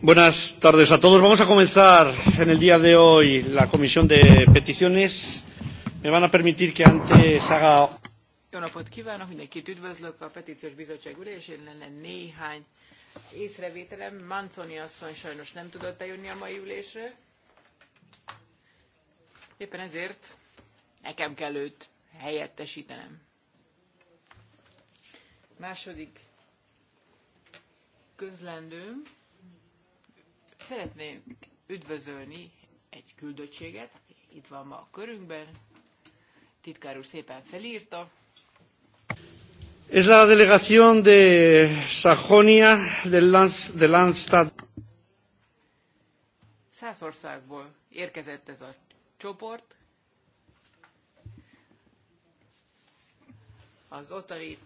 Buenas tardes a todos. Vamos a comenzar en el día de hoy la comisión de peticiones. Me van a permitir que antes haga... Jó napot kívánok, mindenkit üdvözlök a petíciós bizottság ülésén, lenne néhány észrevételem. Manconi asszony sajnos nem tudott eljönni a mai ülésre. Éppen ezért nekem kell őt helyettesítenem. Második közlendőm. Szeretném üdvözölni egy küldöttséget, aki itt van ma a körünkben. Titkár úr szépen felírta. Ez a delegáció de Sajonia de, Lanz, de érkezett ez a csoport. Az ottani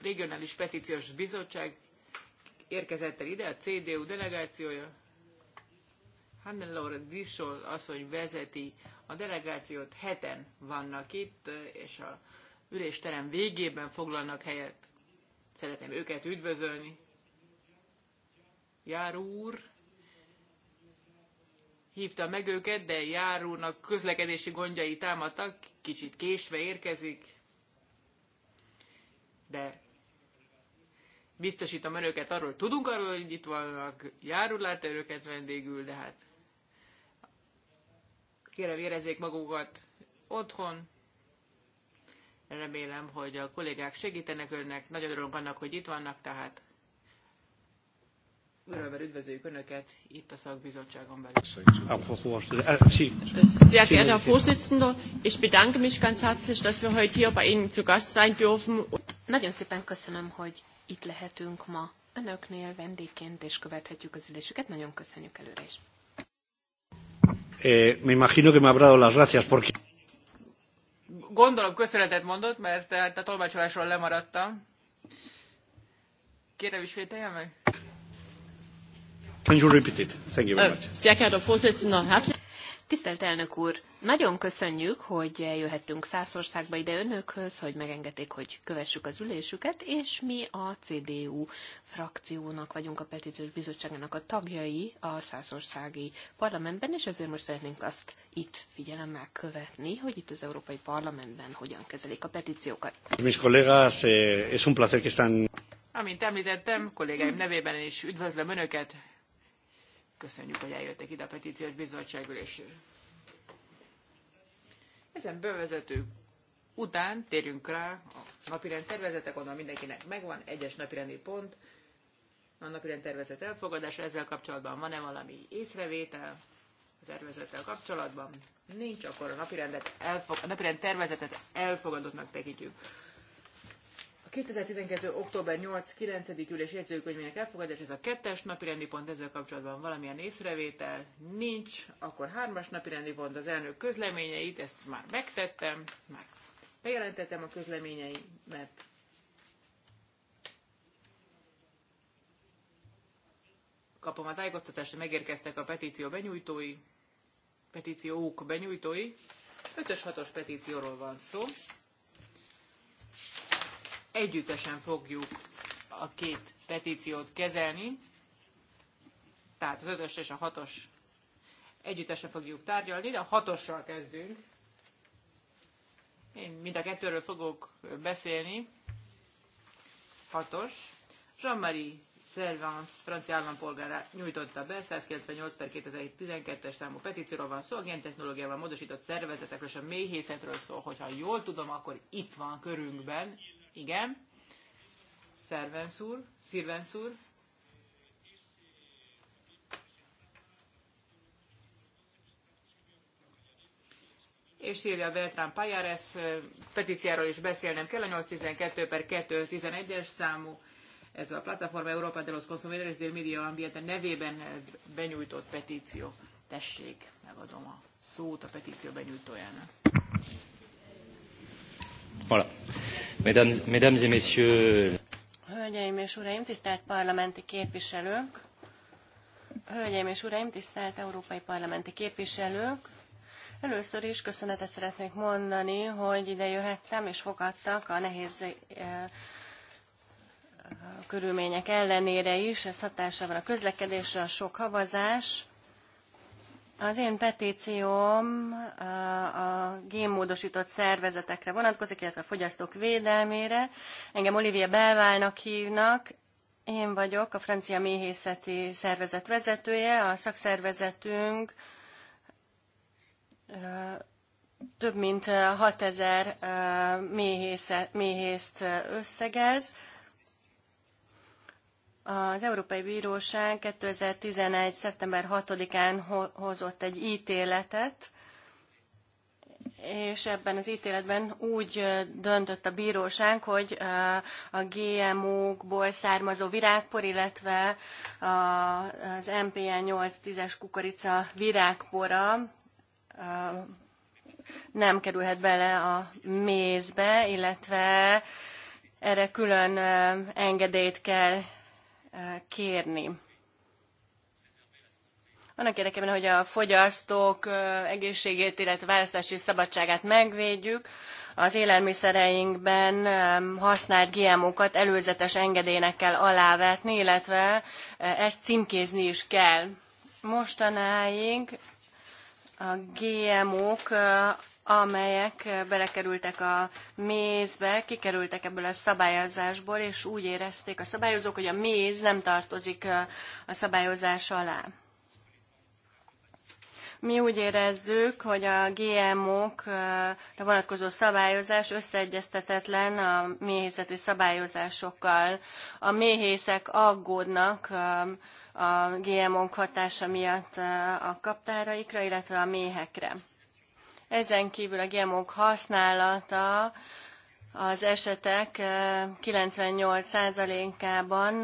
regionális petíciós bizottság érkezett el ide a CDU delegációja. Hannelore Dissol asszony vezeti a delegációt, heten vannak itt, és a ülésterem végében foglalnak helyet. Szeretném őket üdvözölni. Jár úr hívta meg őket, de Jár úrnak közlekedési gondjai támadtak, kicsit késve érkezik, de biztosítom önöket arról, hogy tudunk arról, hogy itt vannak, járul át önöket vendégül, de hát kérem érezzék magukat otthon. Remélem, hogy a kollégák segítenek önnek. Nagyon örülök annak, hogy itt vannak, tehát Örömmel üdvözöljük Önöket itt a szakbizottságon belül. Äh, Sehr geehrter Herr Vorsitzender, ich bedanke mich ganz herzlich, dass wir heute hier bei Ihnen zu Gast sein dürfen. Nagyon szépen köszönöm, hogy itt lehetünk ma Önöknél vendégként, és követhetjük az ülésüket. Nagyon köszönjük előre is. Eh, me imagino que me habrá dado las gracias porque... Gondolom köszönetet mondott, mert eh, a tolmácsolásról lemaradtam. Kérem, ismételje meg. Can you repeat it? Thank you very much. Hát- Tisztelt elnök úr, nagyon köszönjük, hogy eljöhettünk Szászországba ide önökhöz, hogy megengedték, hogy kövessük az ülésüket, és mi a CDU frakciónak vagyunk a petíciós bizottságának a tagjai a Szászországi parlamentben, és ezért most szeretnénk azt itt figyelemmel követni, hogy itt az Európai Parlamentben hogyan kezelik a petíciókat. Mis colegas, eh, es un placer que están... Amint említettem, kollégáim nevében is üdvözlöm Önöket, Köszönjük, hogy eljöttek ide a petíciós bizottság ülésére. Ezen bevezető után térjünk rá a napirend tervezetek, onnan mindenkinek megvan egyes napirendi pont, a napirend tervezet elfogadása, ezzel kapcsolatban van-e valami észrevétel a tervezettel kapcsolatban? Nincs, akkor a napirendet elfog, a napirend tervezetet elfogadottnak tekintjük. 2012. október 8-9. ülés jegyzőkönyvének elfogadás, ez a kettes napi rendi pont, ezzel kapcsolatban valamilyen észrevétel nincs, akkor hármas napi rendi pont az elnök közleményeit, ezt már megtettem, már bejelentettem a közleményeimet. Kapom a tájékoztatást, megérkeztek a petíció benyújtói, petíciók benyújtói. 5-6-os petícióról van szó együttesen fogjuk a két petíciót kezelni, tehát az ötös és a hatos együttesen fogjuk tárgyalni, de a hatossal kezdünk. Én mind a kettőről fogok beszélni. Hatos. Jean-Marie Servance, francia állampolgára nyújtotta be, 198 per 2012-es számú petícióról van szó, a gentechnológiával módosított szervezetekről és a méhészetről szól, hogyha jól tudom, akkor itt van körünkben, igen. Szervensz úr, Szilvensz úr. és Szilvia Beltrán Pajares petíciáról is beszélnem kell, a 812 per 211-es számú, ez a Plataforma Európa de los Consumidores del Media Ambiente nevében benyújtott petíció. Tessék, megadom a szót a petíció benyújtójának. Hola. Hölgyeim és uraim, tisztelt parlamenti képviselők! Hölgyeim és uraim, tisztelt európai parlamenti képviselők! Először is köszönetet szeretnék mondani, hogy ide jöhettem és fogadtak a nehéz eh, körülmények ellenére is. Ez hatása van a közlekedésre, a sok havazás, az én petícióm a génmódosított szervezetekre vonatkozik, illetve a fogyasztók védelmére. Engem Olivier Belválnak hívnak, én vagyok a Francia Méhészeti Szervezet vezetője, a szakszervezetünk több mint 6000 méhészt összegez, az Európai Bíróság 2011. szeptember 6-án hozott egy ítéletet, és ebben az ítéletben úgy döntött a bíróság, hogy a GMO-kból származó virágpor, illetve az MPN 8-10-es kukorica virágpora nem kerülhet bele a mézbe, illetve erre külön engedélyt kell kérni. Annak érdekében, hogy a fogyasztók egészségét, illetve választási szabadságát megvédjük, az élelmiszereinkben használt GMO-kat előzetes engedélynek kell alávetni, illetve ezt címkézni is kell. Mostanáig a GMO-k amelyek eh, belekerültek a mézbe, kikerültek ebből a szabályozásból, és úgy érezték a szabályozók, hogy a méz nem tartozik eh, a szabályozás alá. Mi úgy érezzük, hogy a GMO-kra eh, vonatkozó szabályozás összeegyeztetetlen a méhészeti szabályozásokkal. A méhészek aggódnak a GMO-k hatása miatt a kaptáraikra, illetve a méhekre. Ezen kívül a GMO-k használata az esetek 98%-ában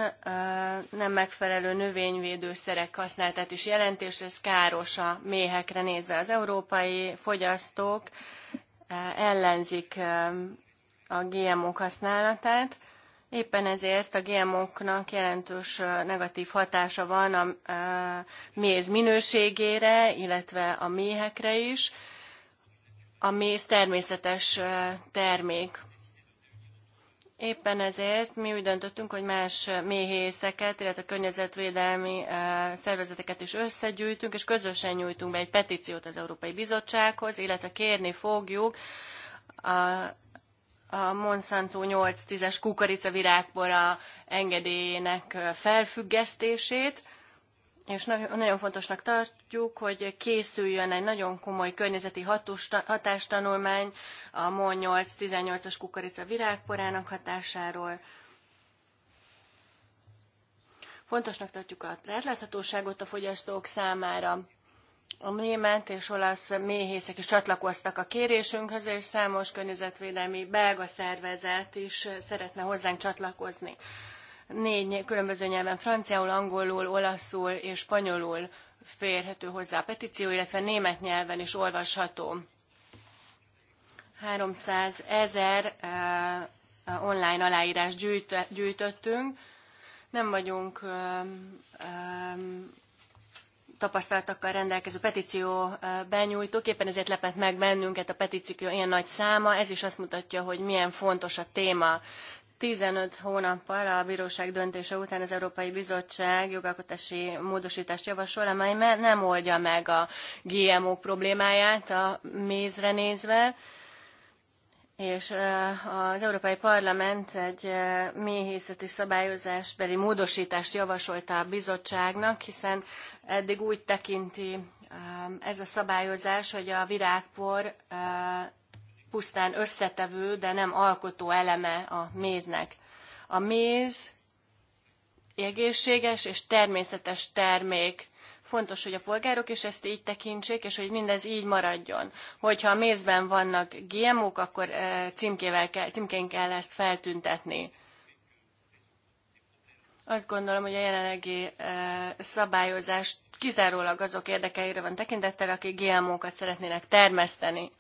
nem megfelelő növényvédőszerek használatát is jelent, és ez káros a méhekre nézve. Az európai fogyasztók ellenzik a GMO-k használatát, éppen ezért a GMO-knak jelentős negatív hatása van a méz minőségére, illetve a méhekre is a méz természetes termék. Éppen ezért mi úgy döntöttünk, hogy más méhészeket, illetve környezetvédelmi szervezeteket is összegyűjtünk, és közösen nyújtunk be egy petíciót az Európai Bizottsághoz, illetve kérni fogjuk a, a Monsanto 8-10-es kukoricavirágbora engedélyének felfüggesztését és nagyon fontosnak tartjuk, hogy készüljön egy nagyon komoly környezeti hatástanulmány a MOL 8-18-as kukorica virágporának hatásáról. Fontosnak tartjuk a átláthatóságot a fogyasztók számára. A német és olasz méhészek is csatlakoztak a kérésünkhöz, és számos környezetvédelmi belga szervezet is szeretne hozzánk csatlakozni négy különböző nyelven, franciául, angolul, olaszul és spanyolul férhető hozzá a petíció, illetve német nyelven is olvasható. 300 ezer eh, online aláírás gyűjt, gyűjtöttünk. Nem vagyunk um, um, tapasztalatokkal rendelkező petíció benyújtók, éppen ezért lepett meg bennünket a petíció ilyen nagy száma, ez is azt mutatja, hogy milyen fontos a téma. 15 hónappal a bíróság döntése után az Európai Bizottság jogalkotási módosítást javasol, amely nem oldja meg a GMO problémáját a mézre nézve, és az Európai Parlament egy méhészeti szabályozásbeli módosítást javasolta a bizottságnak, hiszen eddig úgy tekinti ez a szabályozás, hogy a virágpor pusztán összetevő, de nem alkotó eleme a méznek. A méz egészséges és természetes termék. Fontos, hogy a polgárok is ezt így tekintsék, és hogy mindez így maradjon. Hogyha a mézben vannak GMO-k, akkor eh, címkével kell, címkén kell ezt feltüntetni. Azt gondolom, hogy a jelenlegi eh, szabályozás kizárólag azok érdekeire van tekintettel, akik GMO-kat szeretnének termeszteni.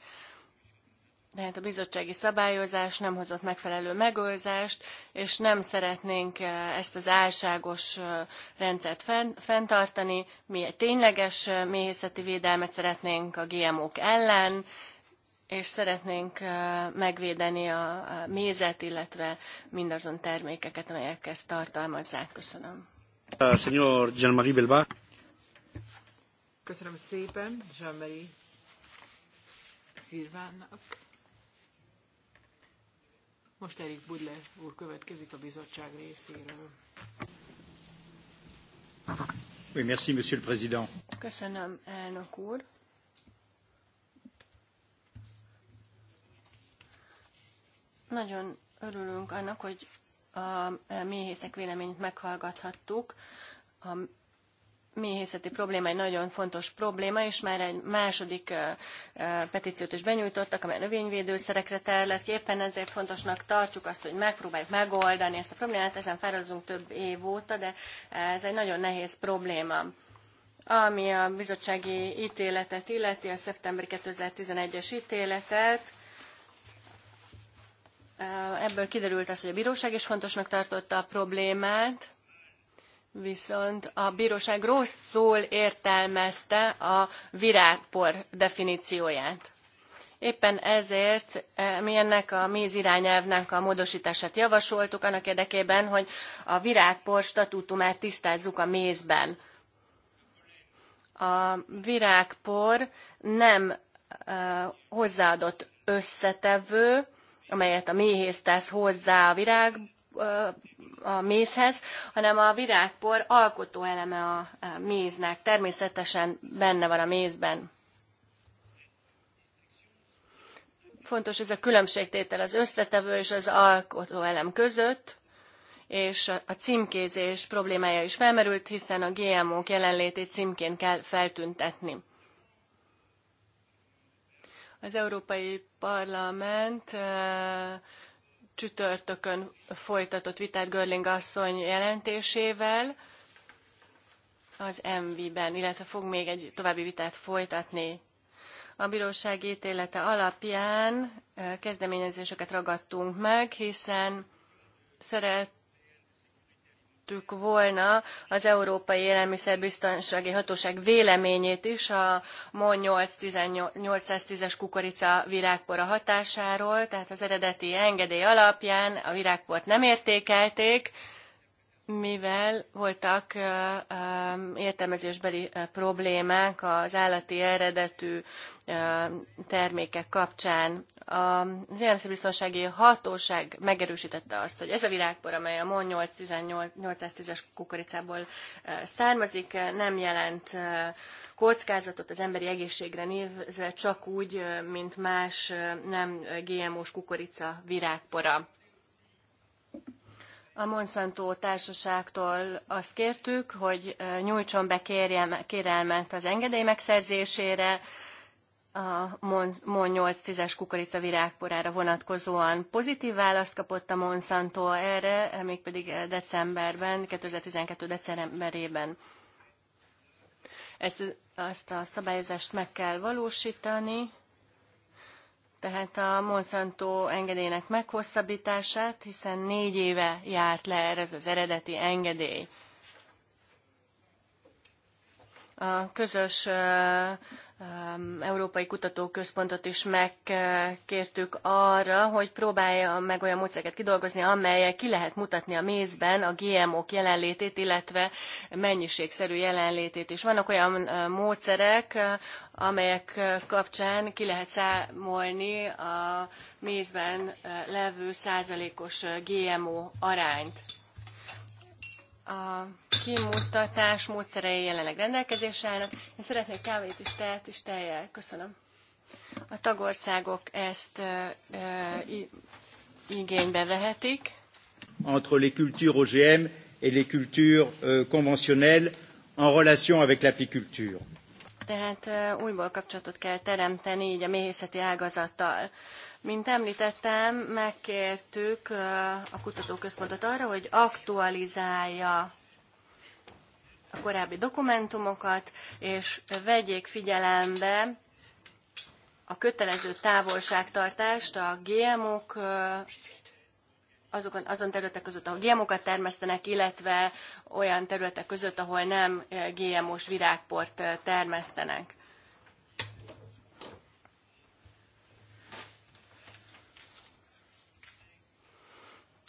Tehát a bizottsági szabályozás nem hozott megfelelő megoldást, és nem szeretnénk eh, ezt az álságos eh, rendszert fenntartani. Mi egy tényleges eh, méhészeti védelmet szeretnénk a GMO-k ellen, és szeretnénk megvédeni a mézet, illetve mindazon termékeket, amelyek ezt tartalmazzák. Köszönöm. Uh, señor Jean-Marie Belba. Köszönöm szépen Jean-Marie most Erik Budle úr következik a bizottság részéről. Oui, merci, monsieur le président. Köszönöm, elnök úr. Nagyon örülünk annak, hogy a méhészek véleményt meghallgathattuk a méhészeti probléma egy nagyon fontos probléma, és már egy második petíciót is benyújtottak, amely növényvédőszerekre terlet ki. Éppen ezért fontosnak tartjuk azt, hogy megpróbáljuk megoldani ezt a problémát, hát ezen fáradozunk több év óta, de ez egy nagyon nehéz probléma. Ami a bizottsági ítéletet illeti, a szeptemberi 2011-es ítéletet, ebből kiderült az, hogy a bíróság is fontosnak tartotta a problémát, viszont a bíróság rosszul értelmezte a virágpor definícióját. Éppen ezért eh, mi ennek a méz irányelvnek a módosítását javasoltuk, annak érdekében, hogy a virágpor statútumát tisztázzuk a mézben. A virágpor nem eh, hozzáadott összetevő, amelyet a tesz hozzá a virág eh, a mézhez, hanem a virágpor alkotó eleme a méznek. Természetesen benne van a mézben. Fontos ez a különbségtétel az összetevő és az alkotó elem között, és a címkézés problémája is felmerült, hiszen a GMO-k jelenlétét címként kell feltüntetni. Az Európai Parlament eh, csütörtökön folytatott vitát Görling asszony jelentésével az MV-ben, illetve fog még egy további vitát folytatni. A bíróság ítélete alapján eh, kezdeményezéseket ragadtunk meg, hiszen szeret kértük volna az Európai Élelmiszerbiztonsági Hatóság véleményét is a MON 810-es kukorica virágpora hatásáról, tehát az eredeti engedély alapján a virágport nem értékelték, mivel voltak értelmezésbeli problémák az állati eredetű termékek kapcsán. Az Élelmiszerbiztonsági Hatóság megerősítette azt, hogy ez a virágpor, amely a MON 810-es kukoricából származik, nem jelent kockázatot az emberi egészségre nézve, csak úgy, mint más nem GMO-s kukorica virágpora. A Monsanto társaságtól azt kértük, hogy nyújtson be kérelmet az engedély megszerzésére, a MON 8-10-es kukorica virágporára vonatkozóan pozitív választ kapott a Monsanto erre, eh, mégpedig eh, decemberben, 2012. decemberében. Ezt, azt a szabályozást meg kell valósítani, tehát a Monsanto engedélynek meghosszabbítását, hiszen négy éve járt le erre ez az eredeti engedély. A közös Európai Kutatóközpontot is megkértük arra, hogy próbálja meg olyan módszereket kidolgozni, amelyek ki lehet mutatni a mézben a GMO-k jelenlétét, illetve mennyiségszerű jelenlétét is. Vannak olyan módszerek, amelyek kapcsán ki lehet számolni a mézben levő százalékos GMO arányt a kimutatás módszerei jelenleg rendelkezésre állnak. Én szeretnék kávét is, tehet is, tejjel. Köszönöm. A tagországok ezt e, e, igénybe vehetik. Entre les cultures OGM et les cultures euh, conventionnelles en relation avec l'apiculture tehát újból kapcsolatot kell teremteni így a méhészeti ágazattal. Mint említettem, megkértük a kutatóközpontot arra, hogy aktualizálja a korábbi dokumentumokat, és vegyék figyelembe a kötelező távolságtartást a GMO-k azokon, azon területek között, ahol GMO-kat termesztenek, illetve olyan területek között, ahol nem eh, GMO-s virágport eh, termesztenek.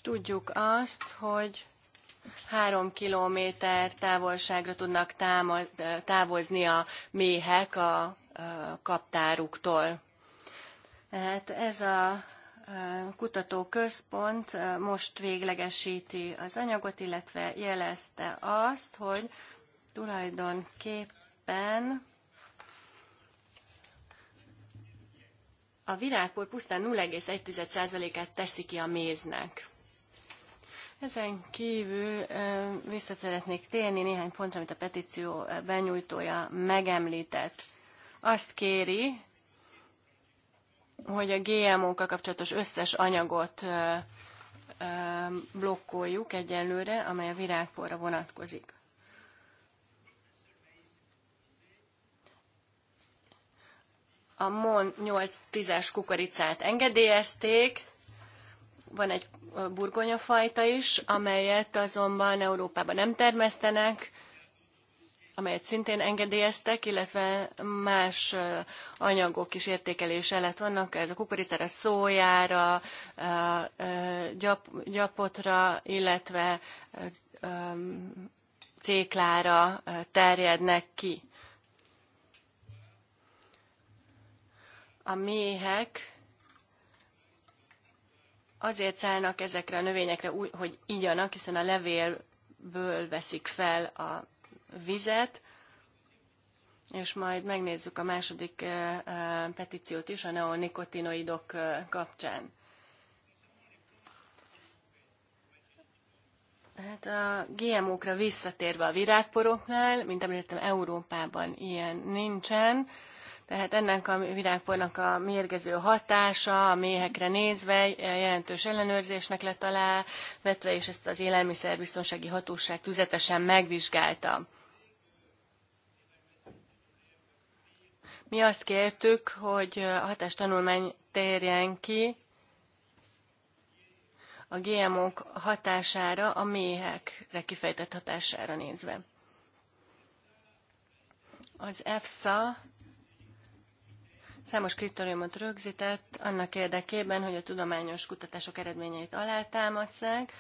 Tudjuk azt, hogy három kilométer távolságra tudnak eh, távozni a méhek a kaptáruktól. Tehát ez a kutatóközpont most véglegesíti az anyagot, illetve jelezte azt, hogy tulajdonképpen a virágpor pusztán 0,1%-át teszi ki a méznek. Ezen kívül vissza szeretnék térni néhány pontra, amit a petíció benyújtója megemlített. Azt kéri, hogy a GMO-kkal kapcsolatos összes anyagot blokkoljuk egyenlőre, amely a virágporra vonatkozik. A MON 8-10-es kukoricát engedélyezték, van egy burgonyafajta is, amelyet azonban Európában nem termesztenek, amelyet szintén engedélyeztek, illetve más anyagok is értékelés előtt vannak, ez a kukoricára, szójára, gyap, gyapotra, illetve céklára terjednek ki. A méhek azért szállnak ezekre a növényekre, hogy igyanak, hiszen a levélből veszik fel a vizet, és majd megnézzük a második eh, eh, petíciót is a neonikotinoidok eh, kapcsán. Tehát a GMO-kra visszatérve a virágporoknál, mint említettem, Európában ilyen nincsen. Tehát ennek a virágpornak a mérgező hatása a méhekre nézve jelentős ellenőrzésnek lett alá vetve, és ezt az élelmiszerbiztonsági hatóság tüzetesen megvizsgálta. Mi azt kértük, hogy a hatástanulmány térjen ki a GMO-k hatására, a méhekre kifejtett hatására nézve. Az EFSA számos kritériumot rögzített annak érdekében, hogy a tudományos kutatások eredményeit alátámasszák,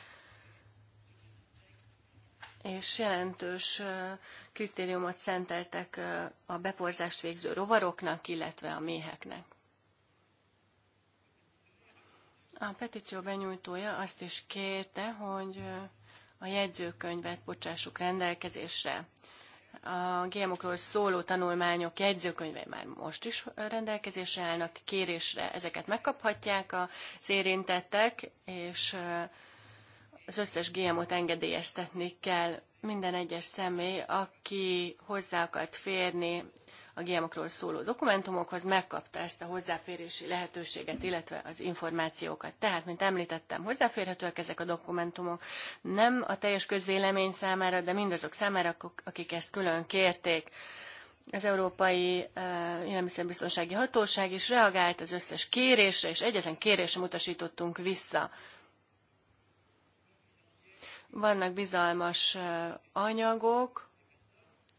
és jelentős kritériumot szenteltek a beporzást végző rovaroknak, illetve a méheknek. A petíció benyújtója azt is kérte, hogy a jegyzőkönyvet bocsássuk rendelkezésre. A GMO-król szóló tanulmányok jegyzőkönyvei már most is rendelkezésre állnak, kérésre ezeket megkaphatják az érintettek, és az összes GMO-t engedélyeztetni kell. Minden egyes személy, aki hozzá akart férni a GMO-król szóló dokumentumokhoz, megkapta ezt a hozzáférési lehetőséget, illetve az információkat. Tehát, mint említettem, hozzáférhetőek ezek a dokumentumok, nem a teljes közvélemény számára, de mindazok számára, akik ezt külön kérték. Az Európai Élelmiszerbiztonsági Hatóság is reagált az összes kérésre, és egyetlen kérésre utasítottunk vissza. Vannak bizalmas anyagok,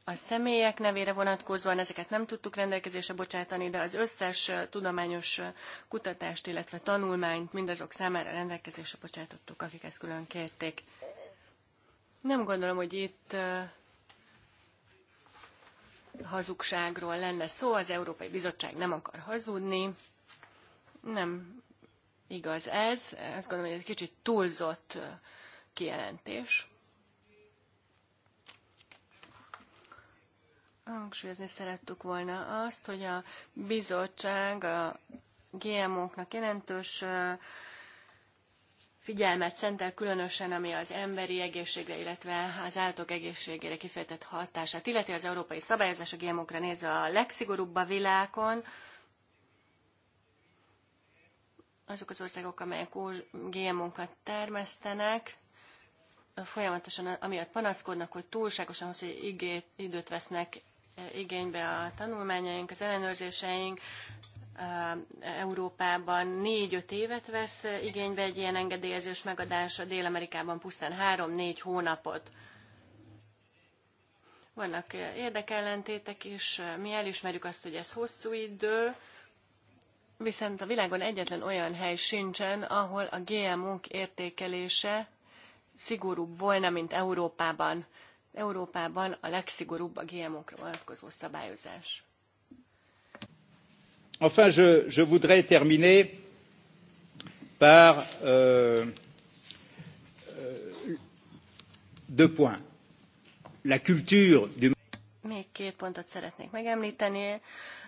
a személyek nevére vonatkozóan ezeket nem tudtuk rendelkezésre bocsátani, de az összes tudományos kutatást, illetve tanulmányt mindazok számára rendelkezésre bocsátottuk, akik ezt külön kérték. Nem gondolom, hogy itt hazugságról lenne szó, az Európai Bizottság nem akar hazudni. Nem igaz ez, azt gondolom, hogy egy kicsit túlzott kijelentés. Hangsúlyozni szerettük volna azt, hogy a bizottság a GMO-knak jelentős figyelmet szentel, különösen ami az emberi egészségre, illetve az állatok egészségére kifejtett hatását, illeti az európai szabályozás a GMO-kra nézve a legszigorúbb a világon. Azok az országok, amelyek GMO-kat termesztenek, folyamatosan amiatt panaszkodnak, hogy túlságosan hosszú időt vesznek eh, igénybe a tanulmányaink, az ellenőrzéseink, Európában négy-öt évet vesz igénybe egy ilyen engedélyezés megadása, Dél-Amerikában pusztán három-négy hónapot. Vannak eh, érdekellentétek is, mi elismerjük azt, hogy ez hosszú idő, viszont a világon egyetlen olyan hely sincsen, ahol a GMO-k értékelése szigorúbb volna, mint Európában. Európában a legszigorúbb a GMO-kra vonatkozó szabályozás. Enfin, je, je voudrais terminer par euh, euh, deux points. La culture du még két pontot szeretnék megemlíteni.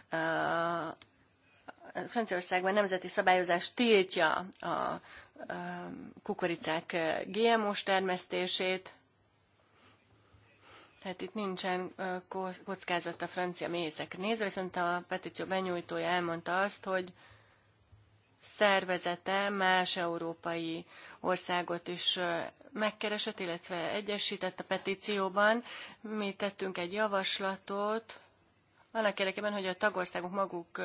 Euh, Franciaországban nemzeti szabályozás tiltja a Um, kukoricák uh, GMO-s termesztését, tehát itt nincsen uh, kockázat a francia mézek. Nézve viszont a petíció benyújtója elmondta azt, hogy szervezete más európai országot is uh, megkeresett, illetve egyesített a petícióban. Mi tettünk egy javaslatot, annak érdekében, hogy a tagországok maguk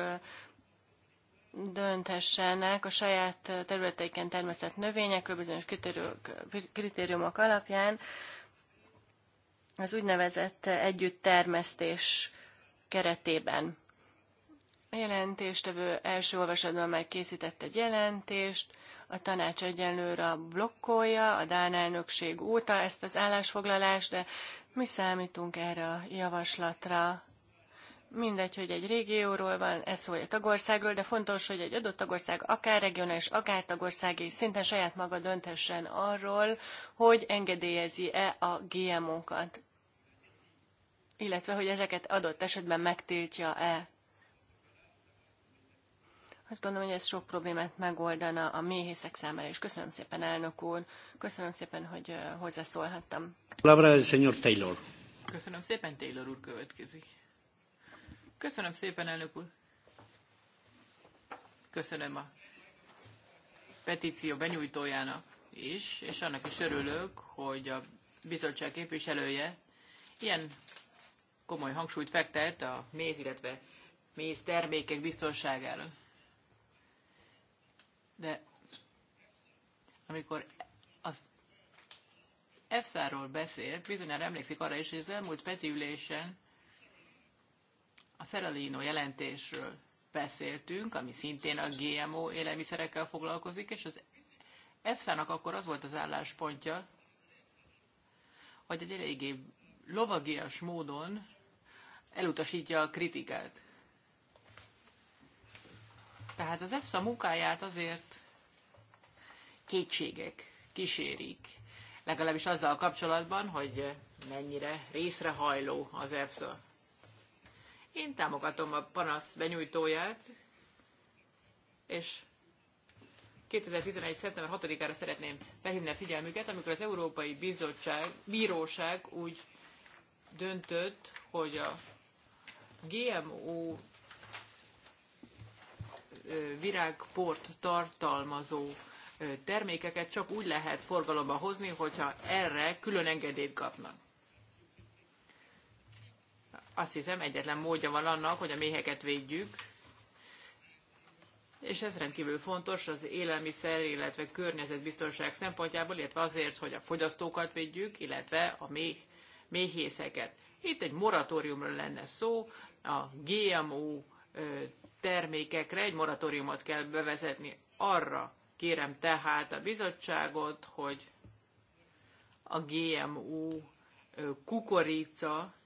dönthessenek a saját területeiken termesztett növényekről bizonyos kritériumok alapján. Az úgynevezett együtttermesztés keretében. A jelentéstevő első olvasatban már készített egy jelentést, a tanács egyenlőre blokkolja a Dán elnökség óta ezt az állásfoglalást, de mi számítunk erre a javaslatra Mindegy, hogy egy régióról van, ez szó, a tagországról, de fontos, hogy egy adott tagország akár regionális, akár tagországi szinten saját maga dönthessen arról, hogy engedélyezi-e a GMO-kat, illetve hogy ezeket adott esetben megtiltja-e. Azt gondolom, hogy ez sok problémát megoldana a méhészek számára, és köszönöm szépen, elnök úr, köszönöm szépen, hogy hozzászólhattam. Köszönöm szépen, Taylor úr következik. Köszönöm szépen, elnök úr. Köszönöm a petíció benyújtójának is, és annak is örülök, hogy a bizottság képviselője ilyen komoly hangsúlyt fektet a méz, illetve méz termékek biztonságára. De amikor az EFSA-ról beszélt, bizonyára emlékszik arra is, hogy az elmúlt Peti ülésen a Szerelino jelentésről beszéltünk, ami szintén a GMO élelmiszerekkel foglalkozik, és az EFSA-nak akkor az volt az álláspontja, hogy egy eléggé lovagias módon elutasítja a kritikát. Tehát az EFSA munkáját azért kétségek kísérik, legalábbis azzal kapcsolatban, hogy mennyire részrehajló az EFSA. Én támogatom a panasz benyújtóját, és 2011. szeptember 6-ára szeretném felhívni a figyelmüket, amikor az Európai Bizottság, Bíróság úgy döntött, hogy a GMO virágport tartalmazó termékeket csak úgy lehet forgalomba hozni, hogyha erre külön engedélyt kapnak. Azt hiszem, egyetlen módja van annak, hogy a méheket védjük, és ez rendkívül fontos az élelmiszer, illetve környezetbiztonság szempontjából, illetve azért, hogy a fogyasztókat védjük, illetve a méh, méhészeket. Itt egy moratóriumról lenne szó, a GMO termékekre egy moratóriumot kell bevezetni. Arra kérem tehát a bizottságot, hogy a GMO kukorica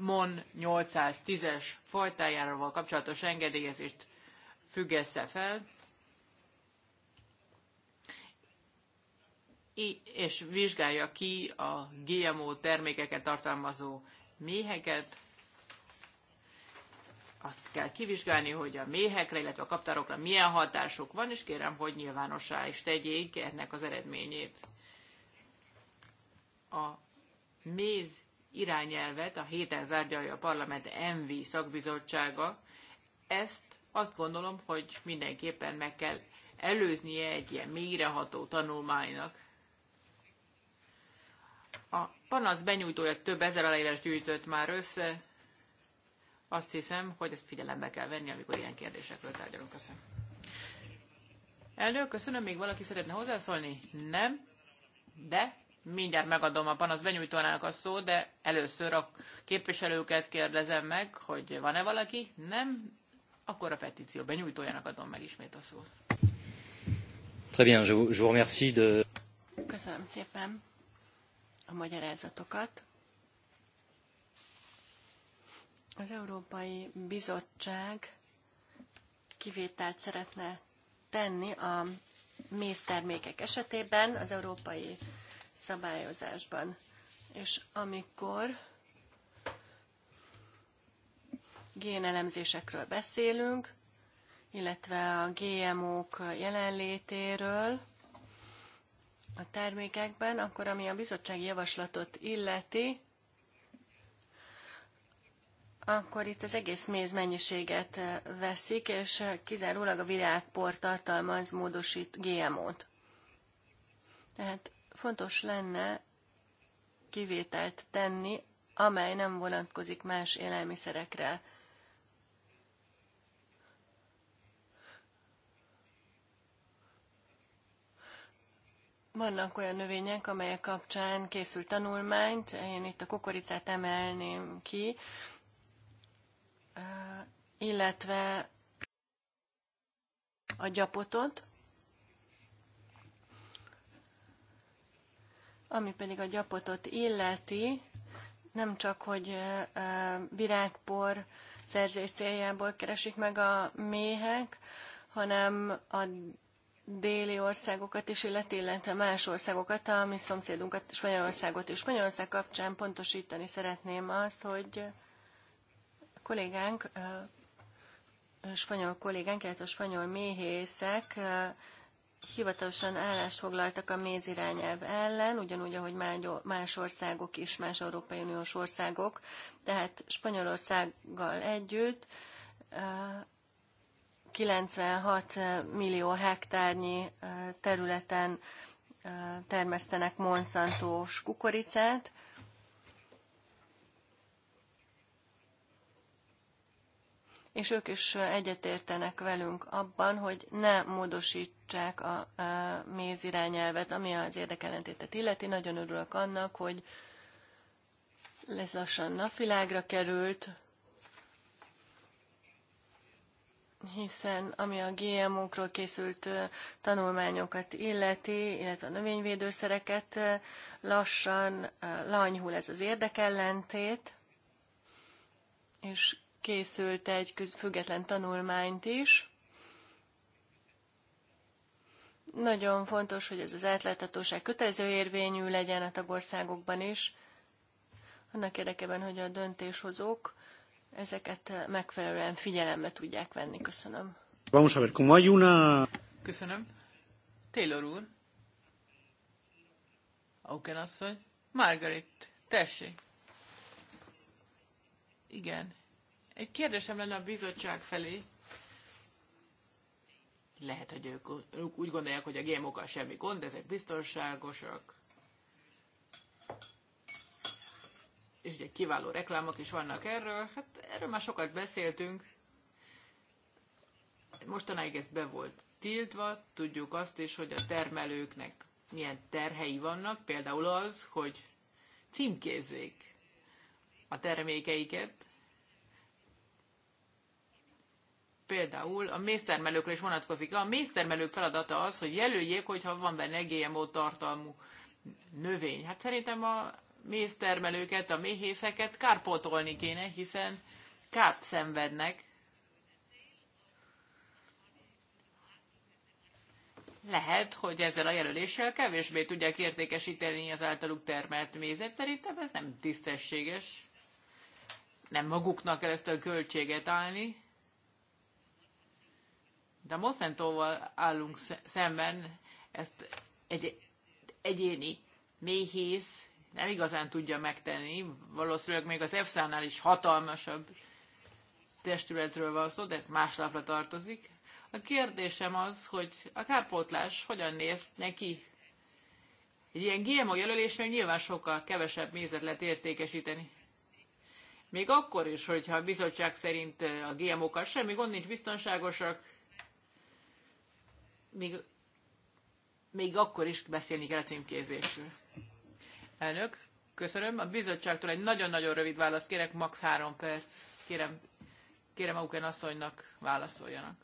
MON 810-es fajtájáról kapcsolatos engedélyezést függessze fel, és vizsgálja ki a GMO termékeket tartalmazó méheket. Azt kell kivizsgálni, hogy a méhekre, illetve a kaptárokra milyen hatásuk van, és kérem, hogy nyilvánossá is tegyék ennek az eredményét. A méz irányelvet a héten zárgyalja a parlament ENVI szakbizottsága. Ezt azt gondolom, hogy mindenképpen meg kell előznie egy ilyen mélyreható tanulmánynak. A panasz benyújtója több ezer aláírás gyűjtött már össze. Azt hiszem, hogy ezt figyelembe kell venni, amikor ilyen kérdésekről tárgyalunk. Köszönöm. Elnök, köszönöm. Még valaki szeretne hozzászólni? Nem? De mindjárt megadom a panasz benyújtónának a szó, de először a képviselőket kérdezem meg, hogy van-e valaki? Nem? Akkor a petíció benyújtójának adom meg ismét a szót. Très bien, je vous remercie de... Köszönöm szépen a magyarázatokat. Az Európai Bizottság kivételt szeretne tenni a méztermékek esetében. Az Európai szabályozásban. És amikor génelemzésekről beszélünk, illetve a GMO-k jelenlétéről a termékekben, akkor ami a bizottsági javaslatot illeti, akkor itt az egész méz mennyiséget veszik, és kizárólag a virágpor tartalmaz módosít GMO-t. Tehát Fontos lenne kivételt tenni, amely nem vonatkozik más élelmiszerekre. Vannak olyan növények, amelyek kapcsán készült tanulmányt, én itt a kukoricát emelném ki, illetve a gyapotot. Ami pedig a gyapotot illeti, nem csak, hogy virágpor szerzés céljából keresik meg a méhek, hanem a déli országokat is illeti, illetve más országokat, a mi szomszédunkat, Spanyolországot is. Spanyolország kapcsán pontosítani szeretném azt, hogy a kollégánk, a spanyol kollégánk, illetve a spanyol méhészek hivatalosan állást foglaltak a mézirányelv ellen, ugyanúgy, ahogy más országok is, más Európai Uniós országok, tehát Spanyolországgal együtt 96 eh, millió hektárnyi eh, területen eh, termesztenek Monsanto-s kukoricát, és ők is egyetértenek velünk abban, hogy ne módosítsák a, a méz irányelvet, ami az érdekellentétet illeti. Nagyon örülök annak, hogy ez lassan napvilágra került, hiszen ami a GMO-król készült tanulmányokat illeti, illetve a növényvédőszereket, lassan lanyhul ez az érdekellentét, és készült egy független tanulmányt is. Nagyon fontos, hogy ez az átláthatóság kötelező érvényű legyen a tagországokban is, annak érdekében, hogy a döntéshozók ezeket megfelelően figyelembe tudják venni. Köszönöm. Vamos a ver, como hay una... Köszönöm. Taylor úr. Auken asszony. Margaret, tessék. Igen, egy kérdésem lenne a bizottság felé. Lehet, hogy ők, ők úgy gondolják, hogy a gémokkal semmi gond, ezek biztonságosak. És ugye kiváló reklámok is vannak erről. Hát erről már sokat beszéltünk. Mostanáig ez be volt tiltva. Tudjuk azt is, hogy a termelőknek milyen terhei vannak. Például az, hogy címkézzék a termékeiket, például a méztermelőkre is vonatkozik. A méztermelők feladata az, hogy jelöljék, hogyha van benne GMO tartalmú növény. Hát szerintem a méztermelőket, a méhészeket kárpótolni kéne, hiszen kárt szenvednek. Lehet, hogy ezzel a jelöléssel kevésbé tudják értékesíteni az általuk termelt mézet. Szerintem ez nem tisztességes. Nem maguknak kell ezt a költséget állni. De a állunk szemben, ezt egy egyéni méhész nem igazán tudja megtenni, valószínűleg még az EFSA-nál is hatalmasabb testületről van szó, de ez más lapra tartozik. A kérdésem az, hogy a kárpótlás hogyan néz neki? Egy ilyen GMO jelölésnél nyilván sokkal kevesebb mézet lehet értékesíteni. Még akkor is, hogyha a bizottság szerint a GMO-kkal semmi gond nincs, biztonságosak, még, még akkor is beszélni kell a címkézésről. Elnök, köszönöm. A bizottságtól egy nagyon-nagyon rövid választ kérek, max. három perc. Kérem, kérem Auken asszonynak válaszoljanak.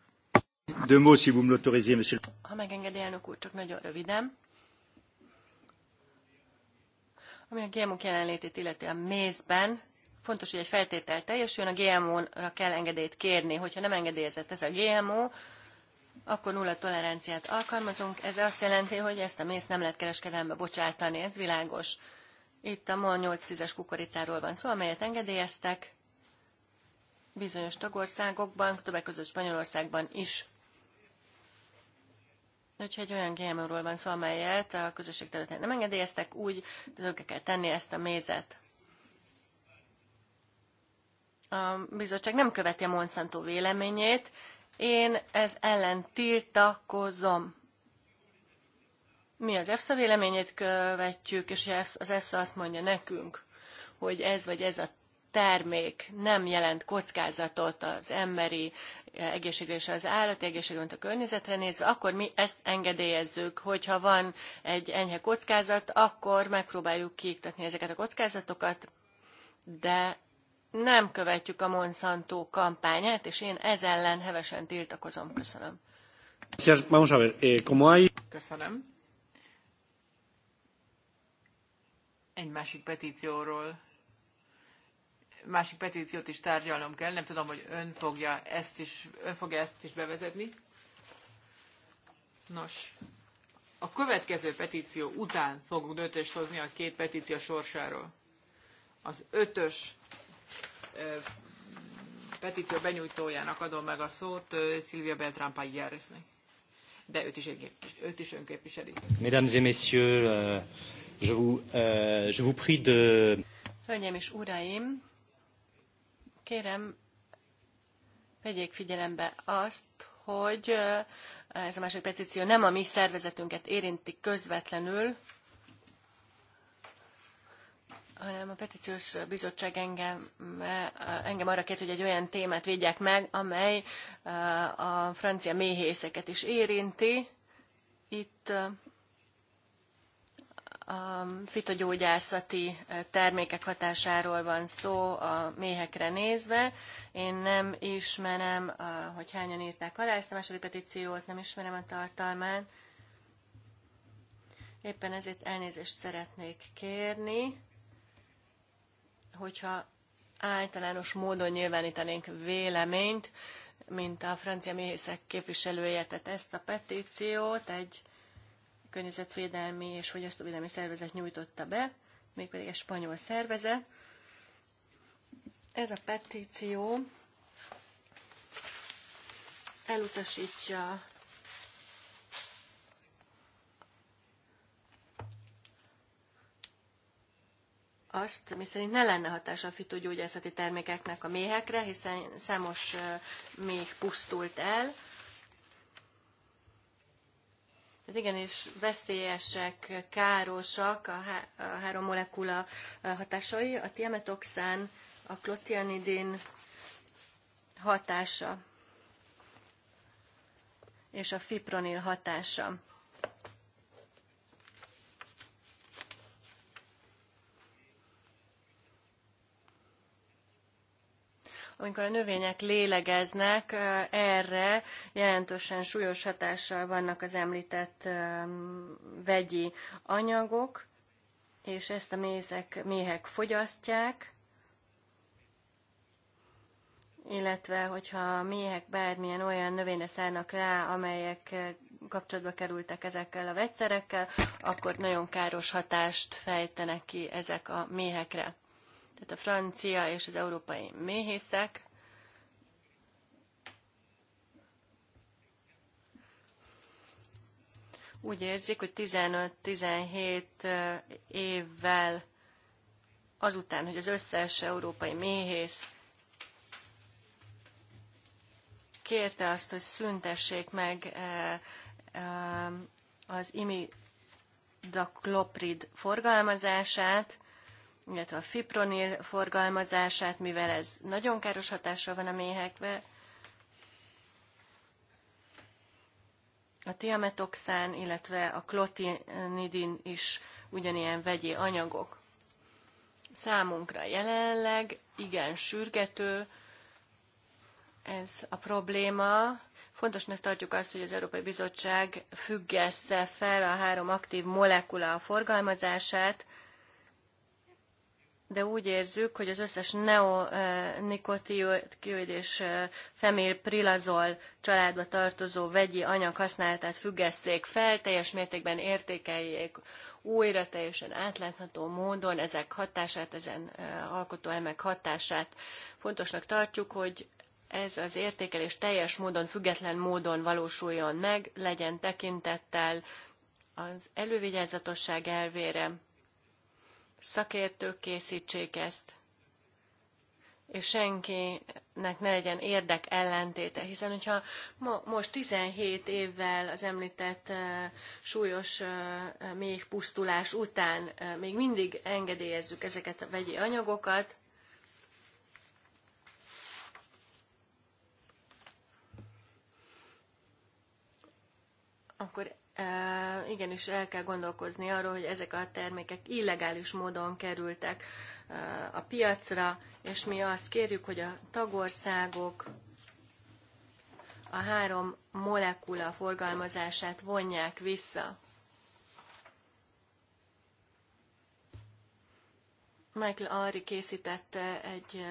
De mots, si vous me Ha megengedi, elnök úr, csak nagyon röviden. Ami a GMO-k jelenlétét illeti a mézben, fontos, hogy egy feltétel teljesüljön, a GMO-ra kell engedélyt kérni. Hogyha nem engedélyezett ez a GMO, akkor nulla toleranciát alkalmazunk. Ez azt jelenti, hogy ezt a mész nem lehet kereskedelme bocsátani, ez világos. Itt a MOL 810-es kukoricáról van szó, amelyet engedélyeztek bizonyos tagországokban, többek között Spanyolországban is. Hogyha egy olyan GMO-ról van szó, amelyet a közösség területén nem engedélyeztek, úgy tudok kell tenni ezt a mézet. A bizottság nem követi a Monsanto véleményét, én ez ellen tiltakozom. Mi az EFSA véleményét követjük, és az EFSA azt mondja nekünk, hogy ez vagy ez a termék nem jelent kockázatot az emberi egészségre és az állati egészségre, mint a környezetre nézve, akkor mi ezt engedélyezzük, hogyha van egy enyhe kockázat, akkor megpróbáljuk kiiktatni ezeket a kockázatokat, de nem követjük a Monsanto kampányát, és én ez ellen hevesen tiltakozom. Köszönöm. Eh, Köszönöm. Egy másik petícióról másik petíciót is tárgyalnom kell. Nem tudom, hogy ön fogja ezt is, ön fogja ezt is bevezetni. Nos, a következő petíció után fogunk döntést hozni a két petíció sorsáról. Az ötös petíció benyújtójának adom meg a szót, Szilvia Beltrán Pagliaresnek. De őt is, őt is önképviseli. Mesdames et messieurs, euh, je vous, euh, je vous prie de... Hölgyeim és uraim, kérem, vegyék figyelembe azt, hogy ez a másik petíció nem a mi szervezetünket érinti közvetlenül, hanem a petíciós bizottság engem, engem arra kért, hogy egy olyan témát védjek meg, amely eh, a francia méhészeket is érinti. Itt eh, a fitogyógyászati eh, termékek hatásáról van szó a méhekre nézve. Én nem ismerem, hogy hányan írták alá ezt a második petíciót, nem ismerem a tartalmát. Éppen ezért elnézést szeretnék kérni hogyha általános módon nyilvánítanénk véleményt, mint a francia méhészek képviselője, tehát ezt a petíciót egy környezetvédelmi és fogyasztóvédelmi szervezet nyújtotta be, mégpedig egy spanyol szervezet. Ez a petíció elutasítja azt, miszerint ne lenne hatása a fitógyógyászati termékeknek a méhekre, hiszen számos méh pusztult el. Tehát igenis veszélyesek, károsak a, há- a három molekula hatásai, a tiametoxán, a klotianidin hatása és a fipronil hatása. amikor a növények lélegeznek, erre jelentősen súlyos hatással vannak az említett vegyi anyagok, és ezt a mézek, méhek fogyasztják, illetve hogyha a méhek bármilyen olyan növényre szállnak rá, amelyek kapcsolatba kerültek ezekkel a vegyszerekkel, akkor nagyon káros hatást fejtenek ki ezek a méhekre tehát a francia és az európai méhészek, úgy érzik, hogy 15-17 évvel azután, hogy az összes európai méhész kérte azt, hogy szüntessék meg az imidacloprid forgalmazását, illetve a fipronil forgalmazását, mivel ez nagyon káros hatással van a méhekbe. A tiametoxán, illetve a klotinidin is ugyanilyen vegyi anyagok. Számunkra jelenleg igen sürgető ez a probléma, Fontosnak tartjuk azt, hogy az Európai Bizottság függesse fel a három aktív molekula forgalmazását, de úgy érzük, hogy az összes neonikotioid és femilprilazol családba tartozó vegyi anyag használatát függeszték fel, teljes mértékben értékeljék újra teljesen átlátható módon ezek hatását, ezen alkotóelemek hatását. Fontosnak tartjuk, hogy ez az értékelés teljes módon, független módon valósuljon meg, legyen tekintettel az elővigyázatosság elvére, szakértők készítsék ezt, és senkinek ne legyen érdek ellentéte, hiszen hogyha ma, most 17 évvel az említett uh, súlyos uh, még pusztulás után uh, még mindig engedélyezzük ezeket a vegyi anyagokat, akkor igenis el kell gondolkozni arról, hogy ezek a termékek illegális módon kerültek a piacra, és mi azt kérjük, hogy a tagországok a három molekula forgalmazását vonják vissza. Michael Ari készítette egy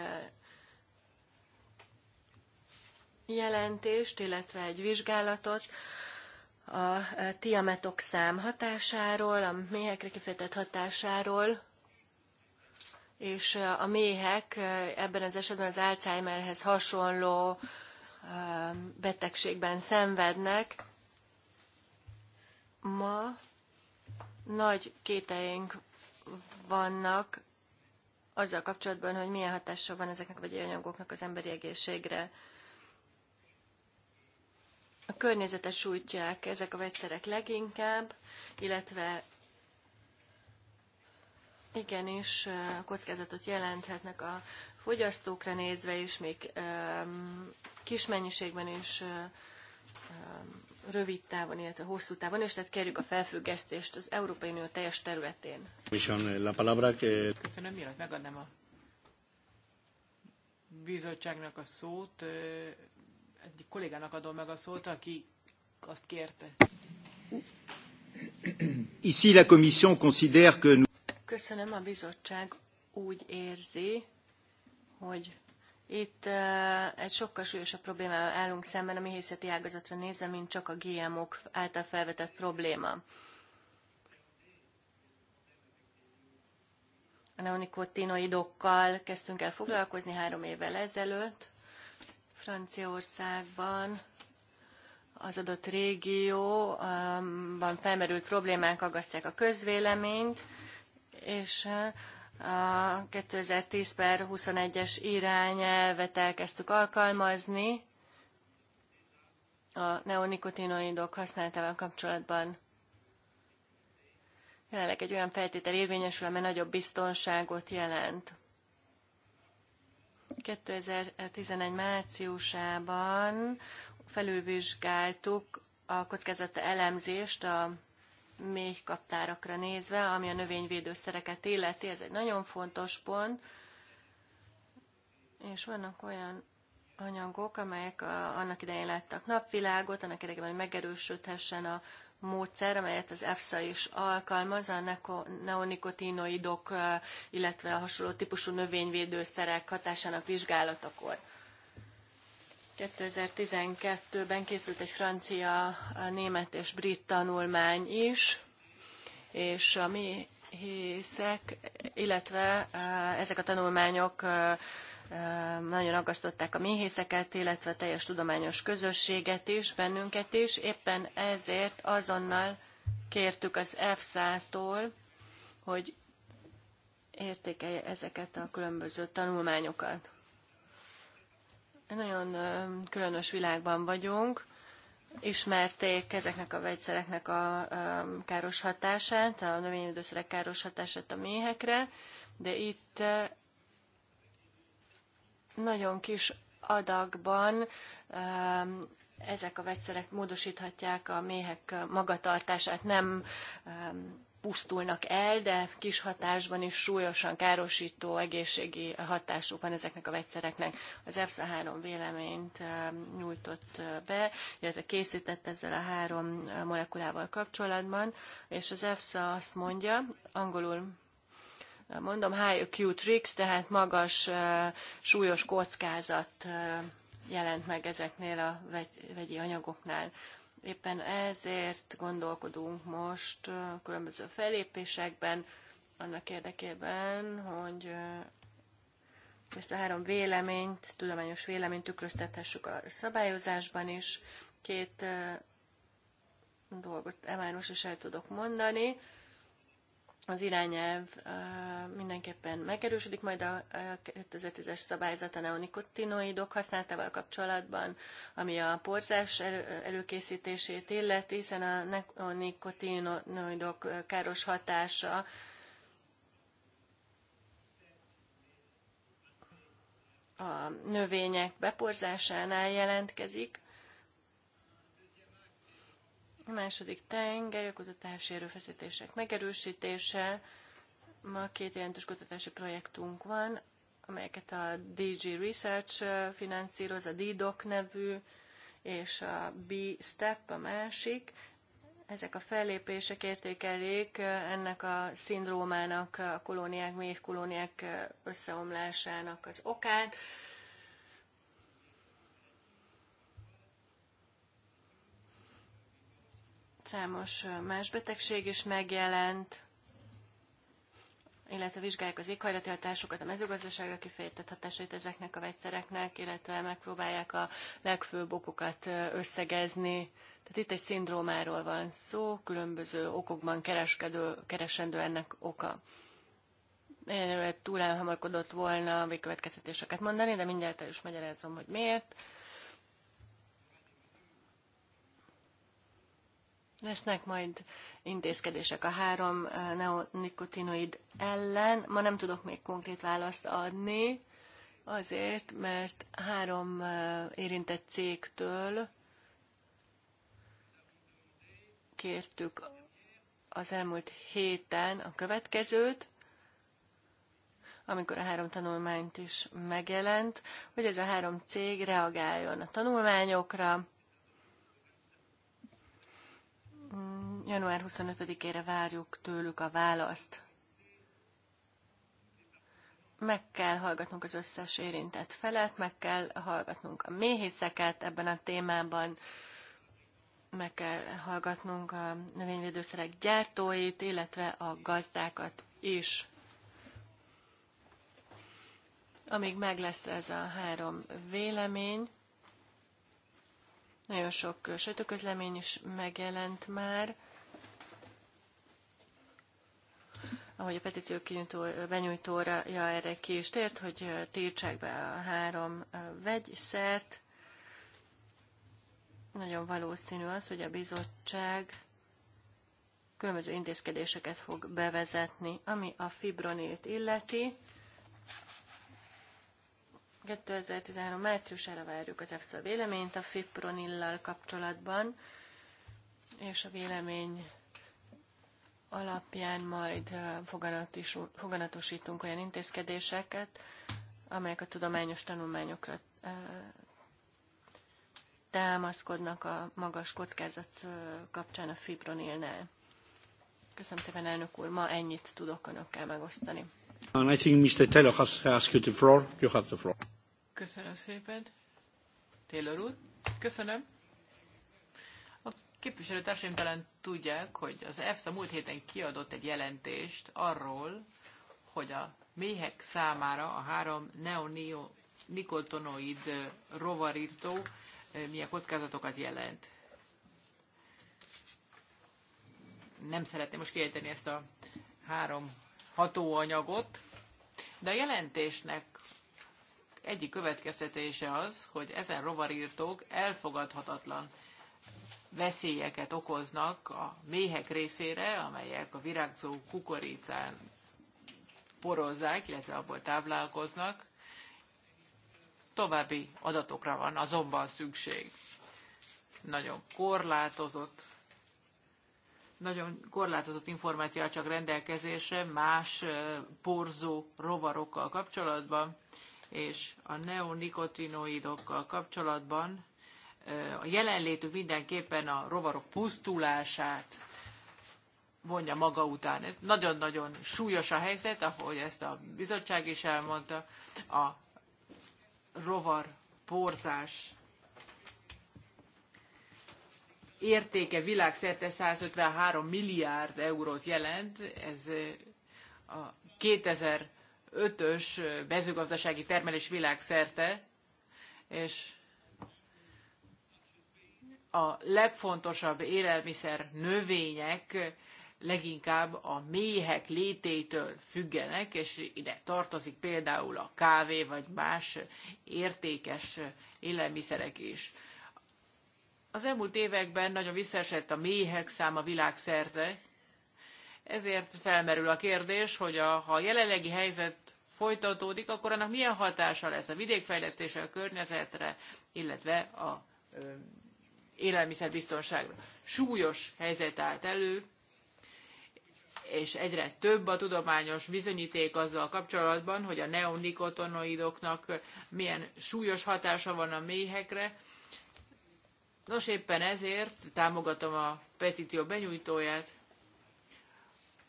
jelentést, illetve egy vizsgálatot, a tiametok szám hatásáról, a méhekre kifejtett hatásáról, és a méhek ebben az esetben az Alzheimerhez hasonló betegségben szenvednek. Ma nagy kételjénk vannak azzal kapcsolatban, hogy milyen hatással van ezeknek a vegyi anyagoknak az emberi egészségre. A környezetet sújtják ezek a vegyszerek leginkább, illetve igenis kockázatot jelenthetnek a fogyasztókra nézve is, még kis mennyiségben is rövid távon, illetve hosszú távon, és tehát kérjük a felfüggesztést az Európai Unió teljes területén. Eh, Köszönöm, mielőtt megadnám a bizottságnak a szót, egyik kollégának adom meg a szót, aki azt kérte. Ici la commission considère que nous... Köszönöm, a bizottság úgy érzi, hogy itt uh, egy sokkal súlyosabb problémával állunk szemben a méhészeti ágazatra nézve, mint csak a GMO-k által felvetett probléma. A neonikotinoidokkal kezdtünk el foglalkozni három évvel ezelőtt, Franciaországban az adott régióban felmerült problémák aggasztják a közvéleményt, és a 2010 per 21-es irányelvet elkezdtük alkalmazni a neonikotinoidok használatával kapcsolatban. Jelenleg egy olyan feltétel érvényesül, amely nagyobb biztonságot jelent. 2011 márciusában felülvizsgáltuk a kockázata elemzést a még kaptárakra nézve, ami a növényvédőszereket illeti. Ez egy nagyon fontos pont, és vannak olyan anyagok, amelyek a, annak idején láttak napvilágot, annak érdekében, hogy megerősödhessen a módszer, amelyet az EFSA is alkalmaz, a neonikotinoidok, illetve a hasonló típusú növényvédőszerek hatásának vizsgálatakor. 2012-ben készült egy francia, német és brit tanulmány is, és a mi illetve ezek a tanulmányok nagyon aggasztották a méhészeket, illetve a teljes tudományos közösséget is, bennünket is. Éppen ezért azonnal kértük az EFSA-tól, hogy értékelje ezeket a különböző tanulmányokat. Nagyon különös világban vagyunk. Ismerték ezeknek a vegyszereknek a káros hatását, a növényvédőszerek káros hatását a méhekre, de itt nagyon kis adagban um, ezek a vegyszerek módosíthatják a méhek magatartását, nem um, pusztulnak el, de kis hatásban is súlyosan károsító egészségi hatásuk van ezeknek a vegyszereknek. Az EFSA három véleményt um, nyújtott uh, be, illetve készített ezzel a három uh, molekulával kapcsolatban, és az EFSA azt mondja, angolul mondom, high acute risk, tehát magas súlyos kockázat jelent meg ezeknél a vegyi anyagoknál. Éppen ezért gondolkodunk most különböző fellépésekben, annak érdekében, hogy ezt a három véleményt, tudományos véleményt tükröztethessük a szabályozásban is. Két dolgot emáros is el tudok mondani az irányelv mindenképpen megerősödik, majd a 2010-es szabályzat a neonikotinoidok használatával kapcsolatban, ami a porzás előkészítését illeti, hiszen a neonikotinoidok káros hatása a növények beporzásánál jelentkezik, a második tengely a kutatási erőfeszítések megerősítése. Ma két jelentős kutatási projektunk van, amelyeket a DG Research eh, finanszíroz, a DDoc nevű, és a B-Step a másik. Ezek a fellépések értékelik eh, ennek a szindrómának, a kolóniák, mély kolóniák eh, összeomlásának az okát. Számos más betegség is megjelent, illetve vizsgálják az éghajlati hatásokat, a mezőgazdaságra kifejtett hatásait ezeknek a vegyszereknek, illetve megpróbálják a legfőbb okokat összegezni. Tehát itt egy szindrómáról van szó, különböző okokban kereskedő, keresendő ennek oka. Nagyon túl elhamarkodott volna végkövetkeztetéseket mondani, de mindjárt el is magyarázom, hogy miért. Lesznek majd intézkedések a három eh, neonikotinoid ellen. Ma nem tudok még konkrét választ adni, azért, mert három eh, érintett cégtől kértük az elmúlt héten a következőt, amikor a három tanulmányt is megjelent, hogy ez a három cég reagáljon a tanulmányokra, Január 25-ére várjuk tőlük a választ. Meg kell hallgatnunk az összes érintett felet, meg kell hallgatnunk a méhészeket ebben a témában, meg kell hallgatnunk a növényvédőszerek gyártóit, illetve a gazdákat is. Amíg meg lesz ez a három vélemény, nagyon sok sajtóközlemény is megjelent már, ahogy a petíció kinyújtó, benyújtója erre ki is tért, hogy tiltsák be a három vegyszert. Nagyon valószínű az, hogy a bizottság különböző intézkedéseket fog bevezetni, ami a fibronilt illeti. 2013 márciusára várjuk az EFSA véleményt a fipronillal kapcsolatban, és a vélemény alapján majd foganatosítunk olyan intézkedéseket, amelyek a tudományos tanulmányokra támaszkodnak a magas kockázat kapcsán a fibronilnál. Köszönöm szépen, elnök úr, ma ennyit tudok önökkel megosztani. I think Mr. Taylor has asked you the floor. You have the floor. Köszönöm szépen. Taylor úr, köszönöm képviselőtársaim talán tudják, hogy az EFSA múlt héten kiadott egy jelentést arról, hogy a méhek számára a három neonikotonoid rovarírtó milyen kockázatokat jelent. Nem szeretném most kiejteni ezt a három hatóanyagot, de a jelentésnek egyik következtetése az, hogy ezen rovarírtók elfogadhatatlan veszélyeket okoznak a méhek részére, amelyek a virágzó kukoricán porozzák, illetve abból táplálkoznak. További adatokra van azonban szükség. Nagyon korlátozott nagyon korlátozott információ csak rendelkezésre más porzó rovarokkal kapcsolatban, és a neonikotinoidokkal kapcsolatban a jelenlétük mindenképpen a rovarok pusztulását vonja maga után. Ez nagyon-nagyon súlyos a helyzet, ahogy ezt a bizottság is elmondta, a rovar porzás értéke világszerte 153 milliárd eurót jelent, ez a 2005-ös mezőgazdasági termelés világszerte, és a legfontosabb élelmiszer növények leginkább a méhek lététől függenek, és ide tartozik például a kávé vagy más értékes élelmiszerek is. Az elmúlt években nagyon visszaesett a méhek száma világszerte, ezért felmerül a kérdés, hogy a, ha a jelenlegi helyzet folytatódik, akkor annak milyen hatása lesz a vidékfejlesztésre, a környezetre, illetve a élelmiszerbiztonságra. Súlyos helyzet állt elő, és egyre több a tudományos bizonyíték azzal kapcsolatban, hogy a neonikotonoidoknak milyen súlyos hatása van a méhekre. Nos, éppen ezért támogatom a petíció benyújtóját,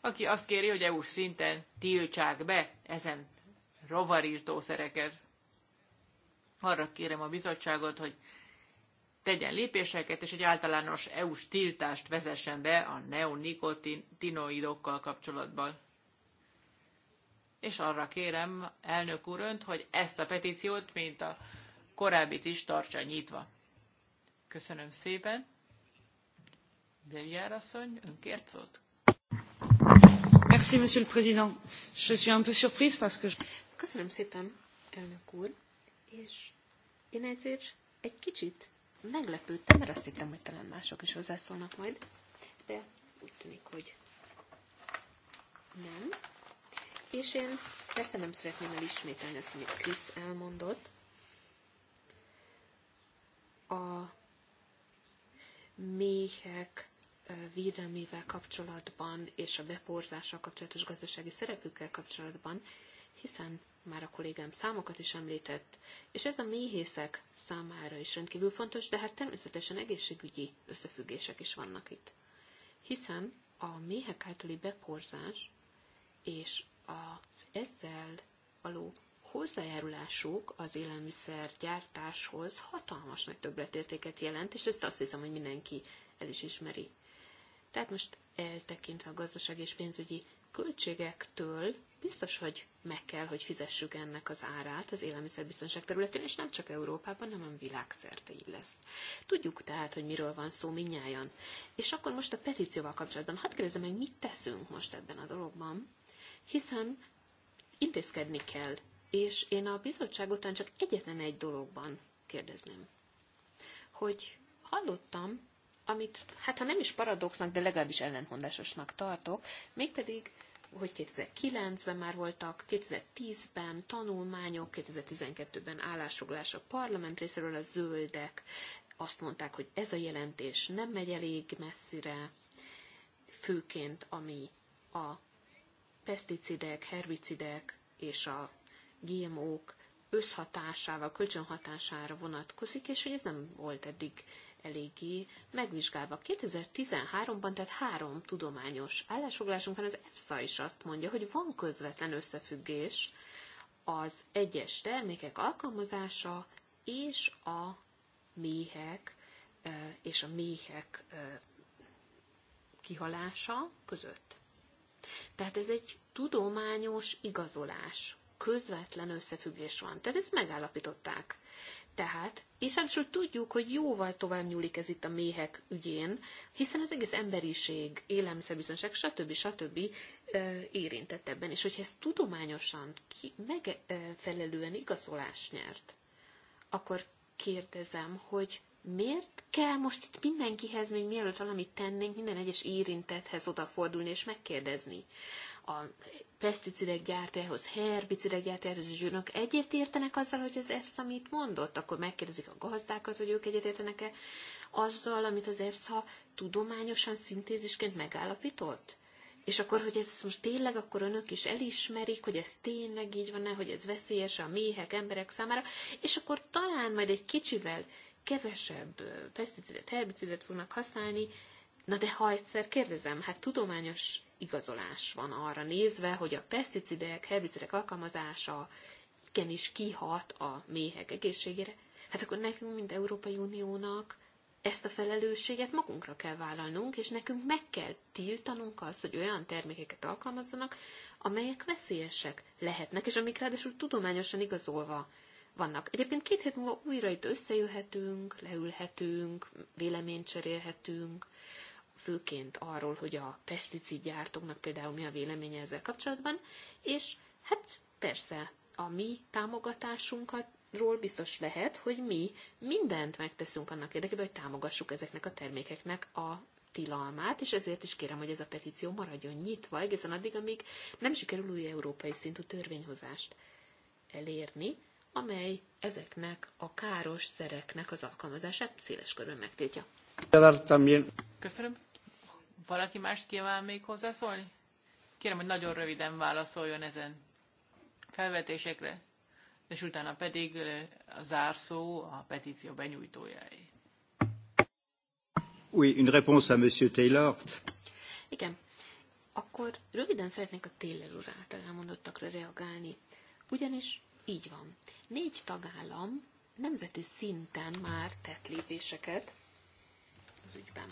aki azt kéri, hogy EU szinten tiltsák be ezen rovarírtószereket. Arra kérem a bizottságot, hogy tegyen lépéseket, és egy általános EU-s tiltást vezessen be a neonikotinoidokkal kapcsolatban. És arra kérem, elnök úr, önt, hogy ezt a petíciót, mint a korábbit is tartsa nyitva. Köszönöm szépen. Beliár asszony, ön kért szót? Merci, monsieur le président. Je suis un peu surprise parce que... Köszönöm szépen, elnök úr. És én ezért egy kicsit meglepődtem, mert azt hittem, hogy talán mások is hozzászólnak majd, de úgy tűnik, hogy nem. És én persze nem szeretném elismételni azt, amit Krisz elmondott. A méhek védelmével kapcsolatban és a beporzással kapcsolatos gazdasági szerepükkel kapcsolatban hiszen már a kollégám számokat is említett, és ez a méhészek számára is rendkívül fontos, de hát természetesen egészségügyi összefüggések is vannak itt. Hiszen a méhek általi beporzás és az ezzel való hozzájárulásuk az élelmiszer gyártáshoz hatalmas nagy többletértéket jelent, és ezt azt hiszem, hogy mindenki el is ismeri. Tehát most eltekintve a gazdaság és pénzügyi költségektől biztos, hogy meg kell, hogy fizessük ennek az árát az élelmiszerbiztonság területén, és nem csak Európában, hanem világszerte így lesz. Tudjuk tehát, hogy miről van szó minnyáján. És akkor most a petícióval kapcsolatban, hadd kérdezem hogy mit teszünk most ebben a dologban, hiszen intézkedni kell, és én a bizottság után csak egyetlen egy dologban kérdezném, hogy hallottam, amit, hát ha nem is paradoxnak, de legalábbis ellenhondásosnak tartok, mégpedig hogy 2009-ben már voltak, 2010-ben tanulmányok, 2012-ben állásfoglalás a parlament részéről a zöldek azt mondták, hogy ez a jelentés nem megy elég messzire, főként ami a peszticidek, herbicidek és a GMO-k összhatásával, kölcsönhatására vonatkozik, és hogy ez nem volt eddig eléggé megvizsgálva. 2013-ban, tehát három tudományos van az EFSA is azt mondja, hogy van közvetlen összefüggés az egyes termékek alkalmazása és a méhek és a méhek kihalása között. Tehát ez egy tudományos igazolás közvetlen összefüggés van. Tehát ezt megállapították. Tehát, és hát sőt tudjuk, hogy jóval tovább nyúlik ez itt a méhek ügyén, hiszen az egész emberiség, élelmiszerbiztonság, stb. stb. érintett ebben. És hogyha ez tudományosan megfelelően igazolás nyert, akkor kérdezem, hogy miért kell most itt mindenkihez, még mielőtt valamit tennénk, minden egyes érintetthez odafordulni és megkérdezni? A peszticidek gyártájához, herbicidek gyártájához, és önök egyetértenek azzal, hogy az EFSA mit mondott, akkor megkérdezik a gazdákat, hogy ők egyetértenek-e azzal, amit az EFSA tudományosan szintézisként megállapított? És akkor, hogy ez most tényleg, akkor önök is elismerik, hogy ez tényleg így van-e, hogy ez veszélyes a méhek, emberek számára, és akkor talán majd egy kicsivel kevesebb peszticidet, herbicidet fognak használni, Na de ha egyszer kérdezem, hát tudományos igazolás van arra nézve, hogy a peszticidek, herbicidek alkalmazása igenis kihat a méhek egészségére, hát akkor nekünk, mint Európai Uniónak ezt a felelősséget magunkra kell vállalnunk, és nekünk meg kell tiltanunk azt, hogy olyan termékeket alkalmazzanak, amelyek veszélyesek lehetnek, és amik ráadásul tudományosan igazolva vannak. Egyébként két hét múlva újra itt összejöhetünk, leülhetünk, véleményt cserélhetünk, főként arról, hogy a pesticidgyártóknak például mi a véleménye ezzel kapcsolatban, és hát persze a mi támogatásunkat ról biztos lehet, hogy mi mindent megteszünk annak érdekében, hogy támogassuk ezeknek a termékeknek a tilalmát, és ezért is kérem, hogy ez a petíció maradjon nyitva egészen addig, amíg nem sikerül új európai szintű törvényhozást elérni, amely ezeknek a káros szereknek az alkalmazását széles körben megtiltja. Köszönöm. Valaki más kíván még hozzászólni? Kérem, hogy nagyon röviden válaszoljon ezen felvetésekre, és utána pedig a zárszó a petíció benyújtójáé. Oui, une réponse à Monsieur Taylor. Igen. Akkor röviden szeretnék a Taylor úr által elmondottakra reagálni. Ugyanis így van. Négy tagállam nemzeti szinten már tett lépéseket az ügyben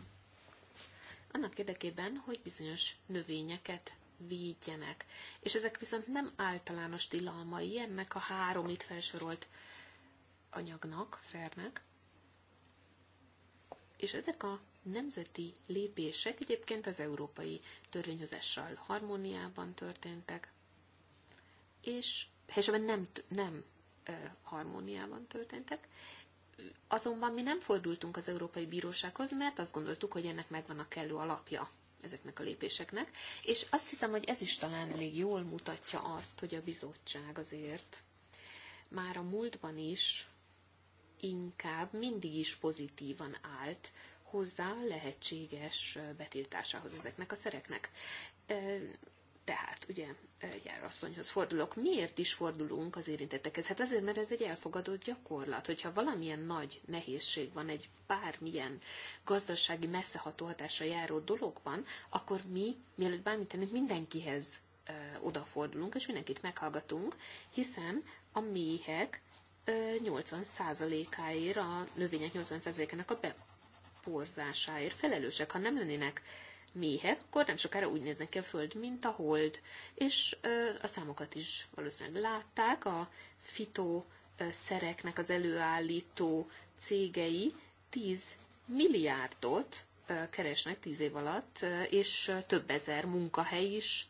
annak érdekében, hogy bizonyos növényeket védjenek. És ezek viszont nem általános tilalmai ennek a három itt felsorolt anyagnak, szernek. És ezek a nemzeti lépések egyébként az európai törvényhozással harmóniában történtek, és helyesebben nem, nem e, harmóniában történtek, azonban mi nem fordultunk az Európai Bírósághoz, mert azt gondoltuk, hogy ennek megvan a kellő alapja ezeknek a lépéseknek, és azt hiszem, hogy ez is talán elég jól mutatja azt, hogy a bizottság azért már a múltban is inkább mindig is pozitívan állt hozzá lehetséges betiltásához ezeknek a szereknek. Tehát ugye gyárasszonyhoz fordulok. Miért is fordulunk az érintettekhez? Hát azért, mert ez egy elfogadott gyakorlat. Hogyha valamilyen nagy nehézség van, egy bármilyen gazdasági messzeható hatásra járó dologban, van, akkor mi, mielőtt bármit tennünk, mindenkihez ö, odafordulunk, és mindenkit meghallgatunk, hiszen a méhek 80%-áért, a növények 80%-ának a beporzásáért felelősek. Ha nem lennének méhek, akkor nem sokára úgy néznek ki a Föld, mint a Hold. És a számokat is valószínűleg látták, a fitó szereknek az előállító cégei 10 milliárdot keresnek 10 év alatt, és több ezer munkahely is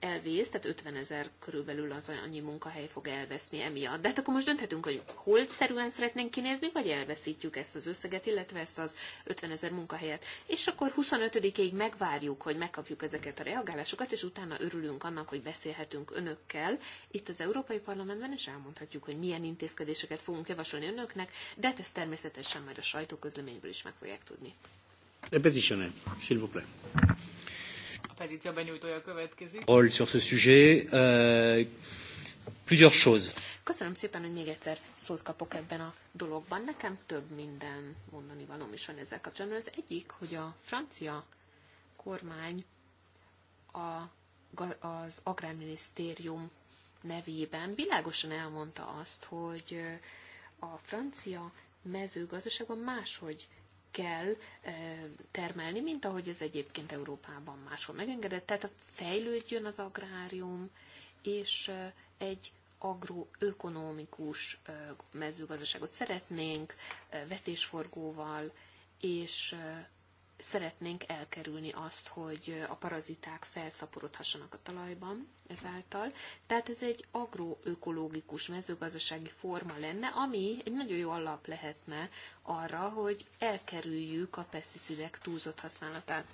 elvész, tehát 50 ezer körülbelül az annyi munkahely fog elveszni emiatt. De hát akkor most dönthetünk, hogy szerűen szeretnénk kinézni, vagy elveszítjük ezt az összeget, illetve ezt az 50 ezer munkahelyet. És akkor 25-ig megvárjuk, hogy megkapjuk ezeket a reagálásokat, és utána örülünk annak, hogy beszélhetünk önökkel itt az Európai Parlamentben, és elmondhatjuk, hogy milyen intézkedéseket fogunk javasolni önöknek, de hát ezt természetesen majd a sajtóközleményből is meg fogják tudni. Repetition, s'il vous plaît. A petíció benyújtója következik. Sur ce sujet, euh, plusieurs choses. Köszönöm szépen, hogy még egyszer szót kapok ebben a dologban. Nekem több minden mondani valóm is van ezzel kapcsolatban. Az egyik, hogy a francia kormány a, az agrárminisztérium nevében világosan elmondta azt, hogy a francia mezőgazdaságban máshogy kell termelni, mint ahogy ez egyébként Európában máshol megengedett. Tehát fejlődjön az agrárium, és egy agroökonomikus mezőgazdaságot szeretnénk vetésforgóval, és szeretnénk elkerülni azt, hogy a paraziták felszaporodhassanak a talajban ezáltal. Tehát ez egy agroökológikus mezőgazdasági forma lenne, ami egy nagyon jó alap lehetne arra, hogy elkerüljük a peszticidek túlzott használatát.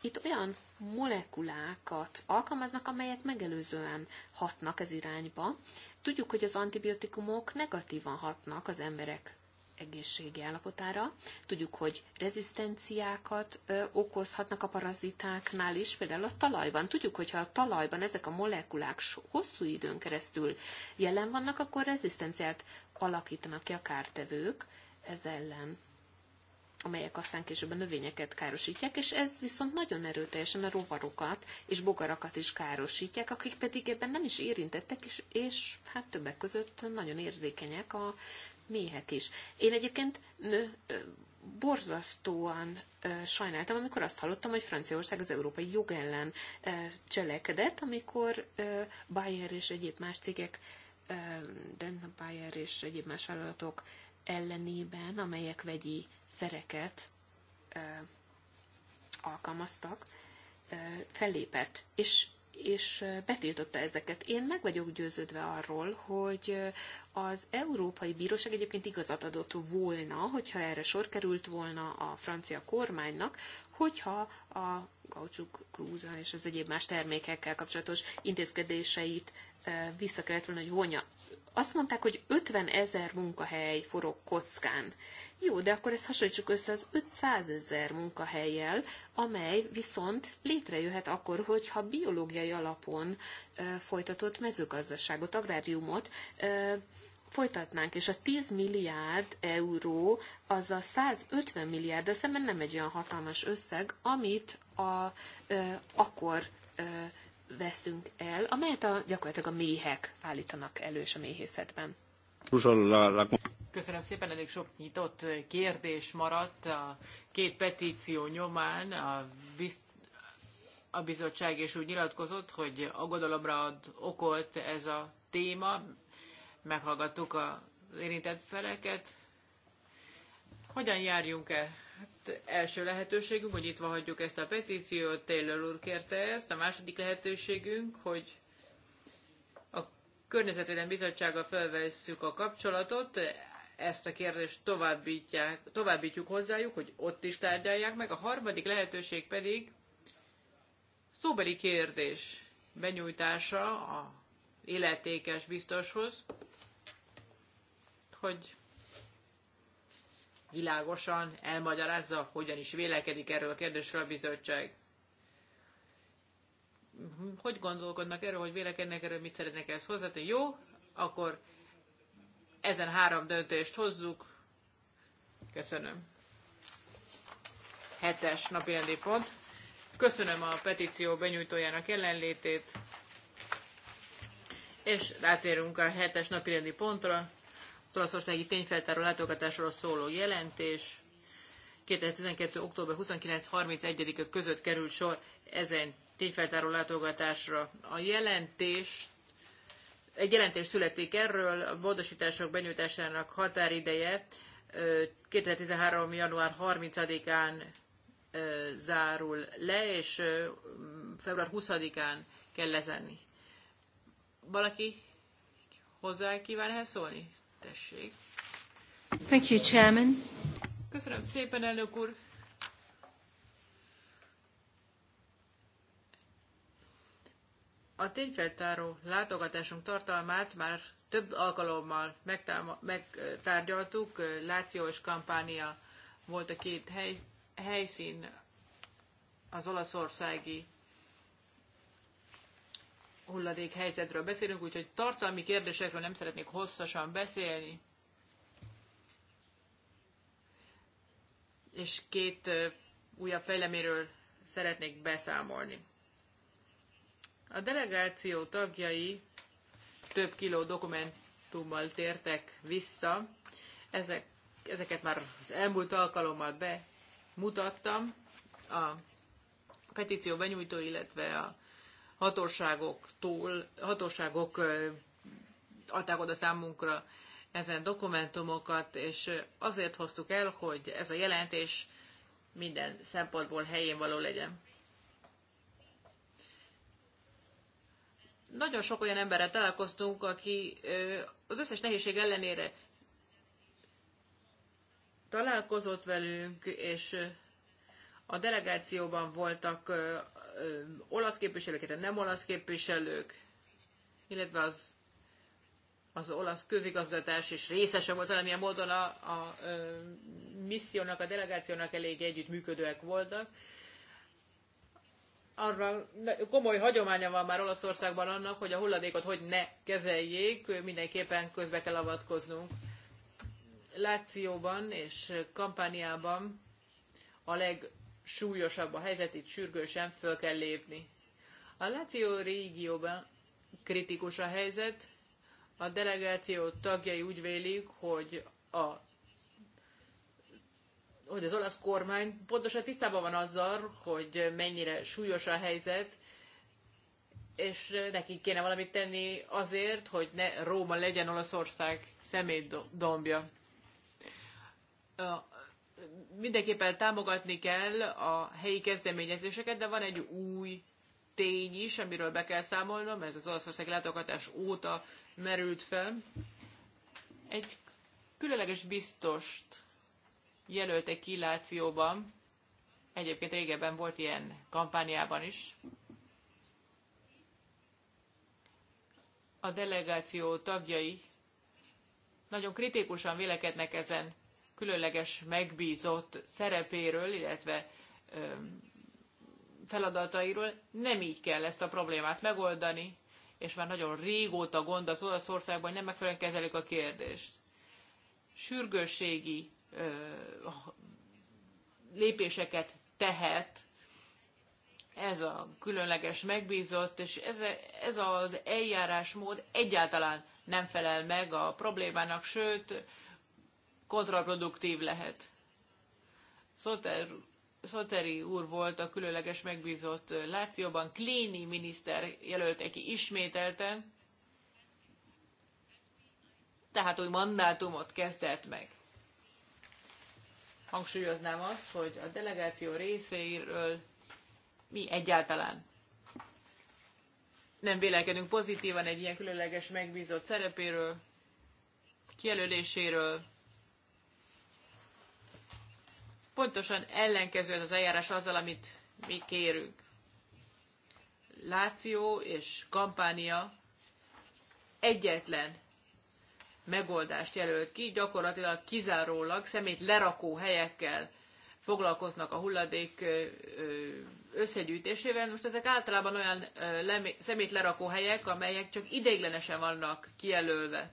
Itt olyan molekulákat alkalmaznak, amelyek megelőzően hatnak ez irányba. Tudjuk, hogy az antibiotikumok negatívan hatnak az emberek egészségi állapotára. Tudjuk, hogy rezisztenciákat ö, okozhatnak a parazitáknál is, például a talajban. Tudjuk, hogyha a talajban ezek a molekulák hosszú időn keresztül jelen vannak, akkor rezisztenciát alakítanak ki a kártevők ez ellen amelyek aztán később a növényeket károsítják, és ez viszont nagyon erőteljesen a rovarokat és bogarakat is károsítják, akik pedig ebben nem is érintettek, és, és hát többek között nagyon érzékenyek a méhet is. Én egyébként ö, borzasztóan sajnáltam, amikor azt hallottam, hogy Franciaország az európai jog ellen cselekedett, amikor Bayer és egyéb más cégek, Dentna Bayer és egyéb más vállalatok ellenében, amelyek vegyi szereket alkalmaztak, fellépett. És és betiltotta ezeket. Én meg vagyok győződve arról, hogy az Európai Bíróság egyébként igazat adott volna, hogyha erre sor került volna a francia kormánynak, hogyha a gaucsuk, krúza és az egyéb más termékekkel kapcsolatos intézkedéseit vissza kellett volna, hogy vonja azt mondták, hogy 50 ezer munkahely forog kockán. Jó, de akkor ezt hasonlítsuk össze az 500 ezer munkahelyjel, amely viszont létrejöhet akkor, hogyha biológiai alapon ö, folytatott mezőgazdaságot, agráriumot ö, folytatnánk, és a 10 milliárd euró az a 150 milliárd, de szemben nem egy olyan hatalmas összeg, amit a, ö, akkor ö, vesztünk el, amelyet a, gyakorlatilag a méhek állítanak elő és a méhészetben. Köszönöm szépen, elég sok nyitott kérdés maradt a két petíció nyomán. A, bizt, a bizottság is úgy nyilatkozott, hogy aggodalomra ad okolt ez a téma. Meghallgattuk a érintett feleket. Hogyan járjunk el? Hát első lehetőségünk, hogy itt hagyjuk ezt a petíciót, Taylor úr kérte ezt, a második lehetőségünk, hogy a Környezetvédelmi Bizottsággal felvesszük a kapcsolatot, ezt a kérdést továbbítják, továbbítjuk hozzájuk, hogy ott is tárgyalják meg. A harmadik lehetőség pedig szóbeli kérdés benyújtása a életékes biztoshoz, hogy világosan elmagyarázza, hogyan is vélekedik erről a kérdésről a bizottság. Hogy gondolkodnak erről, hogy vélekednek erről, mit szeretnek ezt hozzátenni? Jó, akkor ezen három döntést hozzuk. Köszönöm. Hetes napirendi pont. Köszönöm a petíció benyújtójának jelenlétét, és rátérünk a hetes napirendi pontra olaszországi tényfeltáró látogatásról szóló jelentés. 2012. október 29-31-e között került sor ezen tényfeltáró látogatásra. A jelentés egy jelentés születik erről, a módosítások benyújtásának határideje 2013. január 30-án zárul le, és február 20-án kell lezenni. Valaki hozzá kíván szólni? Tessék. Thank you, Chairman. Köszönöm szépen, elnök úr. A tényfeltáró látogatásunk tartalmát már több alkalommal megtárgyaltuk. Láció és Kampánia volt a két hely, helyszín az olaszországi hulladék helyzetről beszélünk, úgyhogy tartalmi kérdésekről nem szeretnék hosszasan beszélni. És két újabb fejleméről szeretnék beszámolni. A delegáció tagjai több kiló dokumentummal tértek vissza. Ezek, ezeket már az elmúlt alkalommal bemutattam. A petíció benyújtó, illetve a hatóságoktól, hatóságok adták oda számunkra ezen dokumentumokat, és azért hoztuk el, hogy ez a jelentés minden szempontból helyén való legyen. Nagyon sok olyan emberrel találkoztunk, aki az összes nehézség ellenére találkozott velünk, és a delegációban voltak ö, ö, olasz képviselők, illetve nem olasz képviselők, illetve az, az olasz közigazgatás is részese volt valamilyen módon a, a ö, missziónak, a delegációnak elég együttműködőek voltak. Arra komoly hagyománya van már Olaszországban annak, hogy a hulladékot hogy ne kezeljék, mindenképpen közbe kell avatkoznunk. Lációban és Kampániában a leg súlyosabb a helyzet, itt sürgősen föl kell lépni. A Láció régióban kritikus a helyzet, a delegáció tagjai úgy vélik, hogy a hogy az olasz kormány pontosan tisztában van azzal, hogy mennyire súlyos a helyzet, és nekik kéne valamit tenni azért, hogy ne Róma legyen Olaszország szemétdombja mindenképpen támogatni kell a helyi kezdeményezéseket, de van egy új tény is, amiről be kell számolnom, ez az Olaszország látogatás óta merült fel. Egy különleges biztost jelöltek ki egyébként régebben volt ilyen kampányában is. A delegáció tagjai nagyon kritikusan vélekednek ezen különleges megbízott szerepéről, illetve feladatairól. Nem így kell ezt a problémát megoldani, és már nagyon régóta gond az Olaszországban, hogy nem megfelelően kezelik a kérdést. Sürgősségi lépéseket tehet ez a különleges megbízott, és ez, ez az eljárásmód egyáltalán nem felel meg a problémának, sőt, kontraproduktív lehet. Szóter, Szoteri úr volt a különleges megbízott Lációban, Kléni miniszter jelölte ki ismételten, tehát új mandátumot kezdett meg. Hangsúlyoznám azt, hogy a delegáció részeiről mi egyáltalán nem vélekedünk pozitívan egy ilyen különleges megbízott szerepéről, kijelöléséről, Pontosan ellenkező az eljárás azzal, amit mi kérünk. Láció és kampánia egyetlen megoldást jelölt ki, gyakorlatilag kizárólag szemét lerakó helyekkel foglalkoznak a hulladék összegyűjtésével. Most ezek általában olyan szemét lerakó helyek, amelyek csak ideiglenesen vannak kijelölve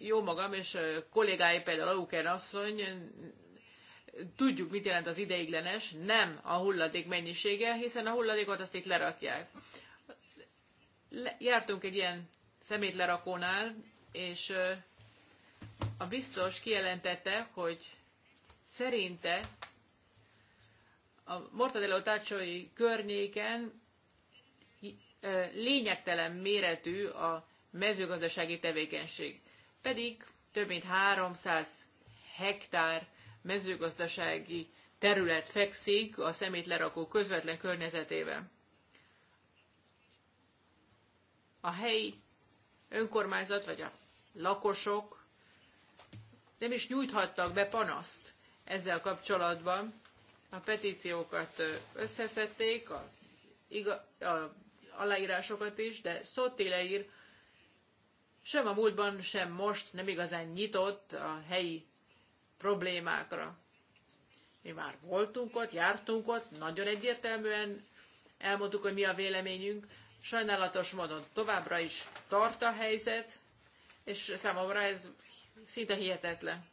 jó magam és kollégái, például Auken asszony, tudjuk, mit jelent az ideiglenes, nem a hulladék mennyisége, hiszen a hulladékot azt itt lerakják. Le, jártunk egy ilyen szemétlerakónál, és a biztos kijelentette, hogy szerinte a Mortadello Tácsai környéken lényegtelen méretű a mezőgazdasági tevékenység pedig több mint 300 hektár mezőgazdasági terület fekszik a szemétlerakó közvetlen környezetében. A helyi önkormányzat vagy a lakosok nem is nyújthattak be panaszt ezzel kapcsolatban. A petíciókat összeszedték, a, a, a aláírásokat is, de leír, sem a múltban, sem most nem igazán nyitott a helyi problémákra. Mi már voltunk ott, jártunk ott, nagyon egyértelműen elmondtuk, hogy mi a véleményünk. Sajnálatos módon továbbra is tart a helyzet, és számomra ez szinte hihetetlen.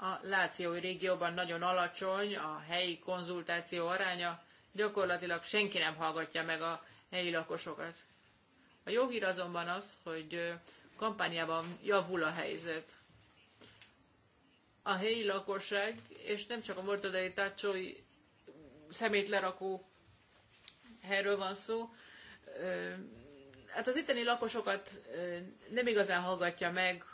A Lációi régióban nagyon alacsony a helyi konzultáció aránya, gyakorlatilag senki nem hallgatja meg a helyi lakosokat. A jó hír azonban az, hogy kampányában javul a helyzet. A helyi lakosság, és nem csak a mortadai Tácsói szemétlerakó helyről van szó, hát az itteni lakosokat nem igazán hallgatja meg,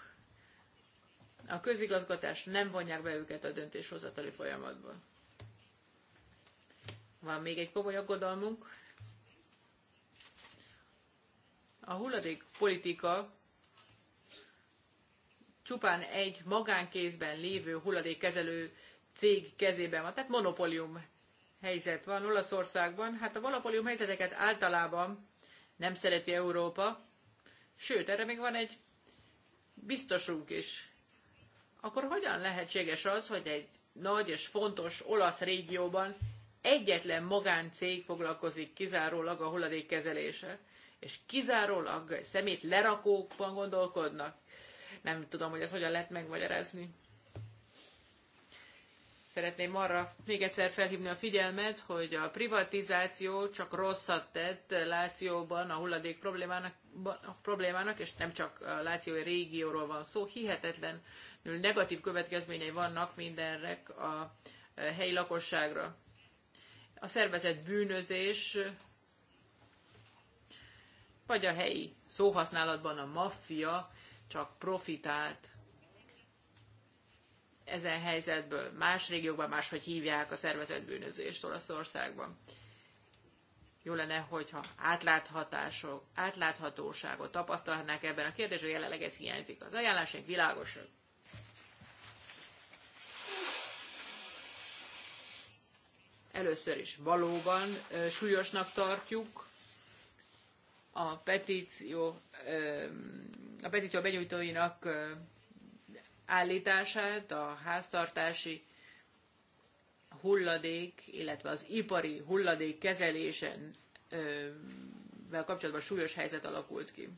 a közigazgatás nem vonják be őket a döntéshozatali folyamatba. Van még egy komoly aggodalmunk, a hulladék politika csupán egy magánkézben lévő hulladékkezelő cég kezében van, tehát monopólium helyzet van Olaszországban. Hát a monopólium helyzeteket általában nem szereti Európa, sőt, erre még van egy biztosunk is. Akkor hogyan lehetséges az, hogy egy nagy és fontos olasz régióban egyetlen magáncég foglalkozik kizárólag a hulladékkezeléssel? és kizárólag szemét lerakókban gondolkodnak. Nem tudom, hogy ez hogyan lehet megmagyarázni. Szeretném arra még egyszer felhívni a figyelmet, hogy a privatizáció csak rosszat tett Lációban a hulladék problémának, a problémának és nem csak a Lációi régióról van szó, hihetetlenül negatív következményei vannak mindenre a eh, helyi lakosságra. A szervezett bűnözés vagy a helyi szóhasználatban a maffia csak profitált ezen helyzetből. Más régiókban máshogy hívják a szervezett bűnözést Olaszországban. Jó lenne, hogyha átláthatások, átláthatóságot tapasztalhatnák ebben a kérdésben, jelenleg ez hiányzik. Az ajánlások világosak. Először is valóban súlyosnak tartjuk a petíció, a petíció benyújtóinak állítását, a háztartási hulladék, illetve az ipari hulladék kezelésen vel kapcsolatban súlyos helyzet alakult ki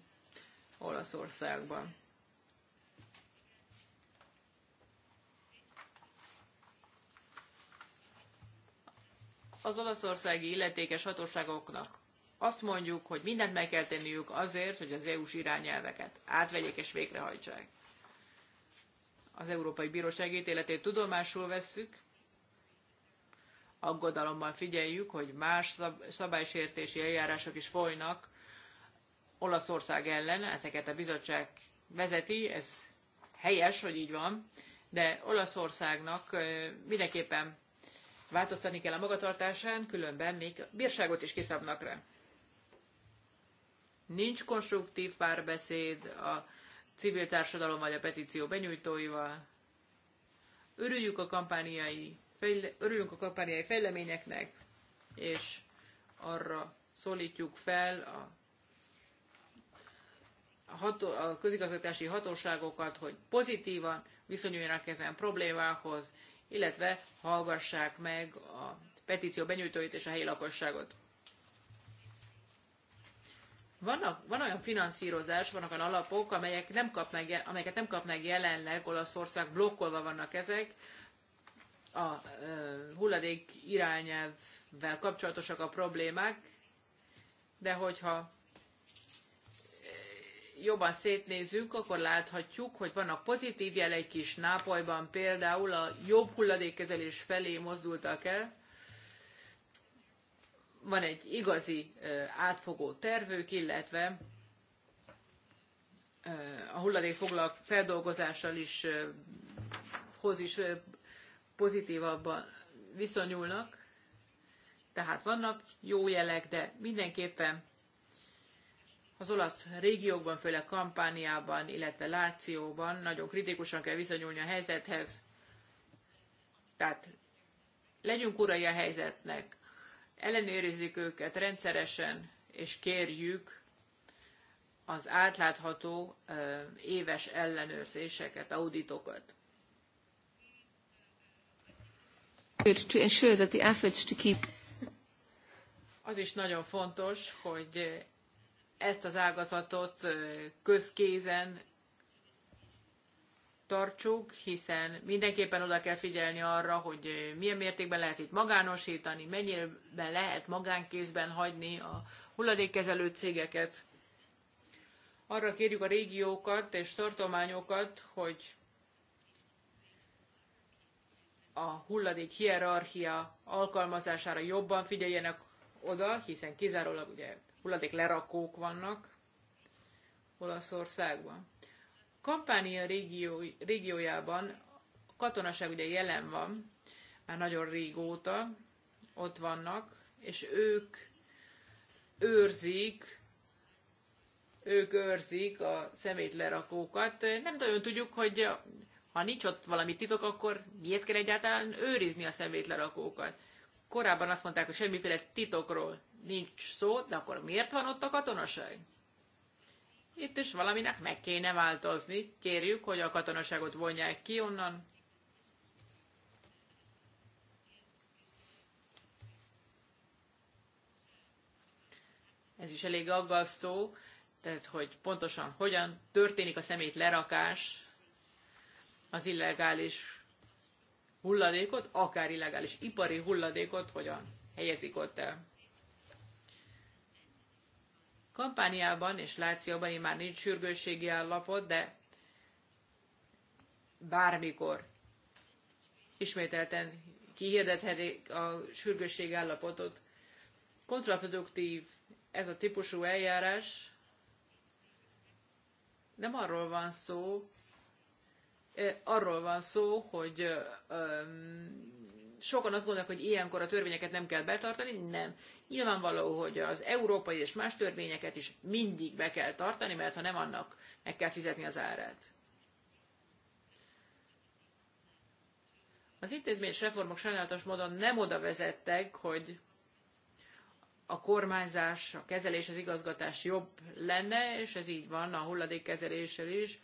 Olaszországban. Az olaszországi illetékes hatóságoknak azt mondjuk, hogy mindent meg kell tenniük azért, hogy az EU-s irányelveket átvegyék és végrehajtsák. Az Európai Bíróság ítéletét tudomásul vesszük, aggodalommal figyeljük, hogy más szabálysértési eljárások is folynak Olaszország ellen, ezeket a bizottság vezeti, ez helyes, hogy így van, de Olaszországnak mindenképpen változtatni kell a magatartásán, különben még bírságot is kiszabnak rá nincs konstruktív párbeszéd a civil társadalom vagy a petíció benyújtóival. Örüljük a kampániai, fejle, örüljünk a kampániai fejleményeknek, és arra szólítjuk fel a, a, ható, a közigazgatási hatóságokat, hogy pozitívan viszonyuljanak ezen problémához, illetve hallgassák meg a petíció benyújtóit és a helyi lakosságot. Vannak, van olyan finanszírozás, vannak olyan alapok, amelyek nem kap meg, amelyeket nem kap meg jelenleg, Olaszország blokkolva vannak ezek, a uh, hulladék irányelvvel kapcsolatosak a problémák, de hogyha jobban szétnézzük, akkor láthatjuk, hogy vannak pozitív jelek is. Nápolyban például a jobb hulladékkezelés felé mozdultak el, van egy igazi átfogó tervük, illetve a hulladék feldolgozással is hoz is pozitívabban viszonyulnak. Tehát vannak jó jelek, de mindenképpen az olasz régiókban, főleg Kampániában, illetve Lációban nagyon kritikusan kell viszonyulni a helyzethez. Tehát legyünk urai a helyzetnek, ellenőrizzük őket rendszeresen, és kérjük az átlátható éves ellenőrzéseket, auditokat. To ensure that the efforts to keep az is nagyon fontos, hogy ezt az ágazatot közkézen tartsuk, hiszen mindenképpen oda kell figyelni arra, hogy milyen mértékben lehet itt magánosítani, mennyiben lehet magánkézben hagyni a hulladékkezelő cégeket. Arra kérjük a régiókat és tartományokat, hogy a hulladék hierarchia alkalmazására jobban figyeljenek oda, hiszen kizárólag ugye hulladék lerakók vannak Olaszországban. Kampánia régió, régiójában a katonaság ugye jelen van, már nagyon régóta ott vannak, és ők őrzik, ők őrzik a szemétlerakókat. Nem nagyon tudjuk, hogy ha nincs ott valami titok, akkor miért kell egyáltalán őrizni a szemétlerakókat? Korábban azt mondták, hogy semmiféle titokról nincs szó, de akkor miért van ott a katonaság? Itt is valaminek meg kéne változni. Kérjük, hogy a katonaságot vonják ki onnan. Ez is elég aggasztó, tehát hogy pontosan hogyan történik a szemét lerakás, az illegális hulladékot, akár illegális ipari hulladékot hogyan helyezik ott el. Kampániában és Lációban már nincs sürgősségi állapot, de bármikor ismételten kihirdethetik a sürgősségi állapotot. Kontraproduktív ez a típusú eljárás. Nem arról van szó, arról van szó, hogy sokan azt gondolják, hogy ilyenkor a törvényeket nem kell betartani, nem. Nyilvánvaló, hogy az európai és más törvényeket is mindig be kell tartani, mert ha nem annak meg kell fizetni az árát. Az intézményes reformok sajnálatos módon nem oda vezettek, hogy a kormányzás, a kezelés, az igazgatás jobb lenne, és ez így van a hulladékkezeléssel is.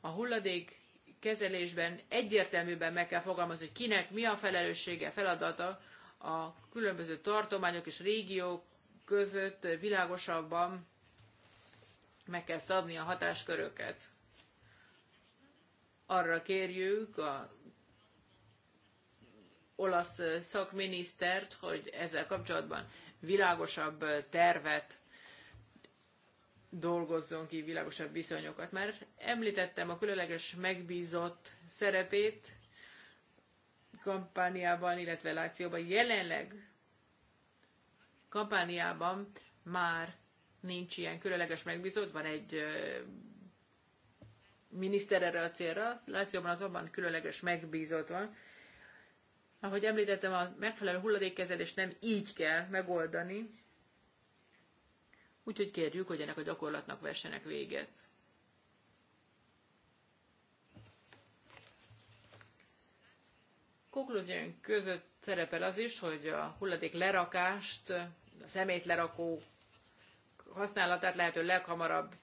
A hulladék kezelésben egyértelműben meg kell fogalmazni, hogy kinek mi a felelőssége, feladata a különböző tartományok és régiók között világosabban meg kell szabni a hatásköröket. Arra kérjük a olasz szakminisztert, hogy ezzel kapcsolatban világosabb tervet dolgozzon ki világosabb viszonyokat. Már említettem a különleges megbízott szerepét kampániában, illetve lációban. Jelenleg kampániában már nincs ilyen különleges megbízott, van egy miniszter erre a célra, Lációban azonban különleges megbízott van. Ahogy említettem, a megfelelő hulladékkezelést nem így kell megoldani, Úgyhogy kérjük, hogy ennek a gyakorlatnak vessenek véget. Konklúzión között szerepel az is, hogy a hulladék lerakást, a szemét lerakó használatát lehető leghamarabb,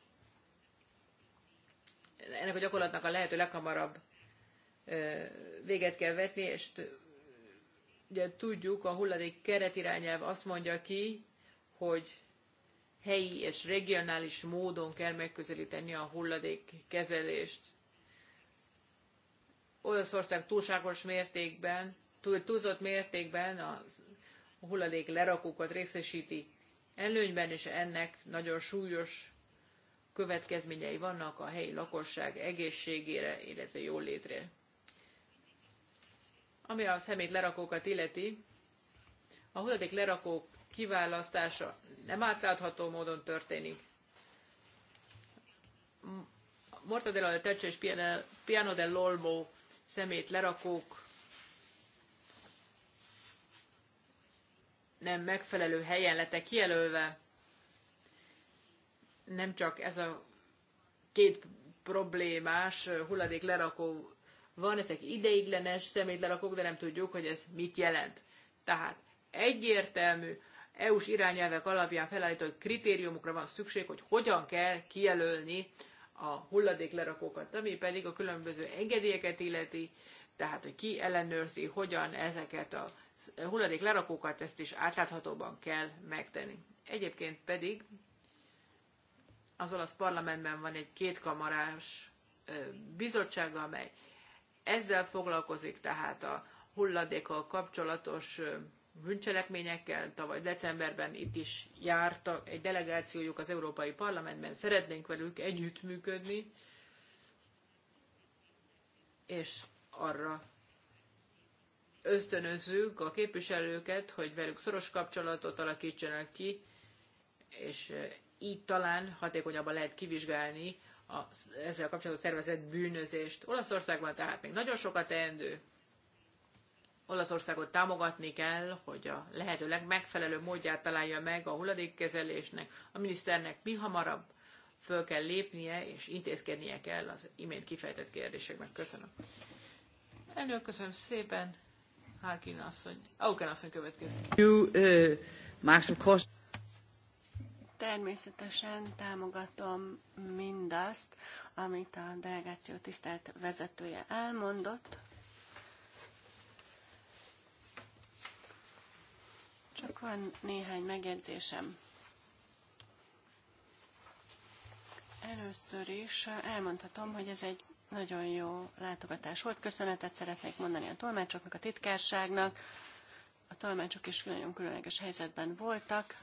ennek a gyakorlatnak a lehető leghamarabb véget kell vetni, és ugye tudjuk, a hulladék keretirányelv azt mondja ki, hogy helyi és regionális módon kell megközelíteni a hulladékkezelést. Olaszország túlságos mértékben, túl, túlzott mértékben a hulladék lerakókat részesíti előnyben, és ennek nagyon súlyos következményei vannak a helyi lakosság egészségére, illetve jólétre. Ami a szemét lerakókat illeti, a hulladék lerakók kiválasztása nem átlátható módon történik. Mortadella de Tecce és Piano Lolmo szemét lerakók nem megfelelő helyen lettek kijelölve. Nem csak ez a két problémás hulladék lerakó van, ezek ideiglenes szemét lerakók, de nem tudjuk, hogy ez mit jelent. Tehát egyértelmű EU-s irányelvek alapján felállított kritériumokra van szükség, hogy hogyan kell kijelölni a hulladéklerakókat, ami pedig a különböző engedélyeket illeti, tehát hogy ki ellenőrzi, hogyan ezeket a hulladéklerakókat, ezt is átláthatóban kell megtenni. Egyébként pedig az olasz parlamentben van egy kétkamarás bizottság, amely ezzel foglalkozik, tehát a hulladékkal kapcsolatos bűncselekményekkel. Tavaly decemberben itt is jártak egy delegációjuk az Európai Parlamentben, szeretnénk velük együttműködni, és arra ösztönözzük a képviselőket, hogy velük szoros kapcsolatot alakítsanak ki, és így talán hatékonyabban lehet kivizsgálni a, ezzel kapcsolatban szervezett bűnözést. Olaszországban tehát még nagyon sokat teendő, Olaszországot támogatni kell, hogy a lehető legmegfelelőbb módját találja meg a hulladékkezelésnek. A miniszternek mi hamarabb föl kell lépnie, és intézkednie kell az imént kifejtett kérdésekben. Köszönöm. Elnök, köszönöm szépen. Harkin asszony, Auken asszony következik. Uh, Természetesen támogatom mindazt, amit a delegáció tisztelt vezetője elmondott. Csak van néhány megjegyzésem. Először is elmondhatom, hogy ez egy nagyon jó látogatás volt. Köszönetet szeretnék mondani a tolmácsoknak, a titkárságnak. A tolmácsok is nagyon különleges helyzetben voltak.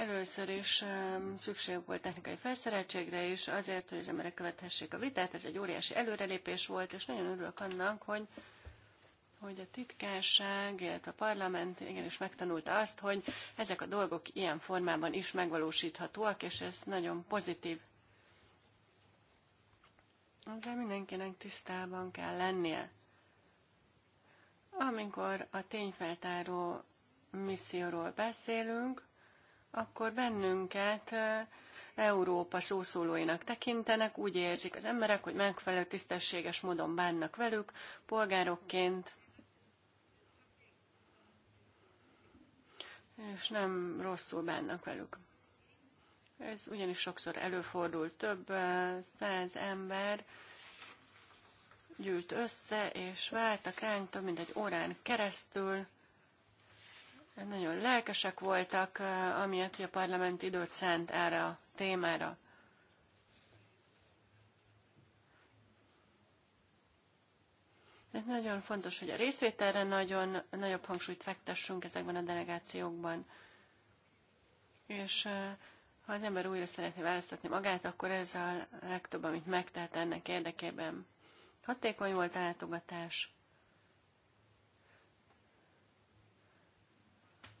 Először is szükség volt technikai felszereltségre is, azért, hogy az emberek követhessék a vitát. Ez egy óriási előrelépés volt, és nagyon örülök annak, hogy hogy a titkárság, illetve a parlament igenis megtanulta azt, hogy ezek a dolgok ilyen formában is megvalósíthatóak, és ez nagyon pozitív. De mindenkinek tisztában kell lennie. Amikor a tényfeltáró misszióról beszélünk, akkor bennünket Európa szószólóinak tekintenek, úgy érzik az emberek, hogy megfelelő tisztességes módon bánnak velük, polgárokként, és nem rosszul bánnak velük. Ez ugyanis sokszor előfordul, több száz ember gyűlt össze, és vártak ránk több mint egy órán keresztül, nagyon lelkesek voltak, amiatt, hogy a parlament időt szánt erre a témára. Ez nagyon fontos, hogy a részvételre nagyon nagyobb hangsúlyt fektessünk ezekben a delegációkban. És ha az ember újra szeretné választatni magát, akkor ez a legtöbb, amit megtehet ennek érdekében. Hatékony volt a látogatás.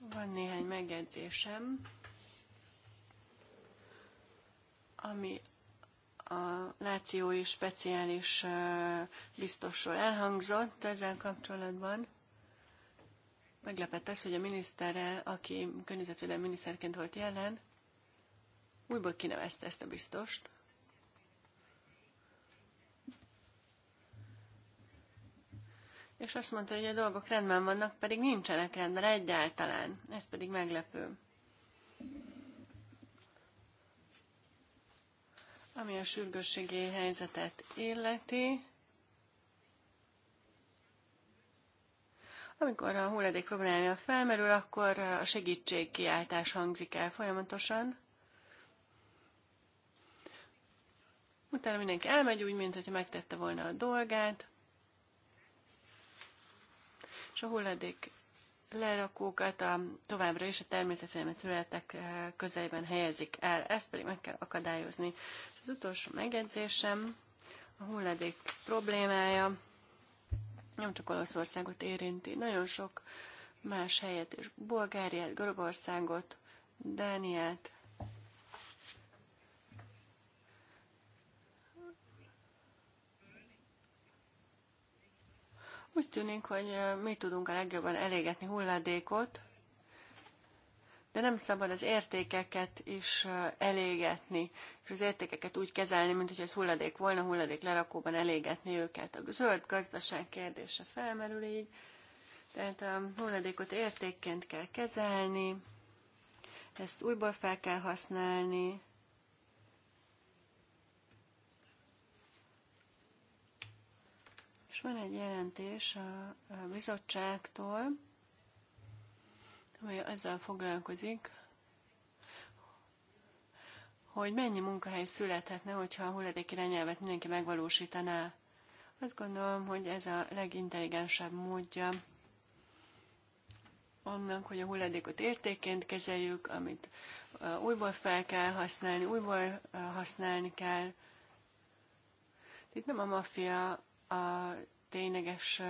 Van néhány megjegyzésem, ami a lációi speciális biztosról elhangzott ezzel kapcsolatban. Meglepett ez, hogy a minisztere, aki környezetvédelmi miniszterként volt jelen, újból kinevezte ezt a biztost. és azt mondta, hogy a dolgok rendben vannak, pedig nincsenek rendben egyáltalán. Ez pedig meglepő. Ami a sürgősségi helyzetet illeti, Amikor a hulladék problémája felmerül, akkor a segítségkiáltás hangzik el folyamatosan. Utána mindenki elmegy úgy, mintha megtette volna a dolgát és a hulladék lerakókat a, továbbra is a természetvédelmi területek eh, közelében helyezik el, ezt pedig meg kell akadályozni. Az utolsó megjegyzésem, a hulladék problémája nem csak Olaszországot érinti, nagyon sok más helyet is, Bulgáriát, Görögországot, Dániát, Úgy tűnik, hogy mi tudunk a legjobban elégetni hulladékot, de nem szabad az értékeket is elégetni, és az értékeket úgy kezelni, mint hogy ez hulladék volna, hulladék lerakóban elégetni őket. A zöld gazdaság kérdése felmerül így, tehát a hulladékot értékként kell kezelni, ezt újból fel kell használni, És van egy jelentés a, bizottságtól, amely ezzel foglalkozik, hogy mennyi munkahely születhetne, hogyha a hulladék irányelvet mindenki megvalósítaná. Azt gondolom, hogy ez a legintelligensebb módja annak, hogy a hulladékot értéként kezeljük, amit újból fel kell használni, újból használni kell. Itt nem a maffia a tényleges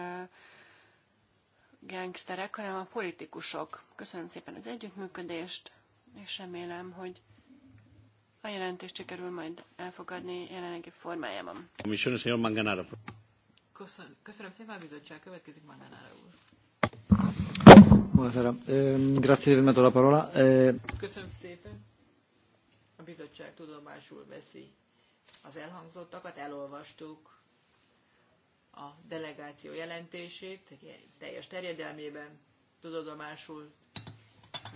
gangsterek, hanem a politikusok. Köszönöm szépen az együttműködést, és remélem, hogy a jelentést sikerül majd elfogadni jelenlegi formájában. Köszönöm, köszönöm szépen a bizottság, következik Manganára úr. Buonasera, ehm, grazie di avermi la parola. Ehm, köszönöm szépen. A bizottság tudomásul veszi az elhangzottakat, elolvastuk a delegáció jelentését, teljes terjedelmében tudodomásul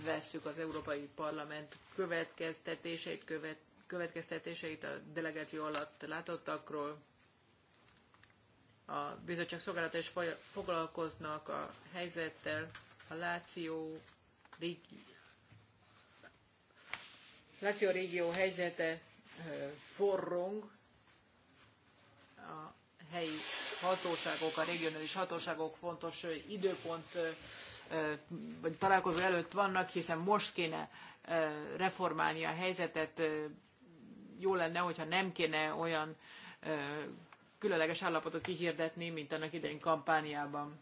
vesszük az Európai Parlament következtetéseit, követ, következtetéseit a delegáció alatt látottakról. A bizottság szolgálata is foglalkoznak a helyzettel, a Láció, régi, Láció régió helyzete forrong, a helyi hatóságok, a regionális hatóságok fontos időpont vagy találkozó előtt vannak, hiszen most kéne reformálni a helyzetet. Jó lenne, hogyha nem kéne olyan különleges állapotot kihirdetni, mint annak idején kampányában.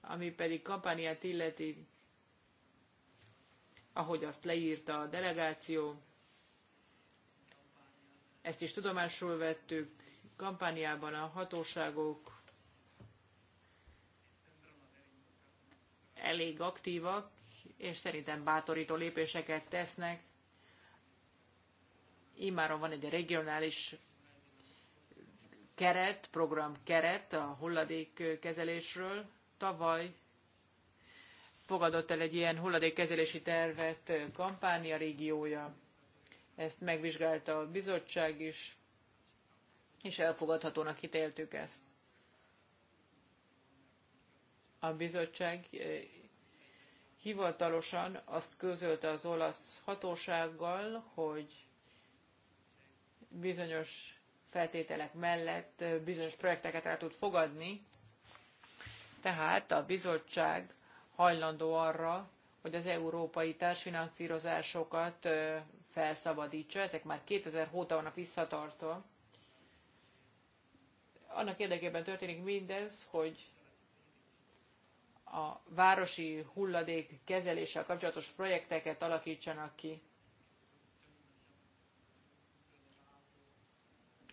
Ami pedig kampányát illeti, ahogy azt leírta a delegáció, ezt is tudomásul vettük, kampányában a hatóságok elég aktívak, és szerintem bátorító lépéseket tesznek. Imáron van egy regionális keret, program keret a hulladékkezelésről. Tavaly fogadott el egy ilyen hulladékkezelési tervet kampánya régiója. Ezt megvizsgálta a bizottság is, és elfogadhatónak ítéltük ezt. A bizottság eh, hivatalosan azt közölte az olasz hatósággal, hogy bizonyos feltételek mellett eh, bizonyos projekteket el tud fogadni, tehát a bizottság hajlandó arra, hogy az európai társfinanszírozásokat eh, felszabadítsa. Ezek már 2000 óta vannak visszatartva annak érdekében történik mindez, hogy a városi hulladék kezeléssel kapcsolatos projekteket alakítsanak ki.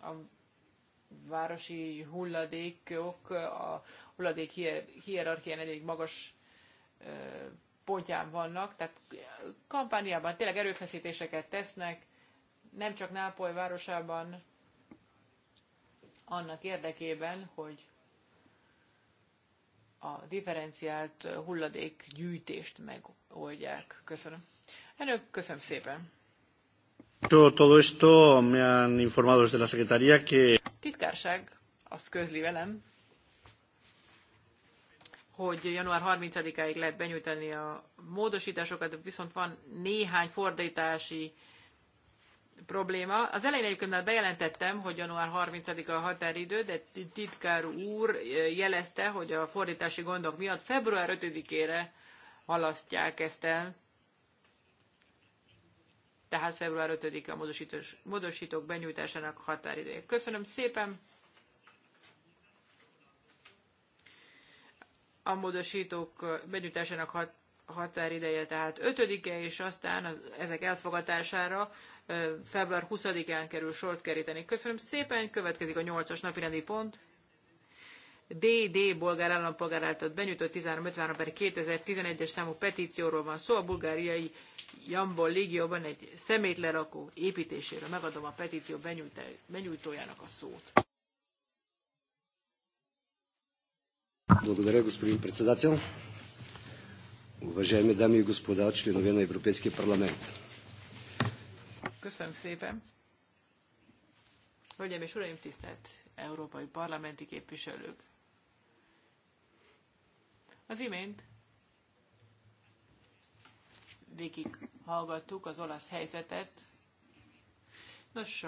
A városi hulladékok a hulladék hierarchián elég magas pontján vannak, tehát kampániában tényleg erőfeszítéseket tesznek, nem csak Nápoly városában, annak érdekében, hogy a differenciált hulladék gyűjtést megoldják. Köszönöm. Önök, köszönöm szépen. Todo esto me han informado desde la Secretaría que... Titkárság azt közli velem, hogy január 30-áig lehet benyújtani a módosításokat, viszont van néhány fordítási probléma. Az elején egyébként már bejelentettem, hogy január 30-a a határidő, de titkár úr jelezte, hogy a fordítási gondok miatt február 5-ére halasztják ezt el. Tehát február 5-e a módosítós, módosítók benyújtásának határideje. Köszönöm szépen! A módosítók benyújtásának hat, határideje, tehát 5-e, és aztán az, ezek elfogadására február 20-án kerül sort keríteni. Köszönöm szépen, következik a 8-as napirendi pont. DD bolgár állampolgár által benyújtott 1353 per 2011-es számú petícióról van szó, a bulgáriai Jambol légióban egy szemétlerakó építéséről. Megadom a petíció benyújtójának a szót. Благодаря, господин председател. Уважаеми дами и господа, членове на Европейския парламент. Köszönöm szépen. Hölgyeim és Uraim, tisztelt európai parlamenti képviselők! Az imént végig hallgattuk az olasz helyzetet. Nos,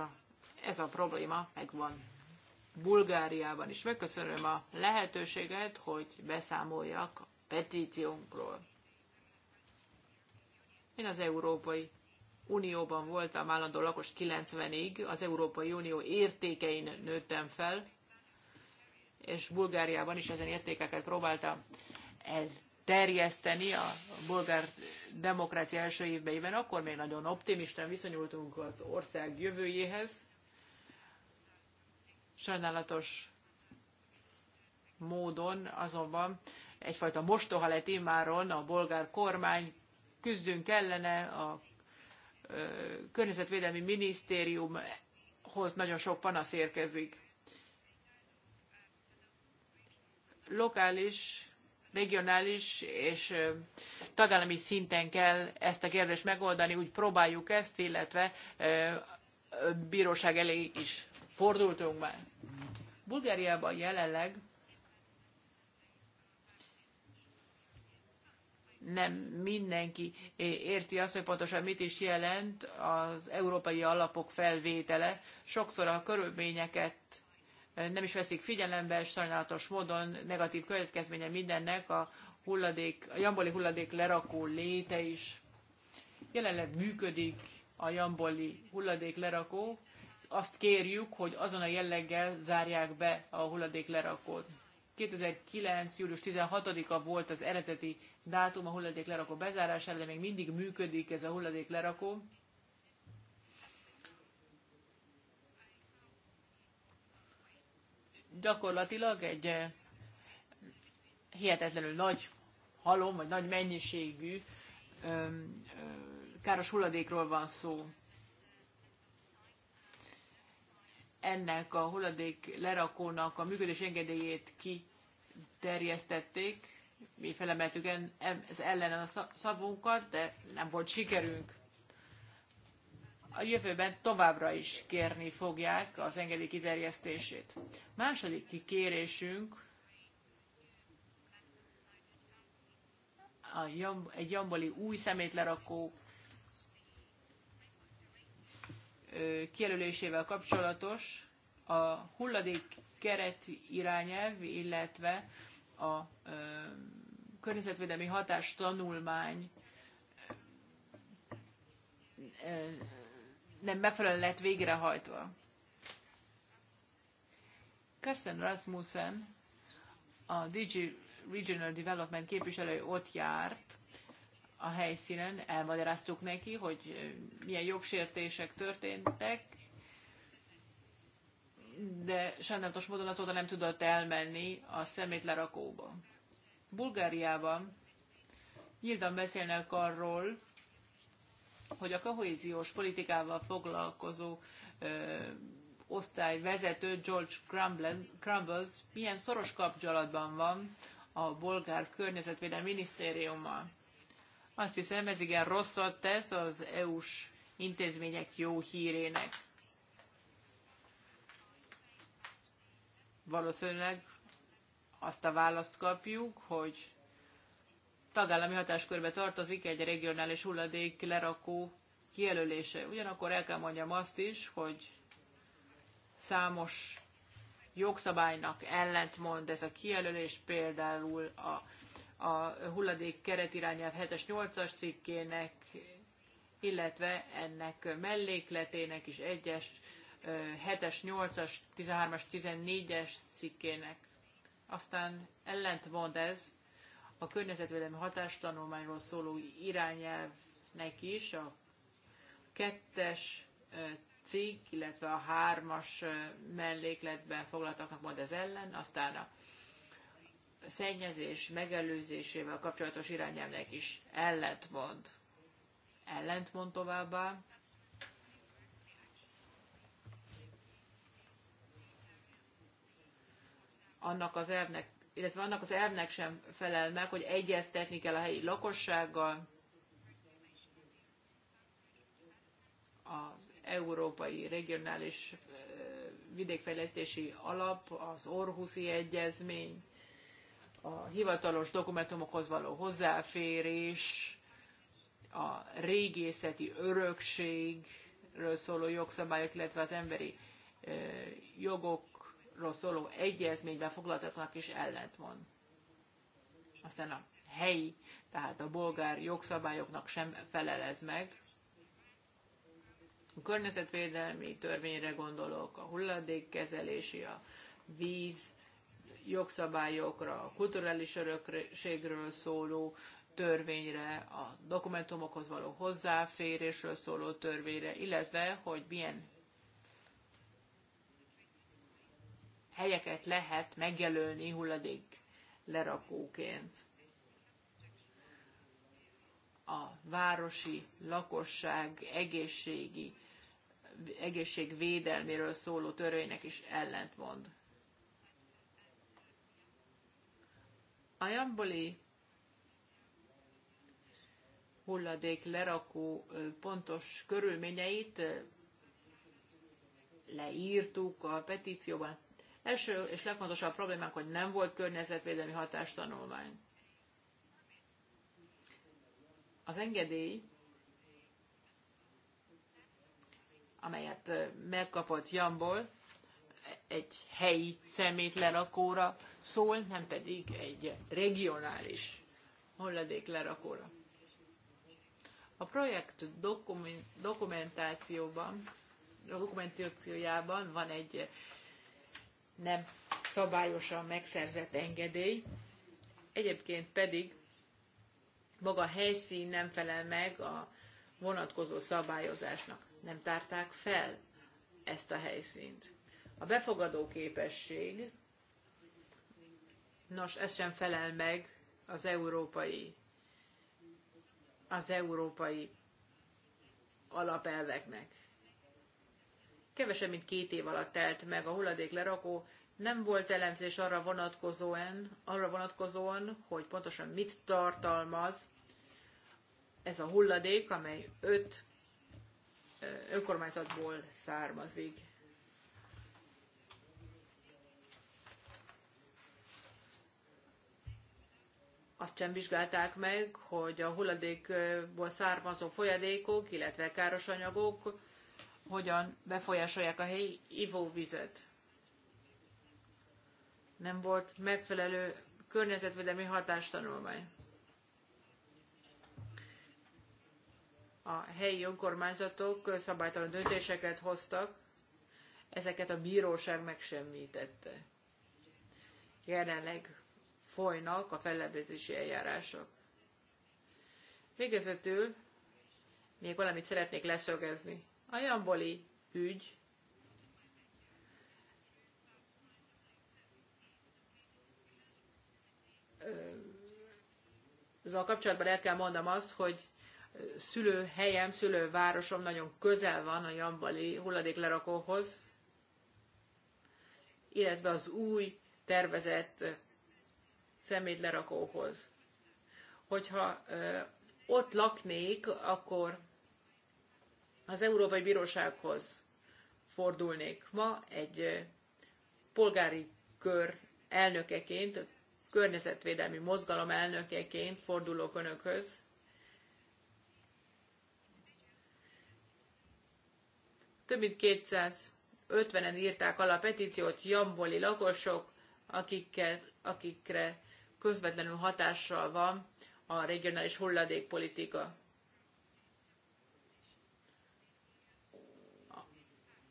ez a probléma megvan Bulgáriában is. Megköszönöm a lehetőséget, hogy beszámoljak a petíciónkról. Én az Európai Unióban voltam állandó lakos 90-ig, az Európai Unió értékein nőttem fel, és Bulgáriában is ezen értékeket próbáltam elterjeszteni a bulgár demokrácia első évben. Akkor még nagyon optimisten viszonyultunk az ország jövőjéhez. Sajnálatos módon azonban egyfajta mostoha lett immáron a bolgár kormány, küzdünk ellene, a környezetvédelmi minisztériumhoz nagyon sok panasz érkezik. Lokális, regionális és tagállami szinten kell ezt a kérdést megoldani, úgy próbáljuk ezt, illetve bíróság elé is fordultunk már. Bulgáriában jelenleg nem mindenki érti azt, hogy pontosan mit is jelent az európai alapok felvétele. Sokszor a körülményeket nem is veszik figyelembe, sajnálatos módon negatív következménye mindennek a hulladék, a jamboli hulladék lerakó léte is. Jelenleg működik a jamboli hulladék lerakó, azt kérjük, hogy azon a jelleggel zárják be a hulladék lerakót. 2009. július 16-a volt az eredeti dátum a hulladék lerakó bezárására, de még mindig működik ez a hulladék lerakó. Gyakorlatilag egy eh, hihetetlenül nagy halom, vagy nagy mennyiségű káros hulladékról van szó. ennek a hulladék lerakónak a működés engedélyét kiterjesztették. Mi felemeltük en, ez ellen a szavunkat, de nem volt sikerünk. A jövőben továbbra is kérni fogják az engedély kiterjesztését. Második kérésünk a, egy jamboli új szemétlerakó kijelölésével kapcsolatos a hulladék keret irányelv, illetve a környezetvédelmi hatás tanulmány nem megfelelően lett végrehajtva. Carsten Rasmussen, a DG Regional Development képviselő ott járt, a helyszínen, elmagyaráztuk neki, hogy milyen jogsértések történtek, de sajnálatos módon azóta nem tudott elmenni a szemétlerakóba. Bulgáriában nyíltan beszélnek arról, hogy a kohéziós politikával foglalkozó ö, osztály vezető George Crumbles milyen szoros kapcsolatban van a bolgár környezetvédelmi minisztériummal. Azt hiszem, ez igen rosszat tesz az EU-s intézmények jó hírének. Valószínűleg azt a választ kapjuk, hogy tagállami hatáskörbe tartozik egy regionális hulladék lerakó kijelölése. Ugyanakkor el kell mondjam azt is, hogy számos jogszabálynak ellentmond ez a kijelölés, például a a hulladék keretirányelv 7-es 8-as cikkének, illetve ennek mellékletének is 1-es, 7-es, 8-as, 13-as, 14-es cikkének. Aztán ellentmond ez a környezetvédelmi hatástanulmányról szóló irányelvnek is, a 2-es cikk, illetve a 3-as mellékletben foglaltaknak mond ez ellen, aztán a szennyezés megelőzésével kapcsolatos irányelvnek is ellentmond. Ellentmond továbbá. Annak az elvnek, illetve annak az elvnek sem felel meg, hogy egyeztetni kell a helyi lakossággal, az Európai Regionális Vidékfejlesztési Alap, az Orhuszi Egyezmény, a hivatalos dokumentumokhoz való hozzáférés, a régészeti örökségről szóló jogszabályok, illetve az emberi jogokról szóló egyezményben foglaltaknak is ellentmond. Aztán a helyi, tehát a bolgár jogszabályoknak sem felelez meg. A környezetvédelmi törvényre gondolok, a hulladékkezelési, a víz, jogszabályokra, a kulturális örökségről szóló törvényre, a dokumentumokhoz való hozzáférésről szóló törvényre, illetve hogy milyen helyeket lehet megjelölni hulladék lerakóként. A városi lakosság egészségi, egészségvédelméről szóló törvénynek is ellentmond. Ajamboli hulladék lerakó pontos körülményeit leírtuk a petícióban. Első és legfontosabb problémánk, hogy nem volt környezetvédelmi hatástanulmány. Az engedély, amelyet megkapott Jamból, egy helyi szemétlerakóra szól, nem pedig egy regionális hulladéklerakóra. A projekt dokumentációban, dokumentációjában van egy nem szabályosan megszerzett engedély, egyébként pedig maga a helyszín nem felel meg a vonatkozó szabályozásnak. Nem tárták fel ezt a helyszínt. A befogadó képesség, nos, ez sem felel meg az európai, az európai alapelveknek. Kevesebb, mint két év alatt telt meg a hulladék lerakó nem volt elemzés arra vonatkozóan, arra vonatkozóan, hogy pontosan mit tartalmaz ez a hulladék, amely öt önkormányzatból származik. azt sem vizsgálták meg, hogy a hulladékból származó folyadékok, illetve káros anyagok hogyan befolyásolják a helyi ivóvizet. Nem volt megfelelő környezetvédelmi hatástanulmány. A helyi önkormányzatok szabálytalan döntéseket hoztak, ezeket a bíróság megsemmítette. Jelenleg folynak a fellebbezési eljárások. Végezetül még valamit szeretnék leszögezni. A Jamboli ügy azzal kapcsolatban el kell mondom azt, hogy szülőhelyem, szülővárosom nagyon közel van a Jambali hulladéklerakóhoz, illetve az új tervezett szemétlerakóhoz. Hogyha ott laknék, akkor az Európai Bírósághoz fordulnék. Ma egy polgári kör elnökeként, környezetvédelmi mozgalom elnökeként fordulok önökhöz. Több mint 250-en írták alá petíciót jamboli lakosok, akikkel, akikre közvetlenül hatással van a regionális hulladékpolitika.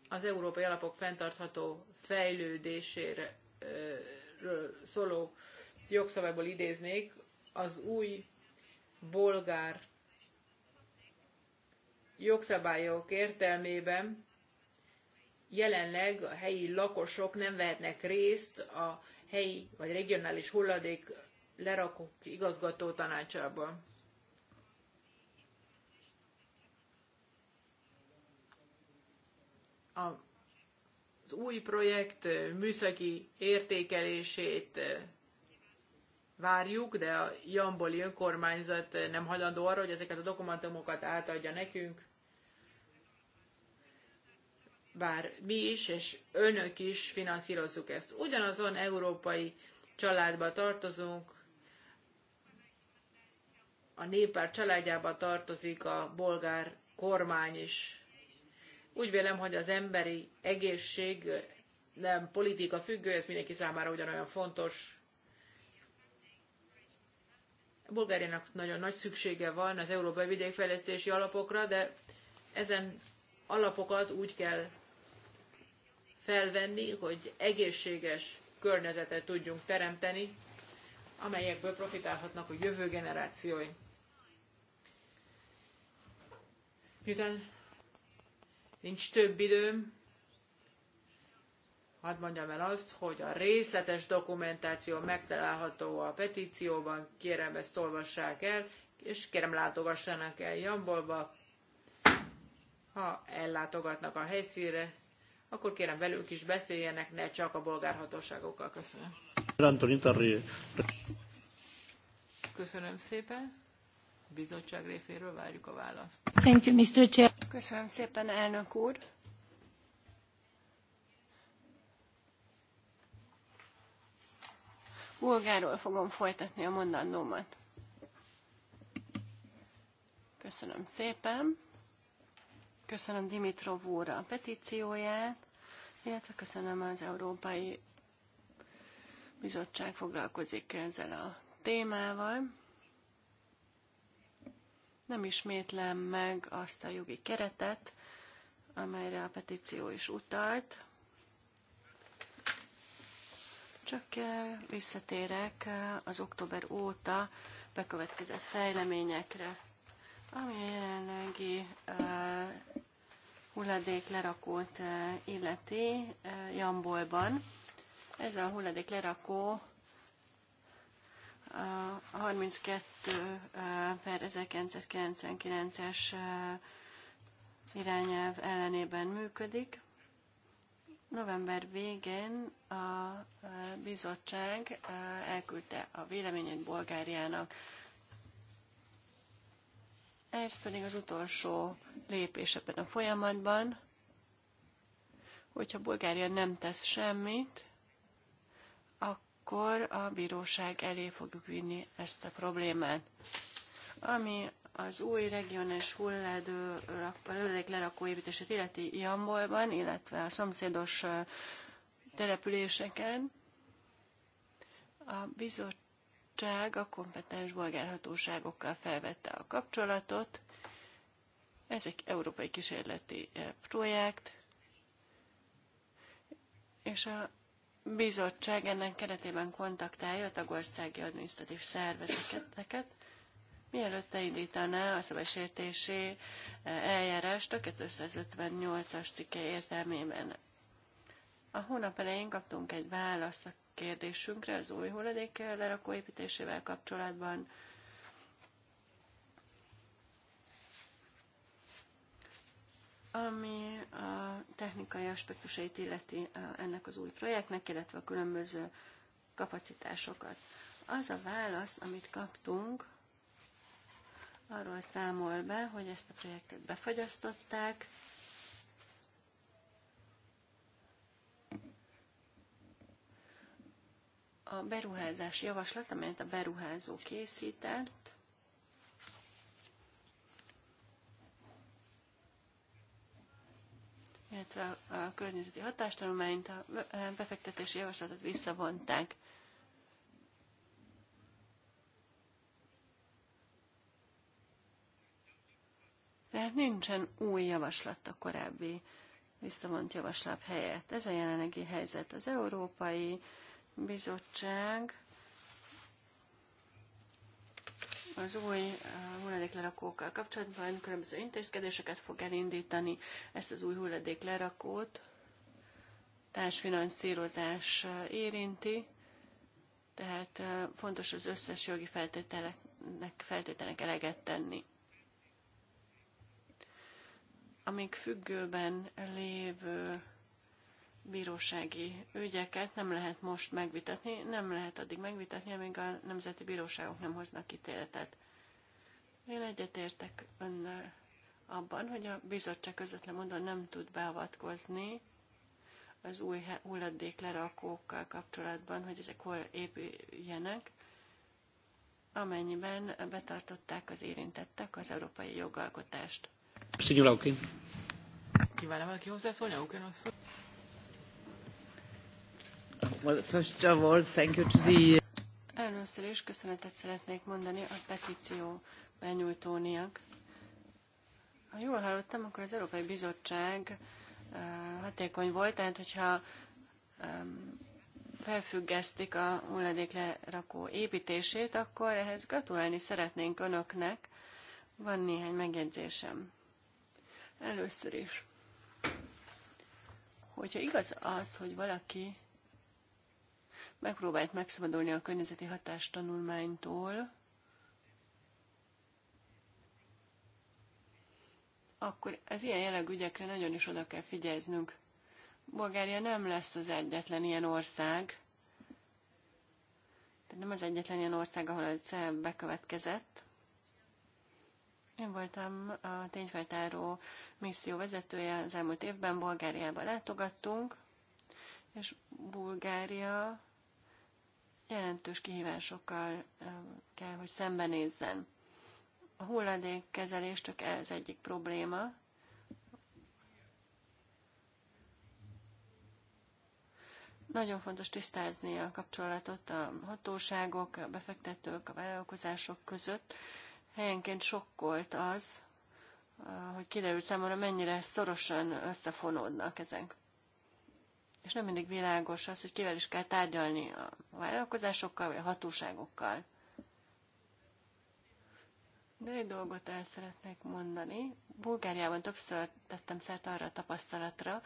Az európai alapok fenntartható fejlődésére szóló jogszabályból idéznék, az új bolgár jogszabályok értelmében jelenleg a helyi lakosok nem vehetnek részt a helyi vagy regionális hulladék lerakók igazgató tanácsában. az új projekt műszaki értékelését várjuk, de a Jamboli önkormányzat nem hajlandó arra, hogy ezeket a dokumentumokat átadja nekünk bár mi is, és önök is finanszírozzuk ezt. Ugyanazon európai családba tartozunk, a néppárt családjába tartozik a bolgár kormány is. Úgy vélem, hogy az emberi egészség nem politika függő, ez mindenki számára ugyanolyan fontos. Bulgáriának nagyon nagy szüksége van az Európai Vidékfejlesztési Alapokra, de ezen alapokat úgy kell felvenni, hogy egészséges környezetet tudjunk teremteni, amelyekből profitálhatnak a jövő generációi. Miután nincs több időm, hadd mondjam el azt, hogy a részletes dokumentáció megtalálható a petícióban, kérem ezt olvassák el, és kérem látogassanak el Jambolba, ha ellátogatnak a helyszínre, akkor kérem velük is beszéljenek, ne csak a bolgár hatóságokkal. Köszönöm. Köszönöm szépen. A bizottság részéről várjuk a választ. Thank you, Mr. Chair. Köszönöm szépen, elnök úr. Bulgáról fogom folytatni a mondandómat. Köszönöm szépen. Köszönöm Dimitrov úr a petícióját illetve köszönöm az Európai Bizottság foglalkozik ezzel a témával. Nem ismétlem meg azt a jogi keretet, amelyre a petíció is utalt. Csak eh, visszatérek eh, az október óta bekövetkezett fejleményekre, ami jelenlegi eh, hulladék lerakót eh, illeti eh, Jambolban. Ez a hulladék lerakó 32 eh, per 1999-es irányelv ellenében működik. November végén a bizottság elküldte a véleményét Bulgáriának. Ez pedig az utolsó lépés ebben a folyamatban, hogyha Bulgária nem tesz semmit, akkor a bíróság elé fogjuk vinni ezt a problémát. Ami az új regionális hulladő lerakó építését illeti Iambolban, illetve a szomszédos településeken, a bizottság bizottság a kompetens bolgárhatóságokkal felvette a kapcsolatot. Ez egy európai kísérleti eh, projekt, és a bizottság ennek keretében kontaktálja a tagországi adminisztratív szervezeteket, mielőtt elindítaná a szabálysértési eh, eljárást a 258-as cikke értelmében. A hónap elején kaptunk egy választ a kérdésünkre az új hulladék lerakó építésével kapcsolatban. Ami a technikai aspektusait illeti ennek az új projektnek, illetve a különböző kapacitásokat. Az a válasz, amit kaptunk, arról számol be, hogy ezt a projektet befagyasztották, a beruházás javaslat, amelyet a beruházó készített, illetve a környezeti hatástanulmányt, a befektetési javaslatot visszavonták. Tehát nincsen új javaslat a korábbi visszavont javaslat helyett. Ez a jelenlegi helyzet az európai bizottság az új hulladéklerakókkal kapcsolatban különböző intézkedéseket fog elindítani. Ezt az új hulladéklerakót társfinanszírozás érinti, tehát fontos az összes jogi feltételeknek, feltételnek eleget tenni. Amíg függőben lévő bírósági ügyeket nem lehet most megvitatni, nem lehet addig megvitatni, amíg a nemzeti bíróságok nem hoznak ítéletet. Én egyetértek önnel abban, hogy a bizottság közvetlen módon nem tud beavatkozni az új hulladéklerakókkal kapcsolatban, hogy ezek hol épüljenek, amennyiben betartották az érintettek az európai jogalkotást. Signora Kívánom, Kívánna valaki hozzászólni, Okin asszony? Először is köszönetet szeretnék mondani a petíció benyújtóniak. Ha jól hallottam, akkor az Európai Bizottság hatékony volt, tehát hogyha felfüggesztik a hulladéklerakó építését, akkor ehhez gratulálni szeretnénk Önöknek. Van néhány megjegyzésem. Először is. Hogyha igaz az, hogy valaki megpróbált megszabadulni a környezeti hatástanulmánytól, akkor az ilyen jellegű ügyekre nagyon is oda kell figyelnünk. Bulgária nem lesz az egyetlen ilyen ország, tehát nem az egyetlen ilyen ország, ahol ez bekövetkezett. Én voltam a tényfeltáró misszió vezetője, az elmúlt évben Bulgáriába látogattunk, és Bulgária jelentős kihívásokkal kell, hogy szembenézzen. A hulladékkezelés csak ez egyik probléma. Nagyon fontos tisztázni a kapcsolatot a hatóságok, a befektetők, a vállalkozások között. Helyenként sokkolt az, hogy kiderült számomra, mennyire szorosan összefonódnak ezek és nem mindig világos az, hogy kivel is kell tárgyalni a vállalkozásokkal vagy a hatóságokkal. De egy dolgot el szeretnék mondani. Bulgáriában többször tettem szert arra a tapasztalatra,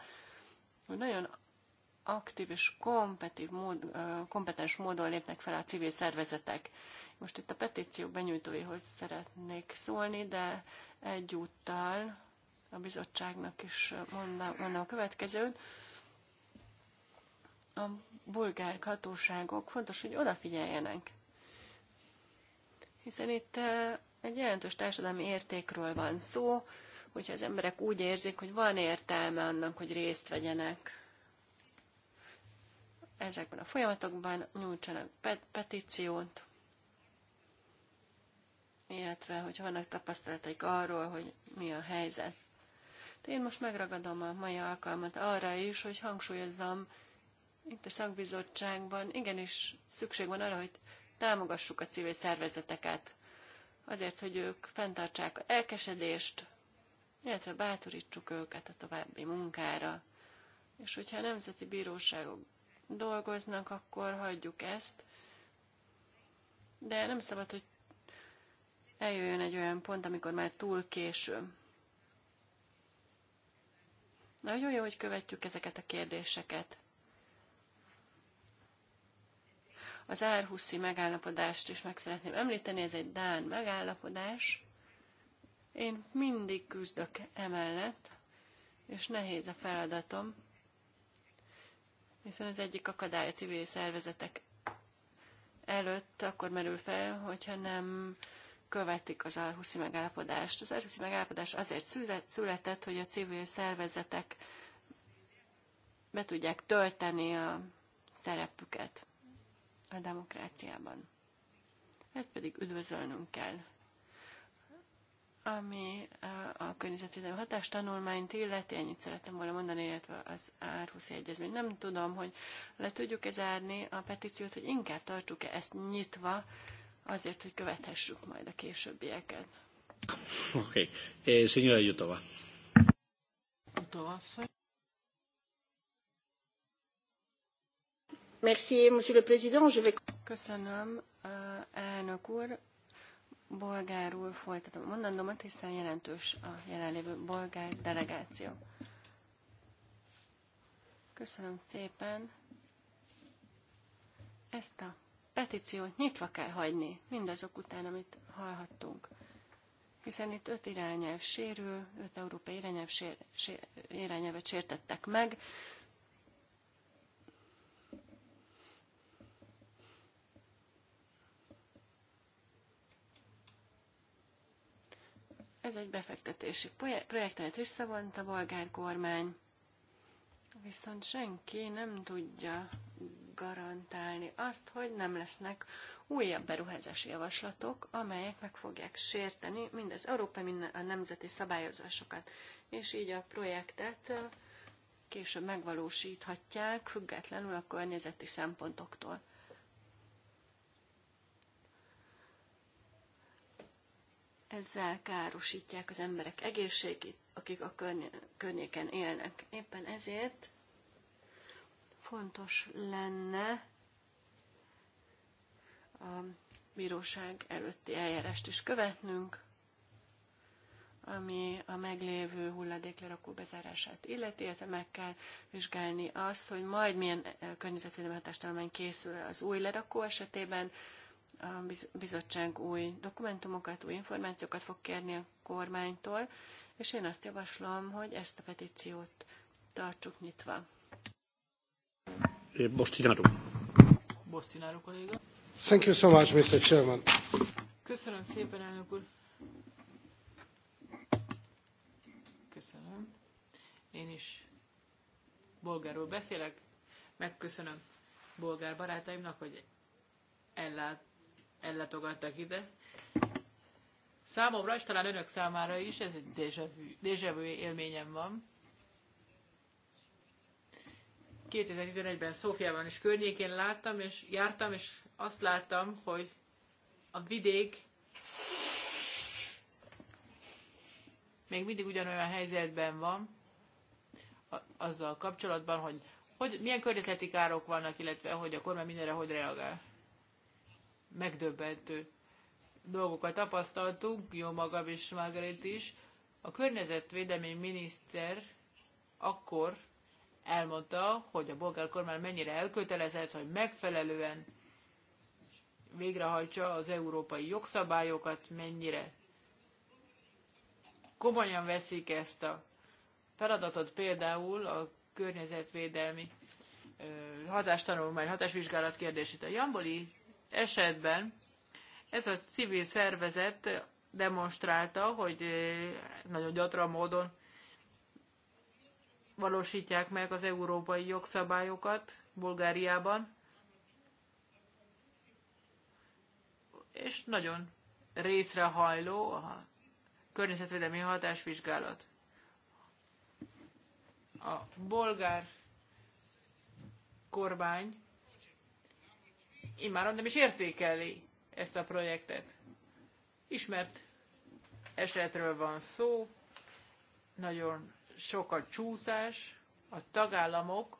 hogy nagyon aktív és kompetív mód, kompetens módon lépnek fel a civil szervezetek. Most itt a petíció benyújtóihoz szeretnék szólni, de egyúttal a bizottságnak is mondom, mondom a következőt a bulgár hatóságok fontos, hogy odafigyeljenek. Hiszen itt egy jelentős társadalmi értékről van szó, hogyha az emberek úgy érzik, hogy van értelme annak, hogy részt vegyenek ezekben a folyamatokban, nyújtsanak pet- petíciót, illetve hogy vannak tapasztalataik arról, hogy mi a helyzet. De én most megragadom a mai alkalmat arra is, hogy hangsúlyozzam itt a szakbizottságban igenis szükség van arra, hogy támogassuk a civil szervezeteket, azért, hogy ők fenntartsák a elkesedést, illetve bátorítsuk őket a további munkára. És hogyha a nemzeti bíróságok dolgoznak, akkor hagyjuk ezt. De nem szabad, hogy eljöjjön egy olyan pont, amikor már túl késő. Nagyon jó, hogy követjük ezeket a kérdéseket. Az Árhuszi megállapodást is meg szeretném említeni, ez egy Dán megállapodás. Én mindig küzdök emellett, és nehéz a feladatom, hiszen az egyik akadály a civil szervezetek előtt akkor merül fel, hogyha nem követik az Árhuszi megállapodást. Az Árhuszi megállapodás azért született, hogy a civil szervezetek be tudják tölteni a szerepüket a demokráciában. Ezt pedig üdvözölnünk kell. Ami eh, a környezetvédelmi hatástanulmányt illeti, ennyit szerettem volna mondani, illetve az árhuszi egyezmény. Nem tudom, hogy le tudjuk-e zárni a petíciót, hogy inkább tartsuk-e ezt nyitva, azért, hogy követhessük majd a későbbieket. Oké. Okay. Eh, Jutova. Jutova Köszönöm, eh, elnök úr. Bolgárul folytatom mondandómat hiszen jelentős a jelenlévő bolgár delegáció. Köszönöm szépen. Ezt a petíciót nyitva kell hagyni, mindazok után, amit hallhattunk. Hiszen itt öt irányelv sérül, öt európai irányelv sér, sér, irányelvet sértettek meg, Ez egy befektetési projektet visszavont a bolgár kormány, viszont senki nem tudja garantálni azt, hogy nem lesznek újabb beruházási javaslatok, amelyek meg fogják sérteni mind az európai, mind a nemzeti szabályozásokat, és így a projektet később megvalósíthatják, függetlenül a környezeti szempontoktól. ezzel károsítják az emberek egészségét, akik a környéken élnek. Éppen ezért fontos lenne a bíróság előtti eljárást is követnünk, ami a meglévő hulladéklerakó bezárását illeti, illetve meg kell vizsgálni azt, hogy majd milyen eh, környezetvédelmi hatástanulmány készül az új lerakó esetében, a bizottság új dokumentumokat, új információkat fog kérni a kormánytól, és én azt javaslom, hogy ezt a petíciót tartsuk nyitva. Bostináró. Eh, Bostináró kolléga. Thank you so much, Mr. Chairman. Köszönöm szépen, elnök úr. Köszönöm. Én is bolgárról beszélek. Megköszönöm bolgár barátaimnak, hogy ellát, ellátogattak ide. Számomra, és talán önök számára is, ez egy déjà vu élményem van. 2011-ben Szófiában és környékén láttam, és jártam, és azt láttam, hogy a vidék még mindig ugyanolyan helyzetben van, azzal kapcsolatban, hogy, hogy milyen környezeti károk vannak, illetve hogy a kormány mindenre hogy reagál megdöbbentő dolgokat tapasztaltunk, jó magam és Margaret is. A környezetvédelmi miniszter akkor elmondta, hogy a bolgár kormány mennyire elkötelezett, hogy megfelelően végrehajtsa az európai jogszabályokat, mennyire komolyan veszik ezt a feladatot például a környezetvédelmi hatástanulmány, hatásvizsgálat kérdését. A Jamboli esetben ez a civil szervezet demonstrálta, hogy eh, nagyon gyatra módon valósítják meg az európai jogszabályokat Bulgáriában, és nagyon részrehajló a környezetvédelmi hatásvizsgálat. A bolgár kormány immáron nem is értékeli ezt a projektet. Ismert esetről van szó, nagyon sok a csúszás, a tagállamokat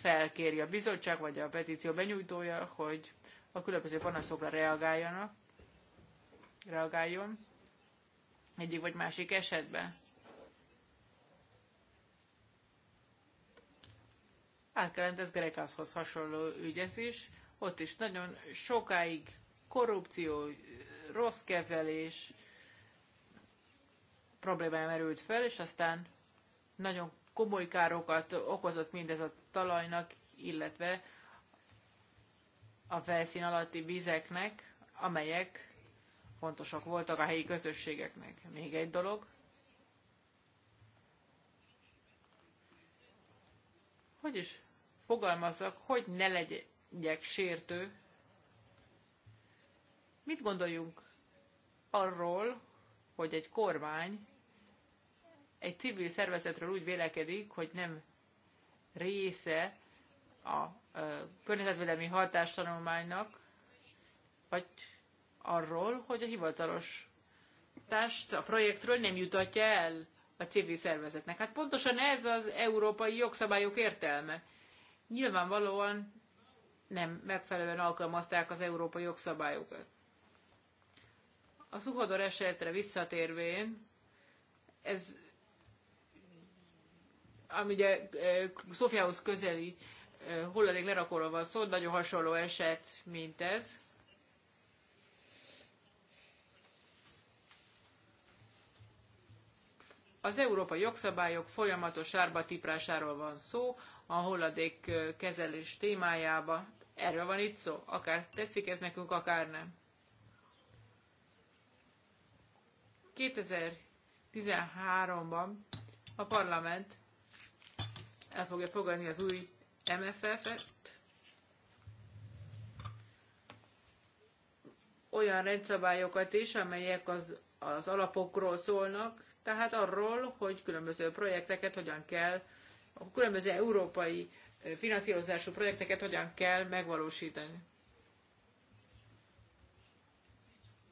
felkéri a bizottság vagy a petíció benyújtója, hogy a különböző panaszokra reagáljanak, reagáljon egyik vagy másik esetben. Átkelent ez Grekászhoz hasonló ügy ez is ott is nagyon sokáig korrupció, rossz kezelés problémája merült fel, és aztán nagyon komoly károkat okozott mindez a talajnak, illetve a felszín alatti vizeknek, amelyek fontosak voltak a helyi közösségeknek. Még egy dolog, hogy is fogalmazzak, hogy ne legyen, ügyek sértő. Mit gondoljunk arról, hogy egy kormány egy civil szervezetről úgy vélekedik, hogy nem része a környezetvédelmi hatástanulmánynak, vagy arról, hogy a hivatalos hatást a projektről nem jutatja el a civil szervezetnek. Hát pontosan ez az európai jogszabályok értelme. Nyilvánvalóan nem megfelelően alkalmazták az európai jogszabályokat. A Szuhodor esetre visszatérvén, ez, ami ugye eh, Szofiához közeli eh, hulladék lerakóról van szó, nagyon hasonló eset, mint ez. Az európai jogszabályok folyamatos árba tiprásáról van szó a hulladék eh, kezelés témájába, Erről van itt szó, akár tetszik ez nekünk, akár nem. 2013-ban a parlament el fogja fogadni az új MFF-et, olyan rendszabályokat is, amelyek az, az alapokról szólnak, tehát arról, hogy különböző projekteket hogyan kell, a különböző európai finanszírozású projekteket hogyan kell megvalósítani.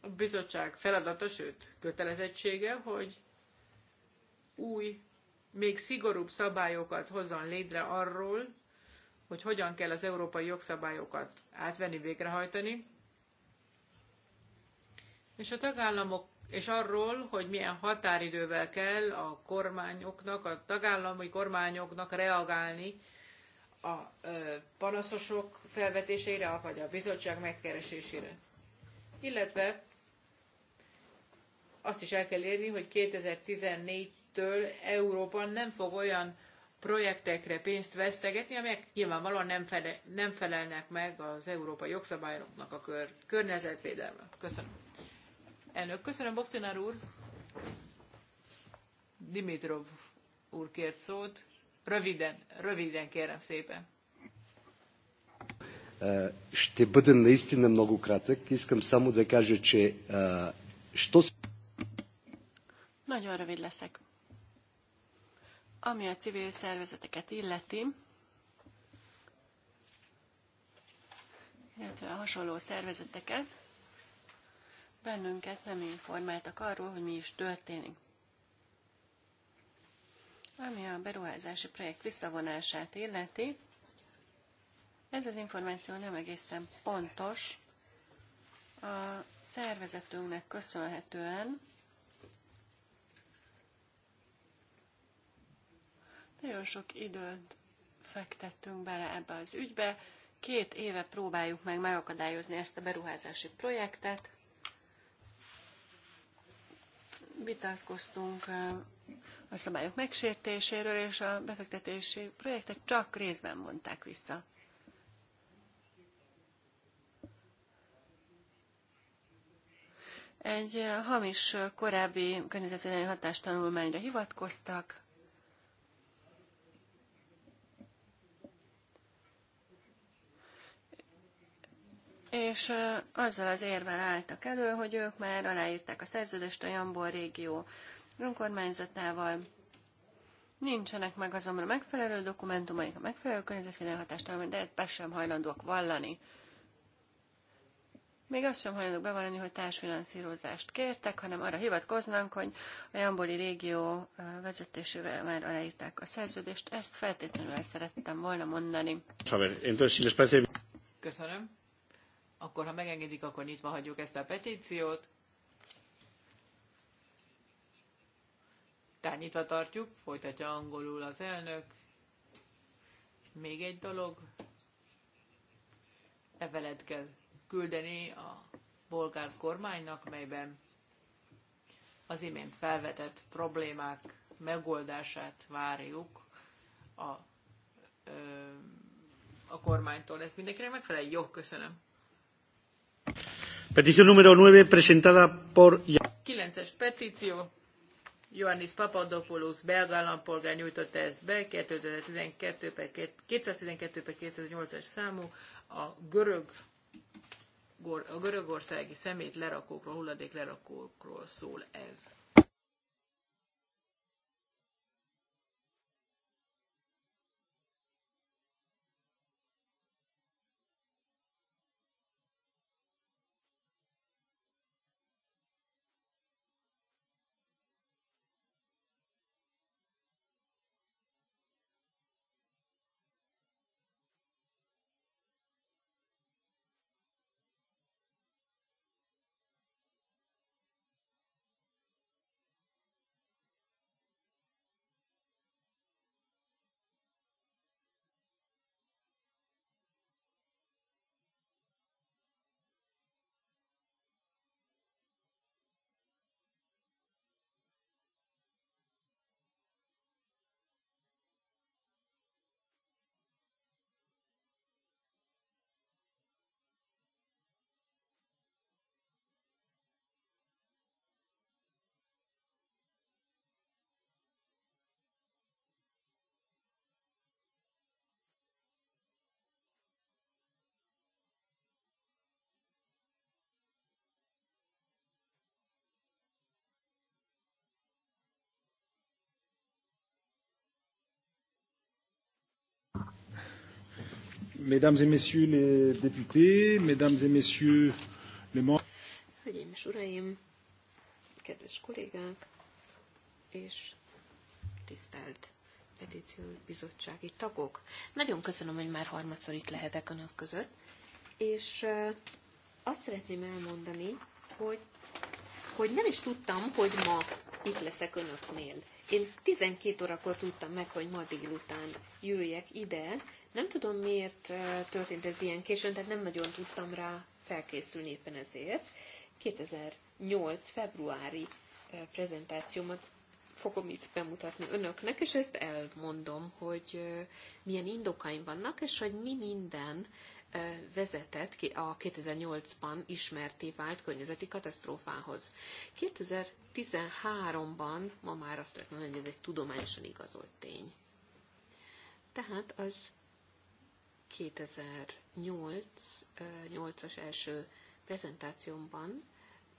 A bizottság feladata, sőt kötelezettsége, hogy új, még szigorúbb szabályokat hozzon létre arról, hogy hogyan kell az európai jogszabályokat átvenni, végrehajtani, és a tagállamok és arról, hogy milyen határidővel kell a kormányoknak, a tagállami kormányoknak reagálni a panaszosok felvetésére, vagy a bizottság megkeresésére. Illetve azt is el kell érni, hogy 2014-től Európa nem fog olyan projektekre pénzt vesztegetni, amelyek nyilvánvalóan nem, fele, nem felelnek meg az európai jogszabályoknak a kör, környezetvédelme. Köszönöm. Elnök, köszönöm, Bosztinár úr. Dimitrov úr kért szót. Röviden, röviden kérem szépen. Ще бъда наистина много кратък. Искам само да кажа, че що... Nagyon rövid leszek. Ami a civil szervezeteket illeti, illetve a hasonló szervezeteket, bennünket nem informáltak arról, hogy mi is történik. Ami a beruházási projekt visszavonását illeti, ez az információ nem egészen pontos. A szervezetünknek köszönhetően nagyon sok időt fektettünk bele ebbe az ügybe. Két éve próbáljuk meg megakadályozni ezt a beruházási projektet. Vitatkoztunk a szabályok megsértéséről, és a befektetési projektet csak részben mondták vissza. Egy hamis korábbi környezetvédelmi hatástanulmányra hivatkoztak, és azzal az érvel álltak elő, hogy ők már aláírták a szerződést a Jambor régió önkormányzatával. Nincsenek meg azonban a megfelelő dokumentumaik, a megfelelő környezetvédelmi hatástalomány, de ezt be sem hajlandók vallani. Még azt sem hajlandók bevallani, hogy társfinanszírozást kértek, hanem arra hivatkoznak, hogy a Jamboli régió vezetésével már aláírták a szerződést. Ezt feltétlenül el szerettem volna mondani. Köszönöm. Akkor, ha megengedik, akkor nyitva hagyjuk ezt a petíciót. tehát nyitva tartjuk, folytatja angolul az elnök. Még egy dolog, levelet kell küldeni a bolgár kormánynak, melyben az imént felvetett problémák megoldását várjuk a, ö, a kormánytól. Ez mindenkinek megfelel? Jó, köszönöm. Petíció número 9, presentada por... 9-es petíció, Ioannis Papadopoulos belga állampolgár nyújtotta ezt be, 2012 per 212 per 2008-as számú a görög a görögországi szemét lerakókról, hulladék lerakókról szól ez. Mesdames et messieurs les députés, mesdames et messieurs les membres. Hölgyeim és uraim, kedves kollégák és tisztelt bizottsági tagok. Nagyon köszönöm, hogy már harmadszor itt lehetek önök között, és azt szeretném elmondani, hogy, hogy nem is tudtam, hogy ma itt leszek önöknél. Én 12 órakor tudtam meg, hogy ma délután jöjjek ide, nem tudom, miért történt ez ilyen későn, tehát nem nagyon tudtam rá felkészülni éppen ezért. 2008. februári prezentációmat fogom itt bemutatni önöknek, és ezt elmondom, hogy milyen indokaim vannak, és hogy mi minden vezetett a 2008-ban ismerté vált környezeti katasztrófához. 2013-ban ma már azt lehet mondani, hogy ez egy tudományosan igazolt tény. Tehát az 2008-as első prezentációmban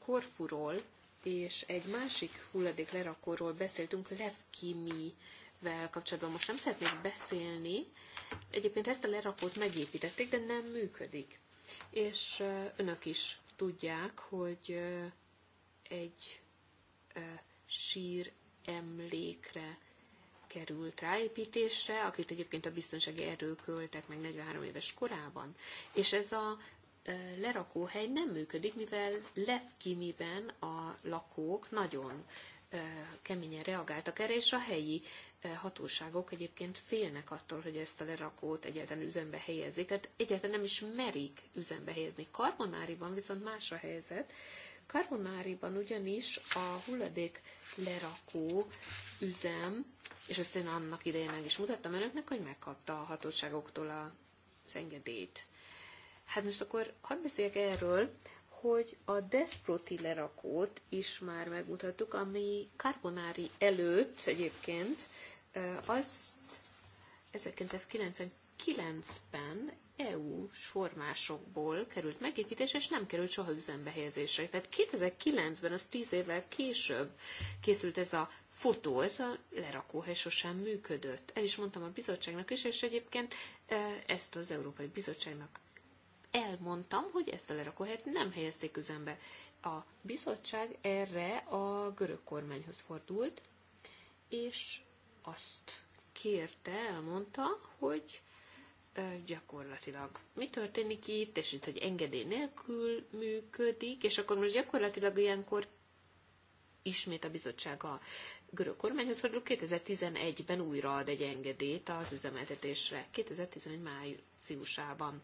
Korfuról és egy másik hulladék lerakóról beszéltünk, Levkimivel kapcsolatban. Most nem szeretnék beszélni. Egyébként ezt a lerakót megépítették, de nem működik. És önök is tudják, hogy egy sír emlékre került ráépítésre, akit egyébként a biztonsági erők öltek meg 43 éves korában. És ez a lerakóhely nem működik, mivel Lefkimiben a lakók nagyon keményen reagáltak erre, és a helyi hatóságok egyébként félnek attól, hogy ezt a lerakót egyáltalán üzembe helyezik, tehát egyáltalán nem is merik üzembe helyezni. Karbonáriban viszont más a helyzet, Karonáriban ugyanis a hulladék lerakó üzem, és ezt én annak idején meg is mutattam önöknek, hogy megkapta a hatóságoktól az engedélyt. Hát most akkor hadd beszéljek erről, hogy a Desproti lerakót is már megmutattuk, ami karbonári előtt egyébként, azt 1999-ben EU-s formásokból került megépítés, és nem került soha üzembe helyezésre. Tehát 2009-ben, az 10 évvel később készült ez a fotó, ez a lerakóhely sosem működött. El is mondtam a bizottságnak is, és egyébként e, ezt az Európai Bizottságnak elmondtam, hogy ezt a lerakóhelyet nem helyezték üzembe. A bizottság erre a görög kormányhoz fordult, és azt kérte, elmondta, hogy gyakorlatilag mi történik itt, és itt, hogy engedély nélkül működik, és akkor most gyakorlatilag ilyenkor ismét a bizottság a görög kormányhoz fordul, 2011-ben újra ad egy engedélyt az üzemeltetésre, 2011 májusában.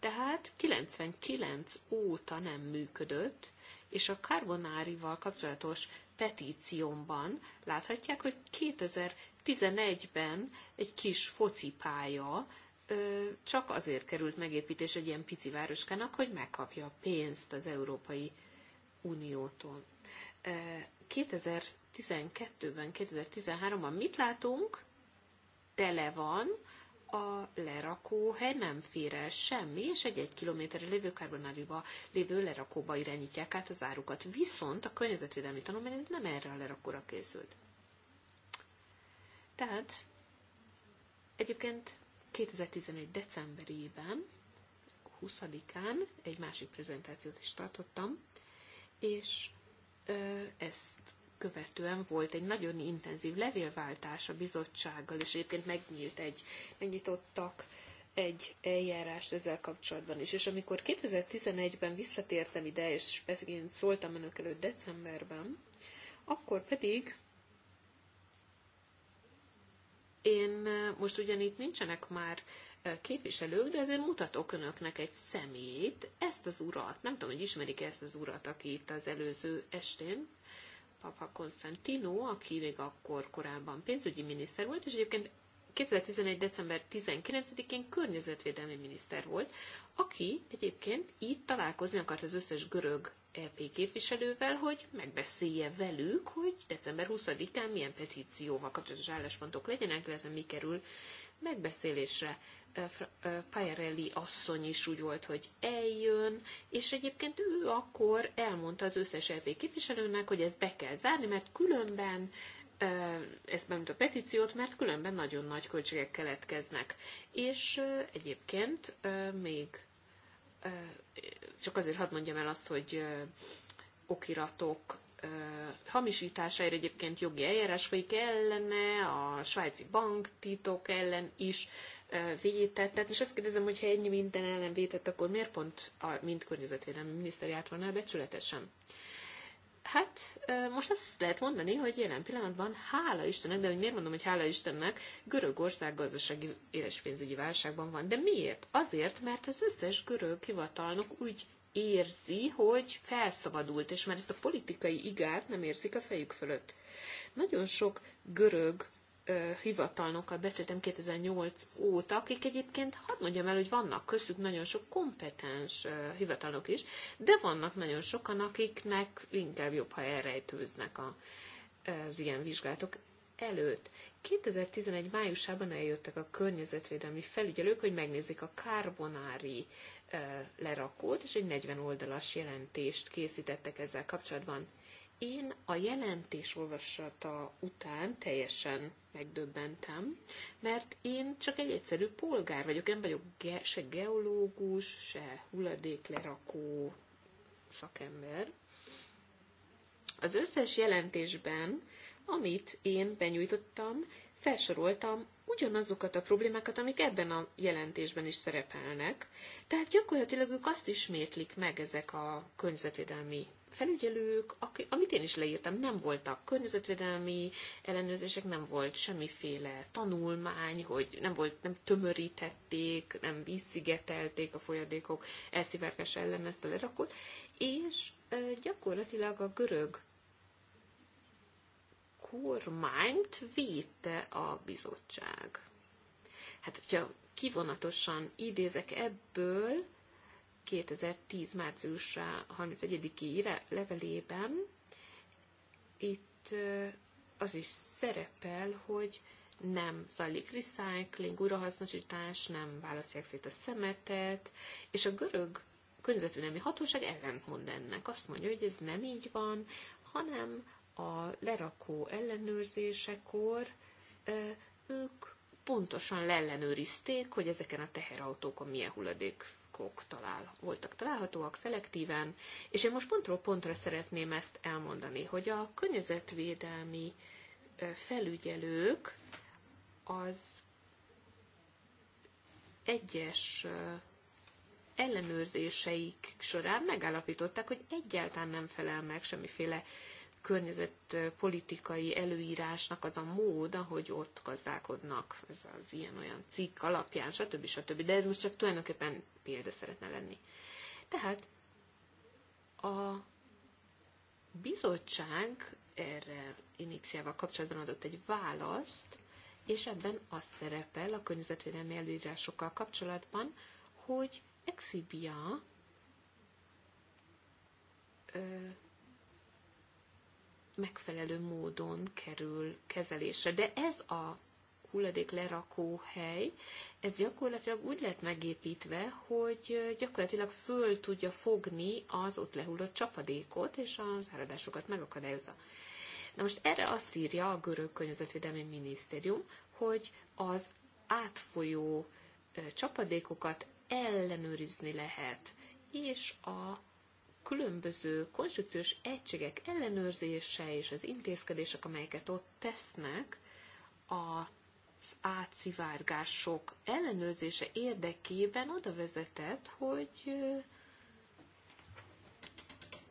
Tehát 99 óta nem működött, és a karbonárival kapcsolatos petíciómban láthatják, hogy 2011-ben egy kis focipálya csak azért került megépítés egy ilyen pici városkának, hogy megkapja a pénzt az Európai Uniótól. 2012-ben, 2013-ban mit látunk? Tele van a lerakóhely nem fér el semmi, és egy-egy kilométerre lévő karbonáriba lévő lerakóba irányítják át az árukat. Viszont a környezetvédelmi tanulmány ez nem erre a lerakóra készült. Tehát egyébként 2011. decemberében, 20-án egy másik prezentációt is tartottam, és ezt követően volt egy nagyon intenzív levélváltás a bizottsággal, és egyébként megnyílt egy, megnyitottak egy eljárást ezzel kapcsolatban is. És amikor 2011-ben visszatértem ide, és én szóltam önök előtt decemberben, akkor pedig én eh, most ugyan itt nincsenek már eh, képviselők, de azért mutatok önöknek egy szemét. ezt az urat, nem tudom, hogy ismerik ezt az urat, aki itt az előző estén, Papa Konstantino, aki még akkor korábban pénzügyi miniszter volt, és egyébként 2011. december 19-én környezetvédelmi miniszter volt, aki egyébként itt találkozni akart az összes görög EP képviselővel, hogy megbeszélje velük, hogy december 20-án milyen petícióval kapcsolatos álláspontok legyenek, illetve mi kerül megbeszélésre. Pajarelli asszony is úgy volt, hogy eljön, és egyébként ő akkor elmondta az összes LP képviselőnek, hogy ezt be kell zárni, mert különben ezt bemutat a petíciót, mert különben nagyon nagy költségek keletkeznek. És egyébként még csak azért hadd mondjam el azt, hogy okiratok hamisításáért egyébként jogi eljárás folyik ellene, a svájci bank titok ellen is vétett. Tehát és azt kérdezem, hogy ha ennyi minden ellen vétett, akkor miért pont a mind környezetvédelmi miniszter járt volna becsületesen? Hát most azt lehet mondani, hogy jelen pillanatban hála Istennek, de hogy miért mondom, hogy hála Istennek, Görögország gazdasági és pénzügyi válságban van. De miért? Azért, mert az összes görög hivatalnok úgy érzi, hogy felszabadult, és már ezt a politikai igát nem érzik a fejük fölött. Nagyon sok görög hivatalnokkal beszéltem 2008 óta, akik egyébként, hadd mondjam el, hogy vannak köztük nagyon sok kompetens hivatalok is, de vannak nagyon sokan, akiknek inkább jobb, ha elrejtőznek a, az ilyen vizsgálatok előtt. 2011 májusában eljöttek a környezetvédelmi felügyelők, hogy megnézik a karbonári lerakót, és egy 40 oldalas jelentést készítettek ezzel kapcsolatban. Én a jelentés olvasata után teljesen megdöbbentem, mert én csak egy egyszerű polgár vagyok, nem vagyok ge- se geológus, se hulladéklerakó szakember. Az összes jelentésben, amit én benyújtottam, felsoroltam ugyanazokat a problémákat, amik ebben a jelentésben is szerepelnek. Tehát gyakorlatilag ők azt ismétlik meg ezek a környezetvédelmi felügyelők, amit én is leírtam, nem voltak környezetvédelmi ellenőrzések, nem volt semmiféle tanulmány, hogy nem, volt, nem tömörítették, nem vízszigetelték a folyadékok elszivárgás ellen ezt a lerakót, és gyakorlatilag a görög kormányt védte a bizottság. Hát, hogyha kivonatosan idézek ebből, 2010. március 31-i levelében itt az is szerepel, hogy nem zajlik recycling, újrahasznosítás, nem választják szét a szemetet, és a görög környezetvédelmi hatóság ellentmond ennek. Azt mondja, hogy ez nem így van, hanem a lerakó ellenőrzésekor ők pontosan leellenőrizték, hogy ezeken a teherautókon milyen hulladék blokkok talál, voltak találhatóak szelektíven, és én most pontról pontra szeretném ezt elmondani, hogy a környezetvédelmi felügyelők az egyes ellenőrzéseik során megállapították, hogy egyáltalán nem felel meg semmiféle környezetpolitikai előírásnak az a mód, ahogy ott gazdálkodnak, ez az ilyen-olyan cikk alapján, stb. stb. De ez most csak tulajdonképpen példa szeretne lenni. Tehát a bizottság erre Inixiával kapcsolatban adott egy választ, és ebben az szerepel a környezetvédelmi előírásokkal kapcsolatban, hogy Exibia megfelelő módon kerül kezelésre. De ez a hulladék lerakó hely, ez gyakorlatilag úgy lett megépítve, hogy gyakorlatilag föl tudja fogni az ott lehullott csapadékot, és az áradásokat megakadályozza. Na most erre azt írja a görög környezetvédelmi minisztérium, hogy az átfolyó csapadékokat ellenőrizni lehet, és a különböző konstrukciós egységek ellenőrzése és az intézkedések, amelyeket ott tesznek, az átszivárgások ellenőrzése érdekében oda vezetett, hogy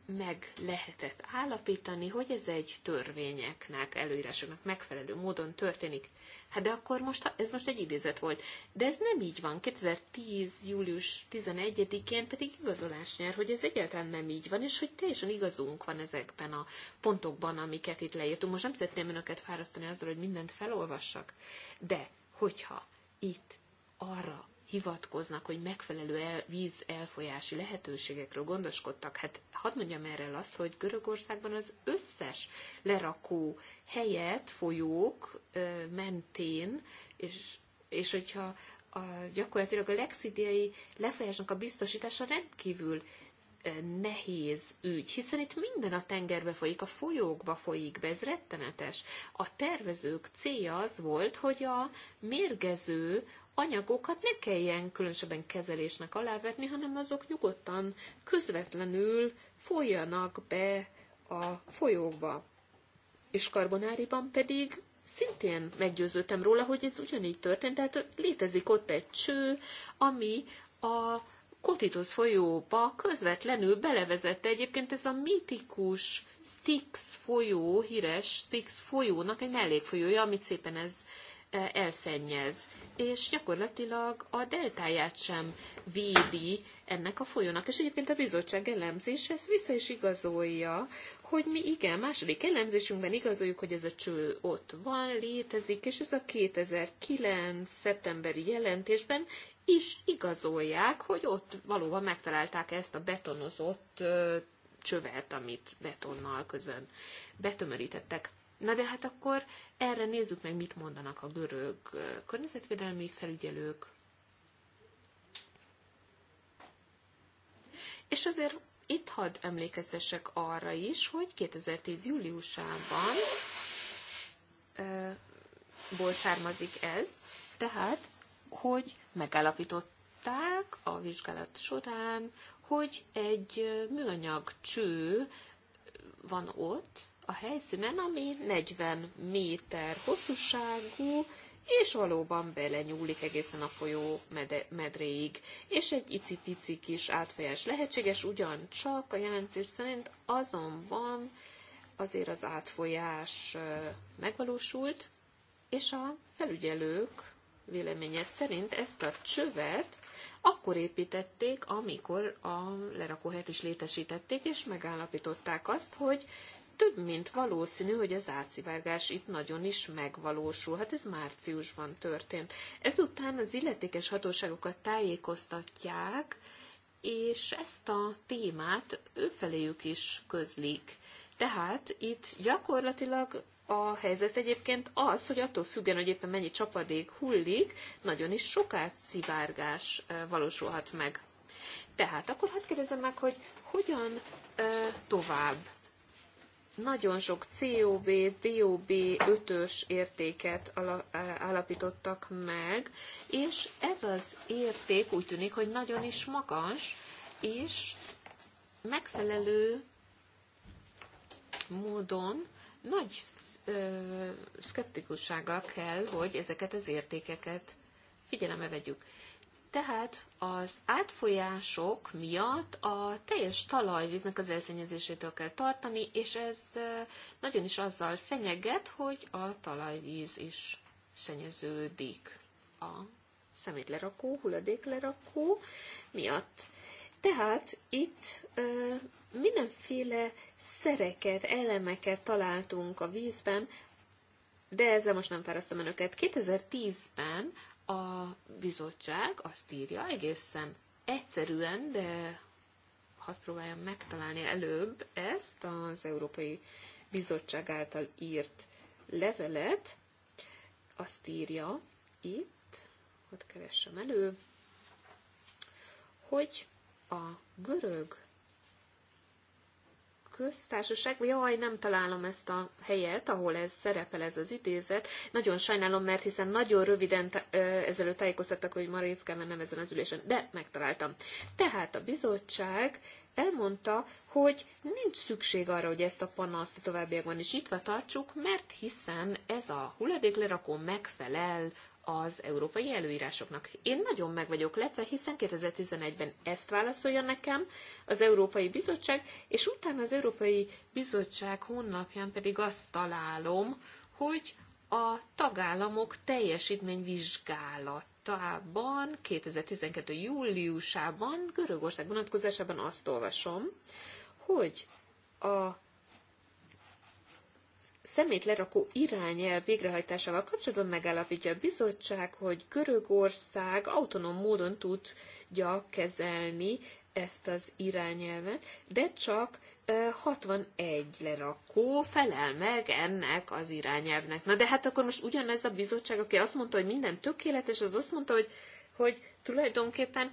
meg lehetett állapítani, hogy ez egy törvényeknek, előírásoknak megfelelő módon történik. Hát de akkor most, ez most egy idézet volt. De ez nem így van. 2010. július 11-én pedig igazolás nyer, hogy ez egyáltalán nem így van, és hogy teljesen igazunk van ezekben a pontokban, amiket itt leírtunk. Most nem szeretném önöket fárasztani azzal, hogy mindent felolvassak, de hogyha itt arra hivatkoznak, hogy megfelelő el, víz elfolyási lehetőségekről gondoskodtak. Hát hadd mondjam erre azt, hogy Görögországban az összes lerakó helyet folyók ö, mentén, és, és hogyha a, gyakorlatilag a lexidiai lefolyásnak a biztosítása rendkívül nehéz ügy, hiszen itt minden a tengerbe folyik, a folyókba folyik be, ez rettenetes. A tervezők célja az volt, hogy a mérgező anyagokat ne kelljen különösebben kezelésnek alávetni, hanem azok nyugodtan, közvetlenül folyjanak be a folyóba. És karbonáriban pedig szintén meggyőződtem róla, hogy ez ugyanígy történt, tehát létezik ott egy cső, ami a Kotitos folyóba közvetlenül belevezette egyébként ez a mitikus Styx folyó, híres Styx folyónak egy mellékfolyója, amit szépen ez E, elszennyez, és gyakorlatilag a deltáját sem védi ennek a folyónak. És egyébként a bizottság elemzése ezt vissza is igazolja, hogy mi igen, második elemzésünkben igazoljuk, hogy ez a cső ott van, létezik, és ez a 2009. szeptemberi jelentésben is igazolják, hogy ott valóban megtalálták ezt a betonozott csövet, amit betonnal közben betömörítettek. Na de hát akkor erre nézzük meg, mit mondanak a görög környezetvédelmi felügyelők. És azért itt hadd emlékeztessek arra is, hogy 2010. júliusában ö, ból származik ez, tehát, hogy megállapították a vizsgálat során, hogy egy műanyag cső van ott, a helyszínen, ami 40 méter hosszúságú, és valóban belenyúlik egészen a folyó medréig. És egy icipici kis átfolyás lehetséges, ugyancsak a jelentés szerint azonban azért az átfolyás megvalósult, és a felügyelők véleménye szerint ezt a csövet akkor építették, amikor a lerakóhelyet is létesítették, és megállapították azt, hogy több mint valószínű, hogy az átszivárgás itt nagyon is megvalósul. Hát ez márciusban történt. Ezután az illetékes hatóságokat tájékoztatják, és ezt a témát őfeléjük is közlik. Tehát itt gyakorlatilag a helyzet egyébként az, hogy attól függően, hogy éppen mennyi csapadék hullik, nagyon is sok átszivárgás valósulhat meg. Tehát akkor hát kérdezem meg, hogy hogyan e, tovább nagyon sok COB, DOB 5-ös értéket állapítottak meg, és ez az érték úgy tűnik, hogy nagyon is magas, és megfelelő módon nagy szkeptikussággal kell, hogy ezeket az értékeket figyelembe vegyük. Tehát az átfolyások miatt a teljes talajvíznek az elszennyezésétől kell tartani, és ez nagyon is azzal fenyeget, hogy a talajvíz is szennyeződik a szemétlerakó, hulladéklerakó miatt. Tehát itt ö, mindenféle szereket, elemeket találtunk a vízben, de ezzel most nem fárasztom önöket. 2010-ben a bizottság azt írja egészen egyszerűen, de hadd próbáljam megtalálni előbb ezt az Európai Bizottság által írt levelet, azt írja itt, ott keressem elő, hogy a görög köztársaság, jaj, nem találom ezt a helyet, ahol ez szerepel, ez az idézet. Nagyon sajnálom, mert hiszen nagyon röviden ezelőtt tájékoztattak, hogy ma nem ezen az ülésen, de megtaláltam. Tehát a bizottság elmondta, hogy nincs szükség arra, hogy ezt a panaszt a továbbiakban is nyitva tartsuk, mert hiszen ez a hulladéklerakó megfelel az európai előírásoknak. Én nagyon meg vagyok lepve, hiszen 2011-ben ezt válaszolja nekem az Európai Bizottság, és utána az Európai Bizottság honlapján pedig azt találom, hogy a tagállamok teljesítményvizsgálatában 2012. júliusában Görögország vonatkozásában azt olvasom, hogy a lerakó irányel végrehajtásával kapcsolatban megállapítja a bizottság, hogy Görögország autonóm módon tudja kezelni ezt az irányelvet, de csak 61 lerakó felel meg ennek az irányelvnek. Na de hát akkor most ugyanez a bizottság, aki azt mondta, hogy minden tökéletes, az azt mondta, hogy, hogy tulajdonképpen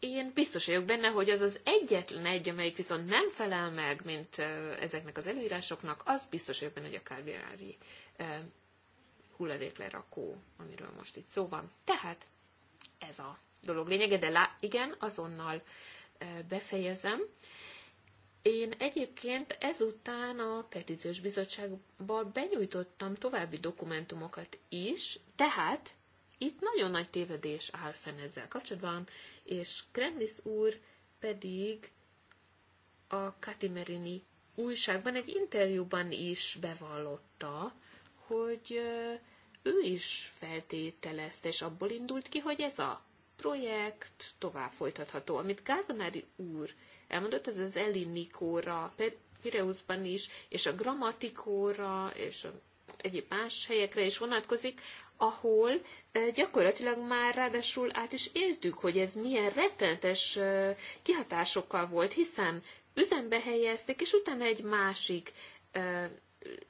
én biztos vagyok benne, hogy az az egyetlen egy, amelyik viszont nem felel meg, mint ezeknek az előírásoknak, az biztos vagyok benne, hogy a kárbiári hulladéklerakó, amiről most itt szó van. Tehát ez a dolog lényege, de lá- igen, azonnal befejezem. Én egyébként ezután a petíciós bizottságba benyújtottam további dokumentumokat is, tehát itt nagyon nagy tévedés áll fenn ezzel kapcsolatban, és Kremlis úr pedig a Katimerini újságban egy interjúban is bevallotta, hogy ő is feltételezte, és abból indult ki, hogy ez a projekt tovább folytatható. Amit Gárvanári úr elmondott, ez az Elinikóra, Pireuszban is, és a Grammatikóra, és a egyéb más helyekre is vonatkozik, ahol gyakorlatilag már ráadásul át is éltük, hogy ez milyen rettenetes kihatásokkal volt, hiszen üzembe helyezték, és utána egy másik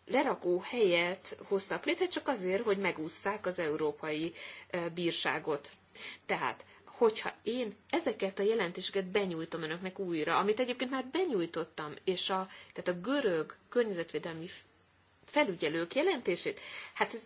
lerakó helyet hoztak létre, csak azért, hogy megússzák az európai bírságot. Tehát hogyha én ezeket a jelentéseket benyújtom önöknek újra, amit egyébként már benyújtottam, és a, tehát a görög környezetvédelmi felügyelők jelentését, hát ez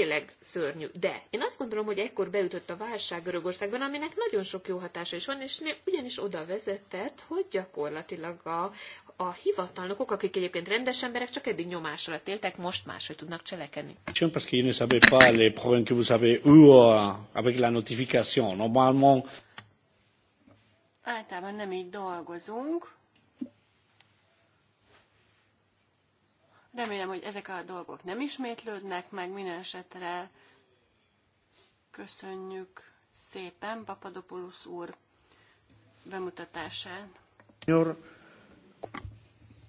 tényleg szörnyű. De én azt gondolom, hogy ekkor beütött a válság Görögországban, aminek nagyon sok jó hatása is van, és ugyanis oda vezetett, hogy gyakorlatilag a, a hivatalnokok, akik egyébként rendes emberek, csak eddig nyomás alatt éltek, most máshogy tudnak cselekedni. Parce qu'ils ne savaient pas les problèmes que vous avez eu euh, avec la notification. Normalement, Általában nem így dolgozunk. Remélem, hogy ezek a dolgok nem ismétlődnek meg, minden esetre köszönjük szépen Papadopoulos úr bemutatását. Jor.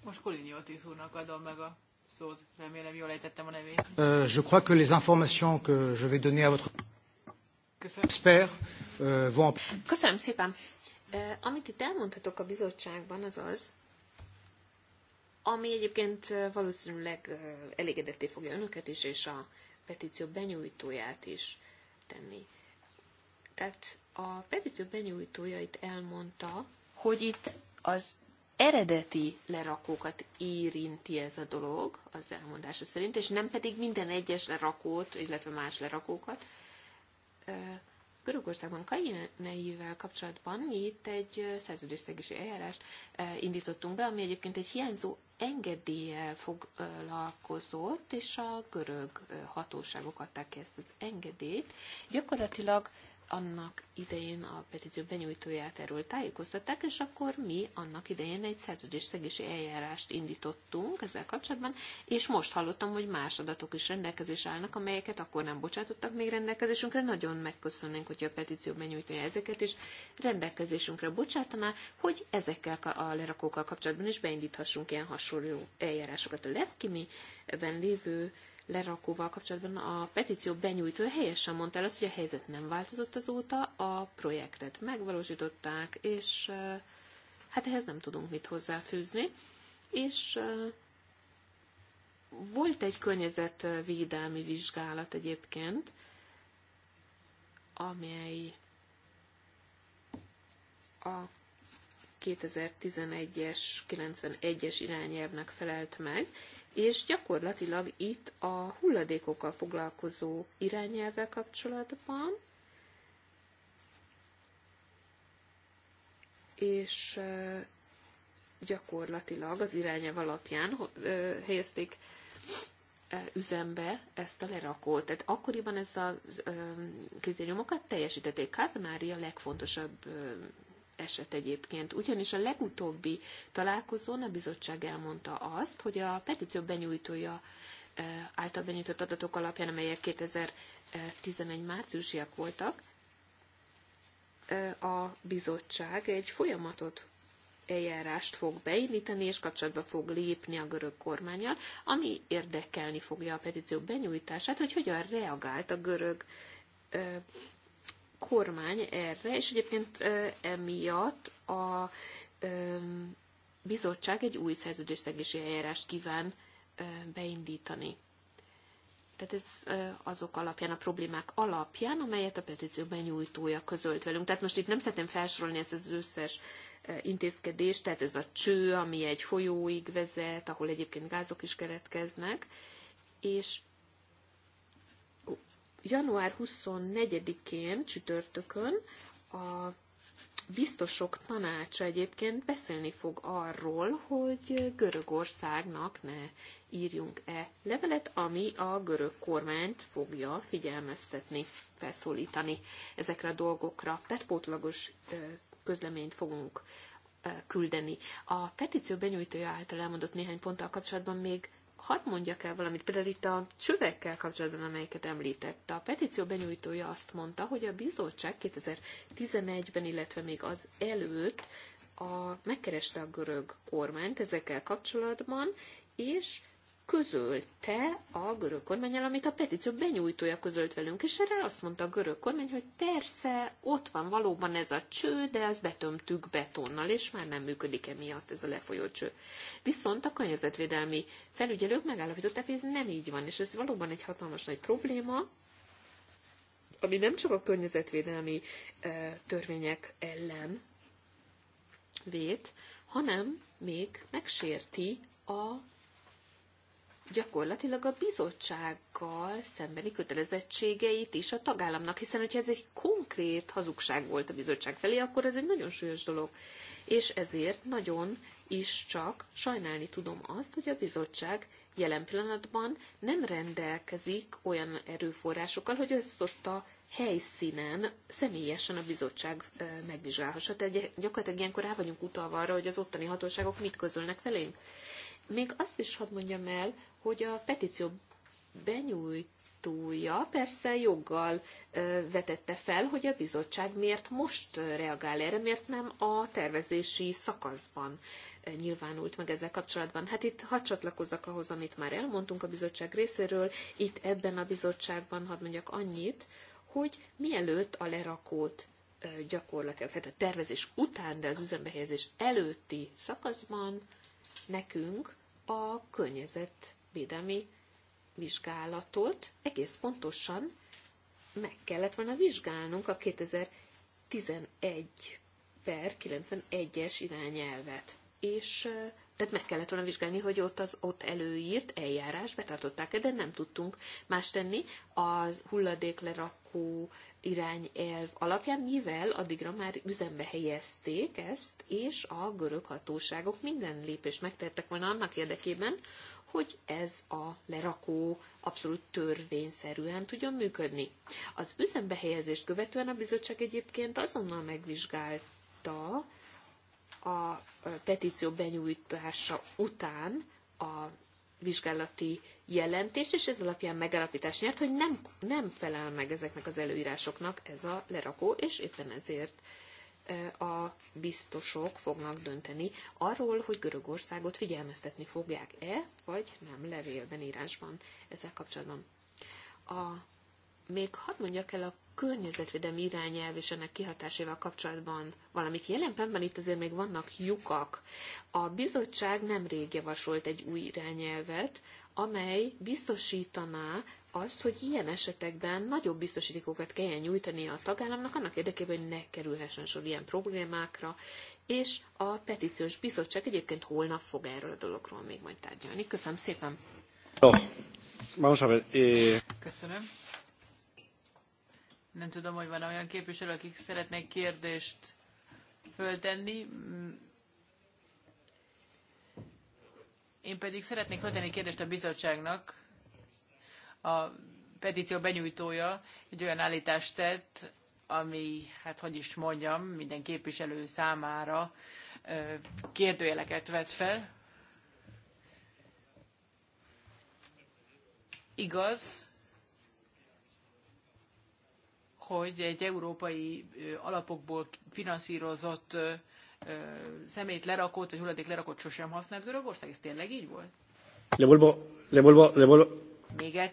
Most Koliniotis úrnak adom meg a szót, remélem jól ejtettem a nevét. Uh, je crois que les informations que je vais donner à votre Köszönöm. expert euh, vont... Köszönöm szépen. amit itt elmondhatok a bizottságban, az az, ami egyébként valószínűleg elégedetté fogja önöket is, és a petíció benyújtóját is tenni. Tehát a petíció benyújtója itt elmondta, hogy itt az eredeti lerakókat érinti ez a dolog, az elmondása szerint, és nem pedig minden egyes lerakót, illetve más lerakókat, Görögországban Kajeneivel kapcsolatban mi itt egy szerződésszegési eljárást indítottunk be, ami egyébként egy hiányzó engedéllyel foglalkozott, és a görög hatóságok adták ki ezt az engedélyt. Gyakorlatilag annak idején a petíció benyújtóját erről tájékoztatták, és akkor mi annak idején egy szerződésszegési eljárást indítottunk ezzel kapcsolatban, és most hallottam, hogy más adatok is rendelkezés állnak, amelyeket akkor nem bocsátottak még rendelkezésünkre. Nagyon megköszönnénk, hogyha a petíció benyújtója ezeket is rendelkezésünkre bocsátaná, hogy ezekkel a lerakókkal kapcsolatban is beindíthassunk ilyen hasonló eljárásokat. A levkimi lévő lerakóval kapcsolatban a petíció benyújtó helyesen mondta el azt, hogy a helyzet nem változott azóta, a projektet megvalósították, és hát ehhez nem tudunk mit hozzáfűzni. És volt egy környezetvédelmi vizsgálat egyébként, amely a 2011-es, 91-es irányelvnek felelt meg, és gyakorlatilag itt a hulladékokkal foglalkozó irányelvvel kapcsolatban, és gyakorlatilag az irányelv alapján helyezték üzembe ezt a lerakót. Tehát akkoriban ez a kritériumokat teljesítették. Kárpanári a legfontosabb eset egyébként. Ugyanis a legutóbbi találkozón a bizottság elmondta azt, hogy a petíció benyújtója által benyújtott adatok alapján, amelyek 2011 márciusiak voltak, a bizottság egy folyamatot eljárást fog beindítani, és kapcsolatba fog lépni a görög kormányjal, ami érdekelni fogja a petíció benyújtását, hogy hogyan reagált a görög kormány erre, és egyébként emiatt a bizottság egy új szerződésszegési eljárást kíván beindítani. Tehát ez azok alapján, a problémák alapján, amelyet a petíció benyújtója közölt velünk. Tehát most itt nem szeretném felsorolni ezt az összes intézkedést, tehát ez a cső, ami egy folyóig vezet, ahol egyébként gázok is keretkeznek, és január 24-én csütörtökön a biztosok tanácsa egyébként beszélni fog arról, hogy Görögországnak ne írjunk-e levelet, ami a görög kormányt fogja figyelmeztetni, felszólítani ezekre a dolgokra. Tehát pótlagos közleményt fogunk küldeni. A petíció benyújtója által elmondott néhány ponttal kapcsolatban még hadd mondjak el valamit, például itt a csövekkel kapcsolatban, amelyeket említette. A petíció benyújtója azt mondta, hogy a bizottság 2011-ben, illetve még az előtt a, megkereste a görög kormányt ezekkel kapcsolatban, és közölte a görög kormányal, amit a petíció benyújtója közölt velünk, és erre azt mondta a görög kormány, hogy persze, ott van valóban ez a cső, de ezt betömtük betonnal, és már nem működik emiatt ez a lefolyó cső. Viszont a környezetvédelmi felügyelők megállapították, hogy ez nem így van, és ez valóban egy hatalmas nagy probléma, ami nem csak a környezetvédelmi e, törvények ellen vét, hanem még megsérti a gyakorlatilag a bizottsággal szembeni kötelezettségeit is a tagállamnak, hiszen hogyha ez egy konkrét hazugság volt a bizottság felé, akkor ez egy nagyon súlyos dolog. És ezért nagyon is csak sajnálni tudom azt, hogy a bizottság jelen pillanatban nem rendelkezik olyan erőforrásokkal, hogy ezt ott a helyszínen személyesen a bizottság megvizsgálhassa. Tehát gyakorlatilag ilyenkor rá vagyunk utalva arra, hogy az ottani hatóságok mit közölnek felénk. Még azt is hadd mondjam el, hogy a petíció benyújtója persze joggal vetette fel, hogy a bizottság miért most reagál erre, miért nem a tervezési szakaszban nyilvánult meg ezzel kapcsolatban. Hát itt hadd csatlakozzak ahhoz, amit már elmondtunk a bizottság részéről, itt ebben a bizottságban hadd mondjak annyit, hogy mielőtt a lerakót gyakorlatilag, tehát a tervezés után, de az üzembehelyezés előtti szakaszban nekünk a környezet védelmi vizsgálatot egész pontosan meg kellett volna vizsgálnunk a 2011 per 91-es irányelvet. És tehát meg kellett volna vizsgálni, hogy ott az ott előírt eljárás betartották-e, de nem tudtunk más tenni az hulladéklerakó irányelv alapján, mivel addigra már üzembe helyezték ezt, és a görög hatóságok minden lépést megtettek volna annak érdekében, hogy ez a lerakó abszolút törvényszerűen tudjon működni. Az üzembehelyezést követően a bizottság egyébként azonnal megvizsgálta, a petíció benyújtása után a vizsgálati jelentést, és ez alapján megállapítás nyert, hogy nem, nem felel meg ezeknek az előírásoknak ez a lerakó, és éppen ezért e, a biztosok fognak dönteni arról, hogy Görögországot figyelmeztetni fogják-e, vagy nem levélben, írásban ezzel kapcsolatban. A még hadd mondjak el a környezetvédelmi irányelv és ennek kihatásával kapcsolatban valamit. Jelen pillanatban itt azért még vannak lyukak. A bizottság nemrég javasolt egy új irányelvet, amely biztosítaná azt, hogy ilyen esetekben nagyobb biztosítékokat kelljen nyújtani a tagállamnak annak érdekében, hogy ne kerülhessen sor ilyen problémákra, és a petíciós bizottság egyébként holnap fog erről a dologról még majd tárgyalni. Köszönöm szépen! Oh, eh. Köszönöm. Nem tudom, hogy van olyan képviselő, akik szeretnék kérdést föltenni. Én pedig szeretnék föltenni kérdést a bizottságnak. A petíció benyújtója egy olyan állítást tett, ami, hát hogy is mondjam, minden képviselő számára kérdőjeleket vet fel. Igaz, hogy egy európai alapokból finanszírozott szemét lerakott, vagy hulladék lerakott sosem használt Görögország? Ez tényleg így volt? Le volvo, le volvo, le volvo. Még egy.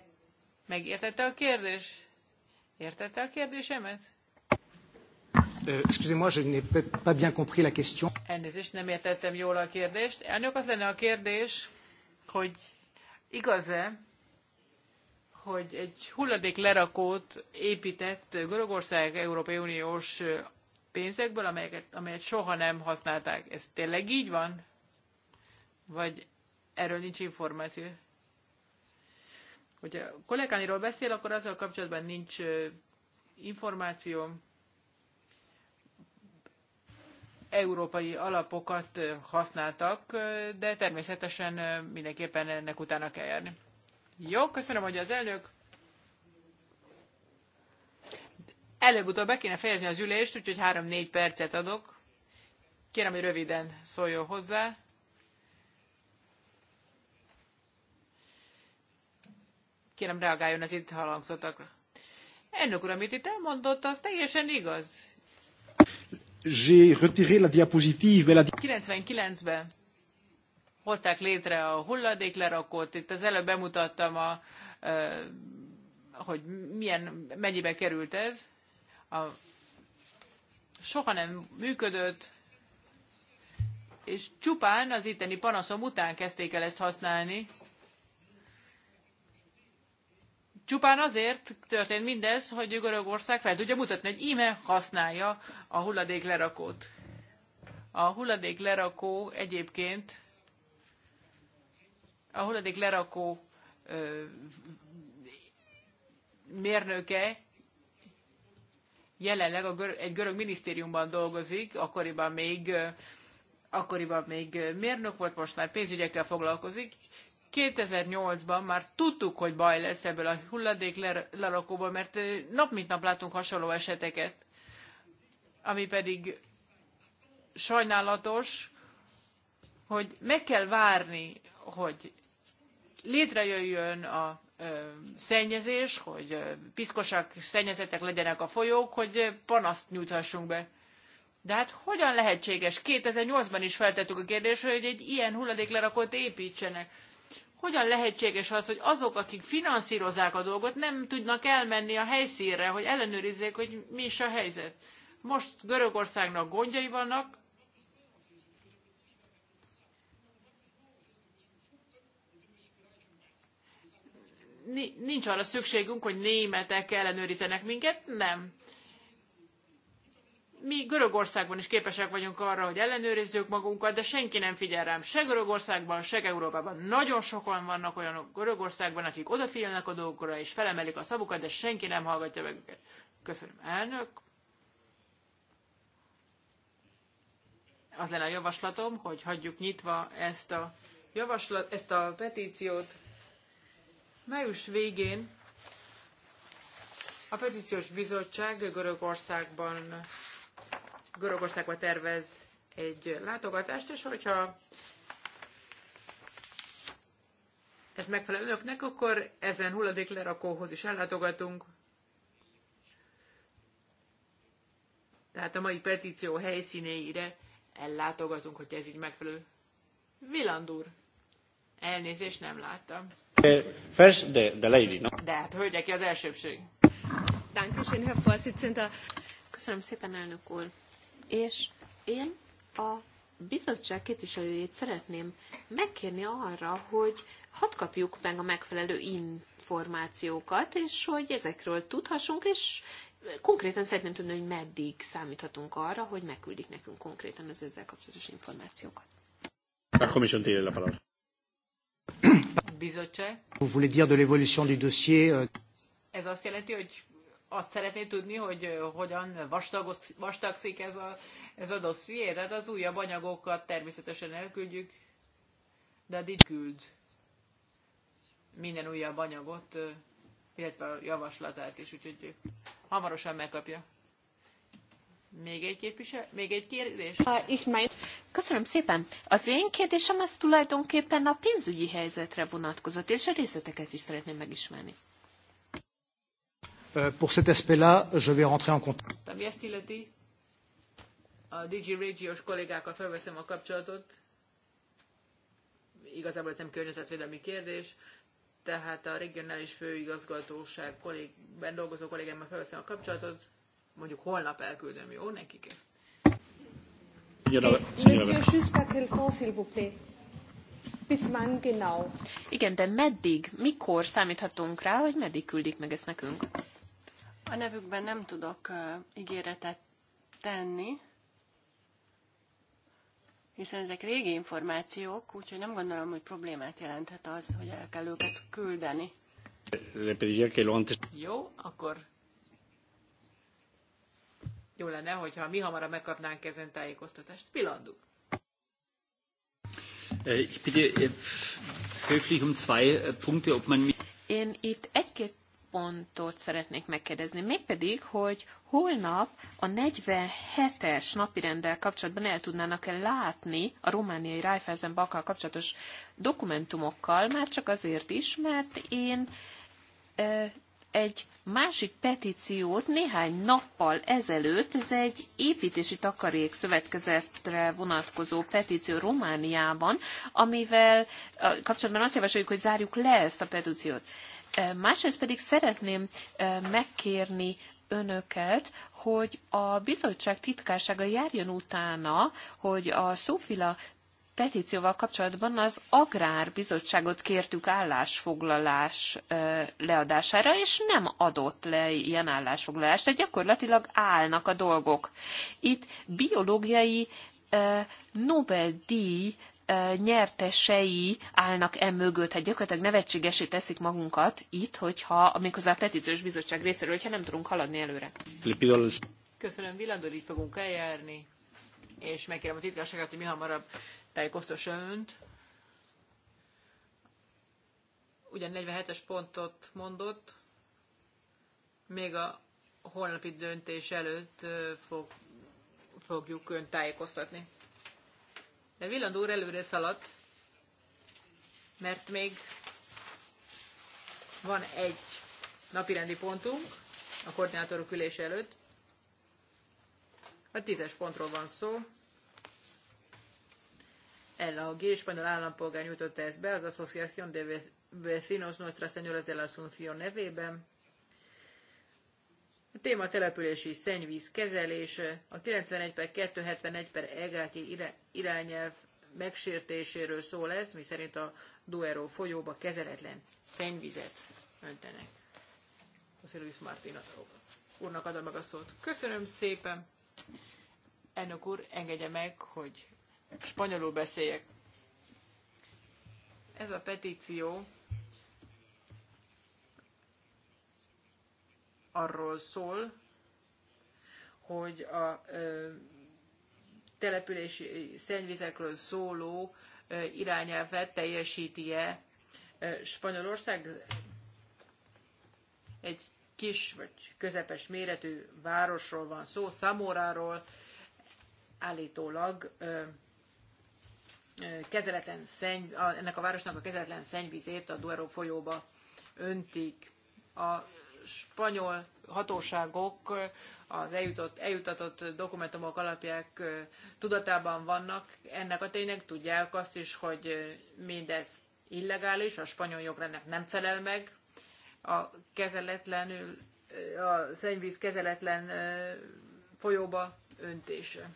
Megértette a kérdés? Értette a kérdésemet? Euh, excusez-moi, je n'ai pas bien compris la question. Elnézést, nem értettem jól a kérdést. Elnök, az lenne a kérdés, hogy igaz-e, hogy egy hulladék lerakót épített Görögország Európai Uniós pénzekből, amelyet, amelyet soha nem használták. Ez tényleg így van? Vagy erről nincs információ? Hogyha a kollégániról beszél, akkor azzal kapcsolatban nincs információ. Európai alapokat használtak, de természetesen mindenképpen ennek utána kell járni. Jó, köszönöm, hogy az elnök. Előbb-utóbb be kéne fejezni az ülést, úgyhogy három-négy percet adok. Kérem, hogy röviden szóljon hozzá. Kérem, reagáljon az itt hallangzottakra. Elnök úr, amit itt elmondott, az teljesen igaz. J'ai retiré la diapositive, mais la... 99-ben hozták létre a hulladéklerakót. Itt az előbb bemutattam, a, hogy milyen, mennyibe került ez. A, soha nem működött, és csupán az itteni panaszom után kezdték el ezt használni. Csupán azért történt mindez, hogy Görögország fel tudja mutatni, hogy íme használja a hulladéklerakót. A hulladéklerakó egyébként a hulladék lerakó ö, mérnöke jelenleg a gör, egy görög minisztériumban dolgozik, akkoriban még, ö, akkoriban még mérnök volt, most már pénzügyekkel foglalkozik. 2008-ban már tudtuk, hogy baj lesz ebből a hulladék lerakóból, mert nap mint nap látunk hasonló eseteket, ami pedig sajnálatos, hogy meg kell várni, hogy létrejöjjön a szennyezés, hogy piszkosak, szennyezetek legyenek a folyók, hogy panaszt nyújthassunk be. De hát hogyan lehetséges? 2008-ban is feltettük a kérdést, hogy egy ilyen hulladéklerakót építsenek. Hogyan lehetséges az, hogy azok, akik finanszírozzák a dolgot, nem tudnak elmenni a helyszínre, hogy ellenőrizzék, hogy mi is a helyzet? Most Görögországnak gondjai vannak, nincs arra szükségünk, hogy németek ellenőrizenek minket, nem. Mi Görögországban is képesek vagyunk arra, hogy ellenőrizzük magunkat, de senki nem figyel rám. Se Görögországban, se Európában. Nagyon sokan vannak olyanok Görögországban, akik odafigyelnek a dolgokra, és felemelik a szavukat, de senki nem hallgatja meg őket. Köszönöm, elnök. Az lenne a javaslatom, hogy hagyjuk nyitva ezt a, javaslat, ezt a petíciót Május végén a petíciós bizottság Görögországban, Görögországba tervez egy látogatást, és hogyha ez megfelel önöknek, akkor ezen hulladék lerakóhoz is ellátogatunk. Tehát a mai petíció helyszínéire ellátogatunk, hogy ez így megfelelő. Vilandúr Elnézést, nem láttam. Eh, first the, the lady, no? De hát hölgyeki az elsőbség. Dankeschön, Herr Vorsitzender. Köszönöm szépen, elnök úr. És én a bizottság képviselőjét szeretném megkérni arra, hogy hadd kapjuk meg a megfelelő információkat, és hogy ezekről tudhassunk, és konkrétan szeretném tudni, hogy meddig számíthatunk arra, hogy megküldik nekünk konkrétan az ezzel kapcsolatos információkat. A commission tényleg a palabra. Bizottság. Vous voulez dire de l'évolution du dossier? Euh? Ez azt jelenti, hogy azt szeretné tudni, hogy euh, hogyan vastagszik ez a, ez a dosszié, tehát az újabb anyagokat természetesen elküldjük, de itt küld minden újabb anyagot, euh, illetve a javaslatát is, úgyhogy hamarosan megkapja. Még egy képvisel, még egy kérdés? Uh, Köszönöm szépen. Az én kérdésem az tulajdonképpen a pénzügyi helyzetre vonatkozott, és a részleteket is szeretném megismerni. Euh, pour cet aspect-là, je vais rentrer en contact. Ami ezt illeti, a DG Régiós kollégákkal felveszem a kapcsolatot. Igazából ez nem környezetvédelmi kérdés, tehát a regionális főigazgatóság kollég, dolgozó kollégámmal felveszem a kapcsolatot, mondjuk holnap elküldöm, jó nekik ezt? Eh, Igen, de meddig, mikor számíthatunk rá, vagy meddig küldik meg ezt nekünk? A nevükben nem tudok uh, ígéretet tenni, hiszen ezek régi információk, úgyhogy nem gondolom, hogy problémát jelenthet az, hogy el kell őket küldeni. Jó, akkor jó lenne, hogyha mi hamarabb megkapnánk ezen tájékoztatást. Pilandú. Äh, ich bitte äh, höflich um zwei äh, Punkte, ob man Én itt egy-két pontot szeretnék megkérdezni, mégpedig, hogy holnap a 47-es napirenddel kapcsolatban el tudnának-e látni a romániai Raiffeisen bakkal kapcsolatos dokumentumokkal, már csak azért is, mert én egy másik petíciót néhány nappal ezelőtt, ez egy építési takarék szövetkezetre vonatkozó petíció Romániában, amivel kapcsolatban azt javasoljuk, hogy zárjuk le ezt a petíciót. Másrészt pedig szeretném megkérni önöket, hogy a bizottság titkársága járjon utána, hogy a Szófila petícióval kapcsolatban az Agrárbizottságot kértük állásfoglalás leadására, és nem adott le ilyen állásfoglalást, de gyakorlatilag állnak a dolgok. Itt biológiai Nobel-díj nyertesei állnak e mögött, hát gyakorlatilag nevetségesé teszik magunkat itt, hogyha, amikor a petíciós bizottság részéről, hogyha nem tudunk haladni előre. Köszönöm, Villandor, így fogunk eljárni, és megkérem a titkárságát, hogy mi hamarabb tájékoztassa önt. Ugyan 47-es pontot mondott, még a holnapi döntés előtt fog, fogjuk önt tájékoztatni. De Villand úr előre szaladt, mert még van egy napirendi pontunk a koordinátorok ülése előtt. A tízes pontról van szó. LAG spanyol állampolgár nyújtotta ezt be az Asociación de Vecinos Nuestra Señora de la Asunción nevében. A téma települési szennyvíz kezelése, a 91 per 271 per EGK irányelv megsértéséről szól ez, mi szerint a Duero folyóba kezeletlen szennyvizet öntenek. José Luis Martín úrnak adom meg a szót. Köszönöm szépen! Elnök úr, engedje meg, hogy spanyolul beszéljek. Ez a petíció arról szól, hogy a ö, települési szennyvizekről szóló ö, irányelvet teljesíti-e Spanyolország egy kis vagy közepes méretű városról van szó, Szamoráról állítólag ö, kezeletlen szenny, ennek a városnak a kezeletlen szennyvizét a Duero folyóba öntik. A spanyol hatóságok az eljutott, eljutatott dokumentumok alapják tudatában vannak ennek a ténynek, tudják azt is, hogy mindez illegális, a spanyol jogrendnek nem felel meg, a kezeletlenül, a szennyvíz kezeletlen folyóba öntése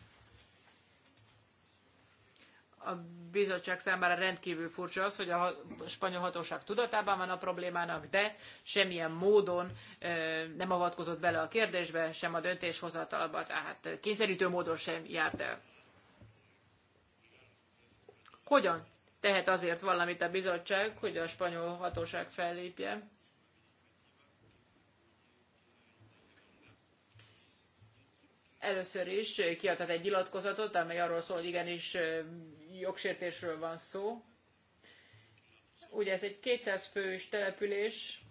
a bizottság számára rendkívül furcsa az, hogy a spanyol hatóság tudatában van a problémának, de semmilyen módon nem avatkozott bele a kérdésbe, sem a döntéshozatalba, tehát kényszerítő módon sem járt el. Hogyan tehet azért valamit a bizottság, hogy a spanyol hatóság fellépjen? Először is kiadhat egy nyilatkozatot, amely arról szól, hogy igenis jogsértésről van szó. Ugye ez egy 200 fős település,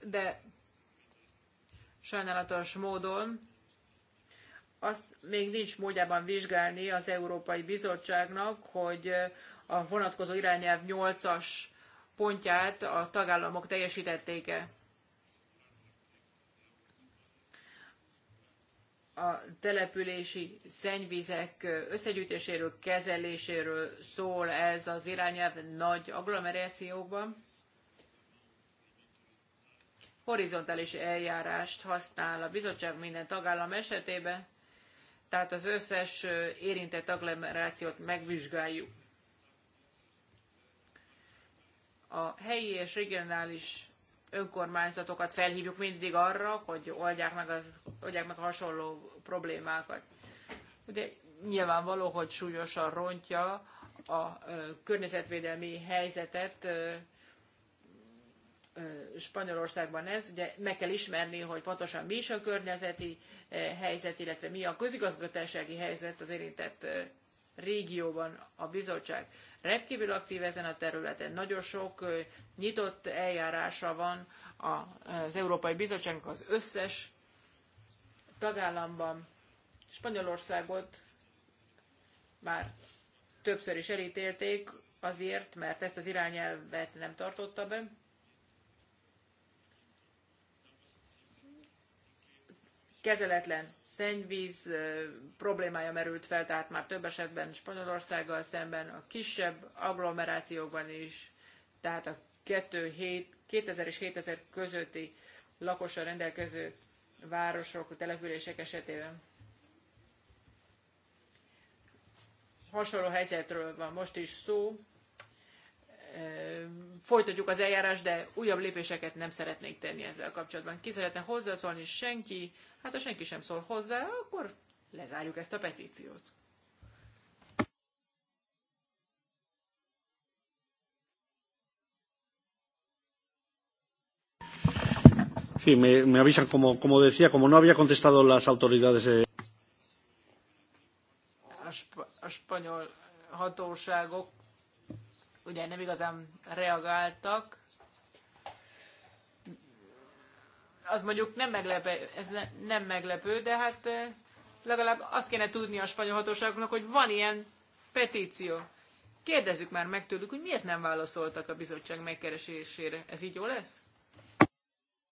de sajnálatos módon azt még nincs módjában vizsgálni az Európai Bizottságnak, hogy a vonatkozó irányelv 8-as pontját a tagállamok teljesítették-e. a települési szennyvizek összegyűjtéséről, kezeléséről szól ez az irányelv nagy agglomerációkban. Horizontális eljárást használ a bizottság minden tagállam esetében, tehát az összes érintett agglomerációt megvizsgáljuk. a helyi és regionális önkormányzatokat felhívjuk mindig arra, hogy oldják meg, az, oldják meg a hasonló problémákat. Ugye nyilvánvaló, hogy súlyosan rontja a környezetvédelmi helyzetet Spanyolországban ez. Ugye meg kell ismerni, hogy pontosan mi is a környezeti helyzet, illetve mi a közigazgatásági helyzet az érintett régióban a bizottság rendkívül aktív ezen a területen. Nagyon sok nyitott eljárása van az Európai Bizottságnak az összes tagállamban. Spanyolországot már többször is elítélték azért, mert ezt az irányelvet nem tartotta be. Kezeletlen szennyvíz problémája merült fel, tehát már több esetben Spanyolországgal szemben, a kisebb agglomerációkban is, tehát a 2000 és 7000 közötti lakossal rendelkező városok, települések esetében. Hasonló helyzetről van most is szó, folytatjuk az eljárás, de újabb lépéseket nem szeretnénk tenni ezzel kapcsolatban. Ki szeretne hozzászólni? Senki. Hát ha senki sem szól hozzá, akkor lezárjuk ezt a petíciót. Sí, me, me avisan, como, como decía, como no había contestado las autoridades. Eh... A, sp a spanyol hatóságok ugye nem igazán reagáltak. Az mondjuk nem meglepő, ez ne, nem meglepő, de hát eh, legalább azt kéne tudni a spanyol hatóságoknak, hogy van ilyen petíció. Kérdezzük már meg tőlük, hogy miért nem válaszoltak a bizottság megkeresésére. Ez így jó lesz?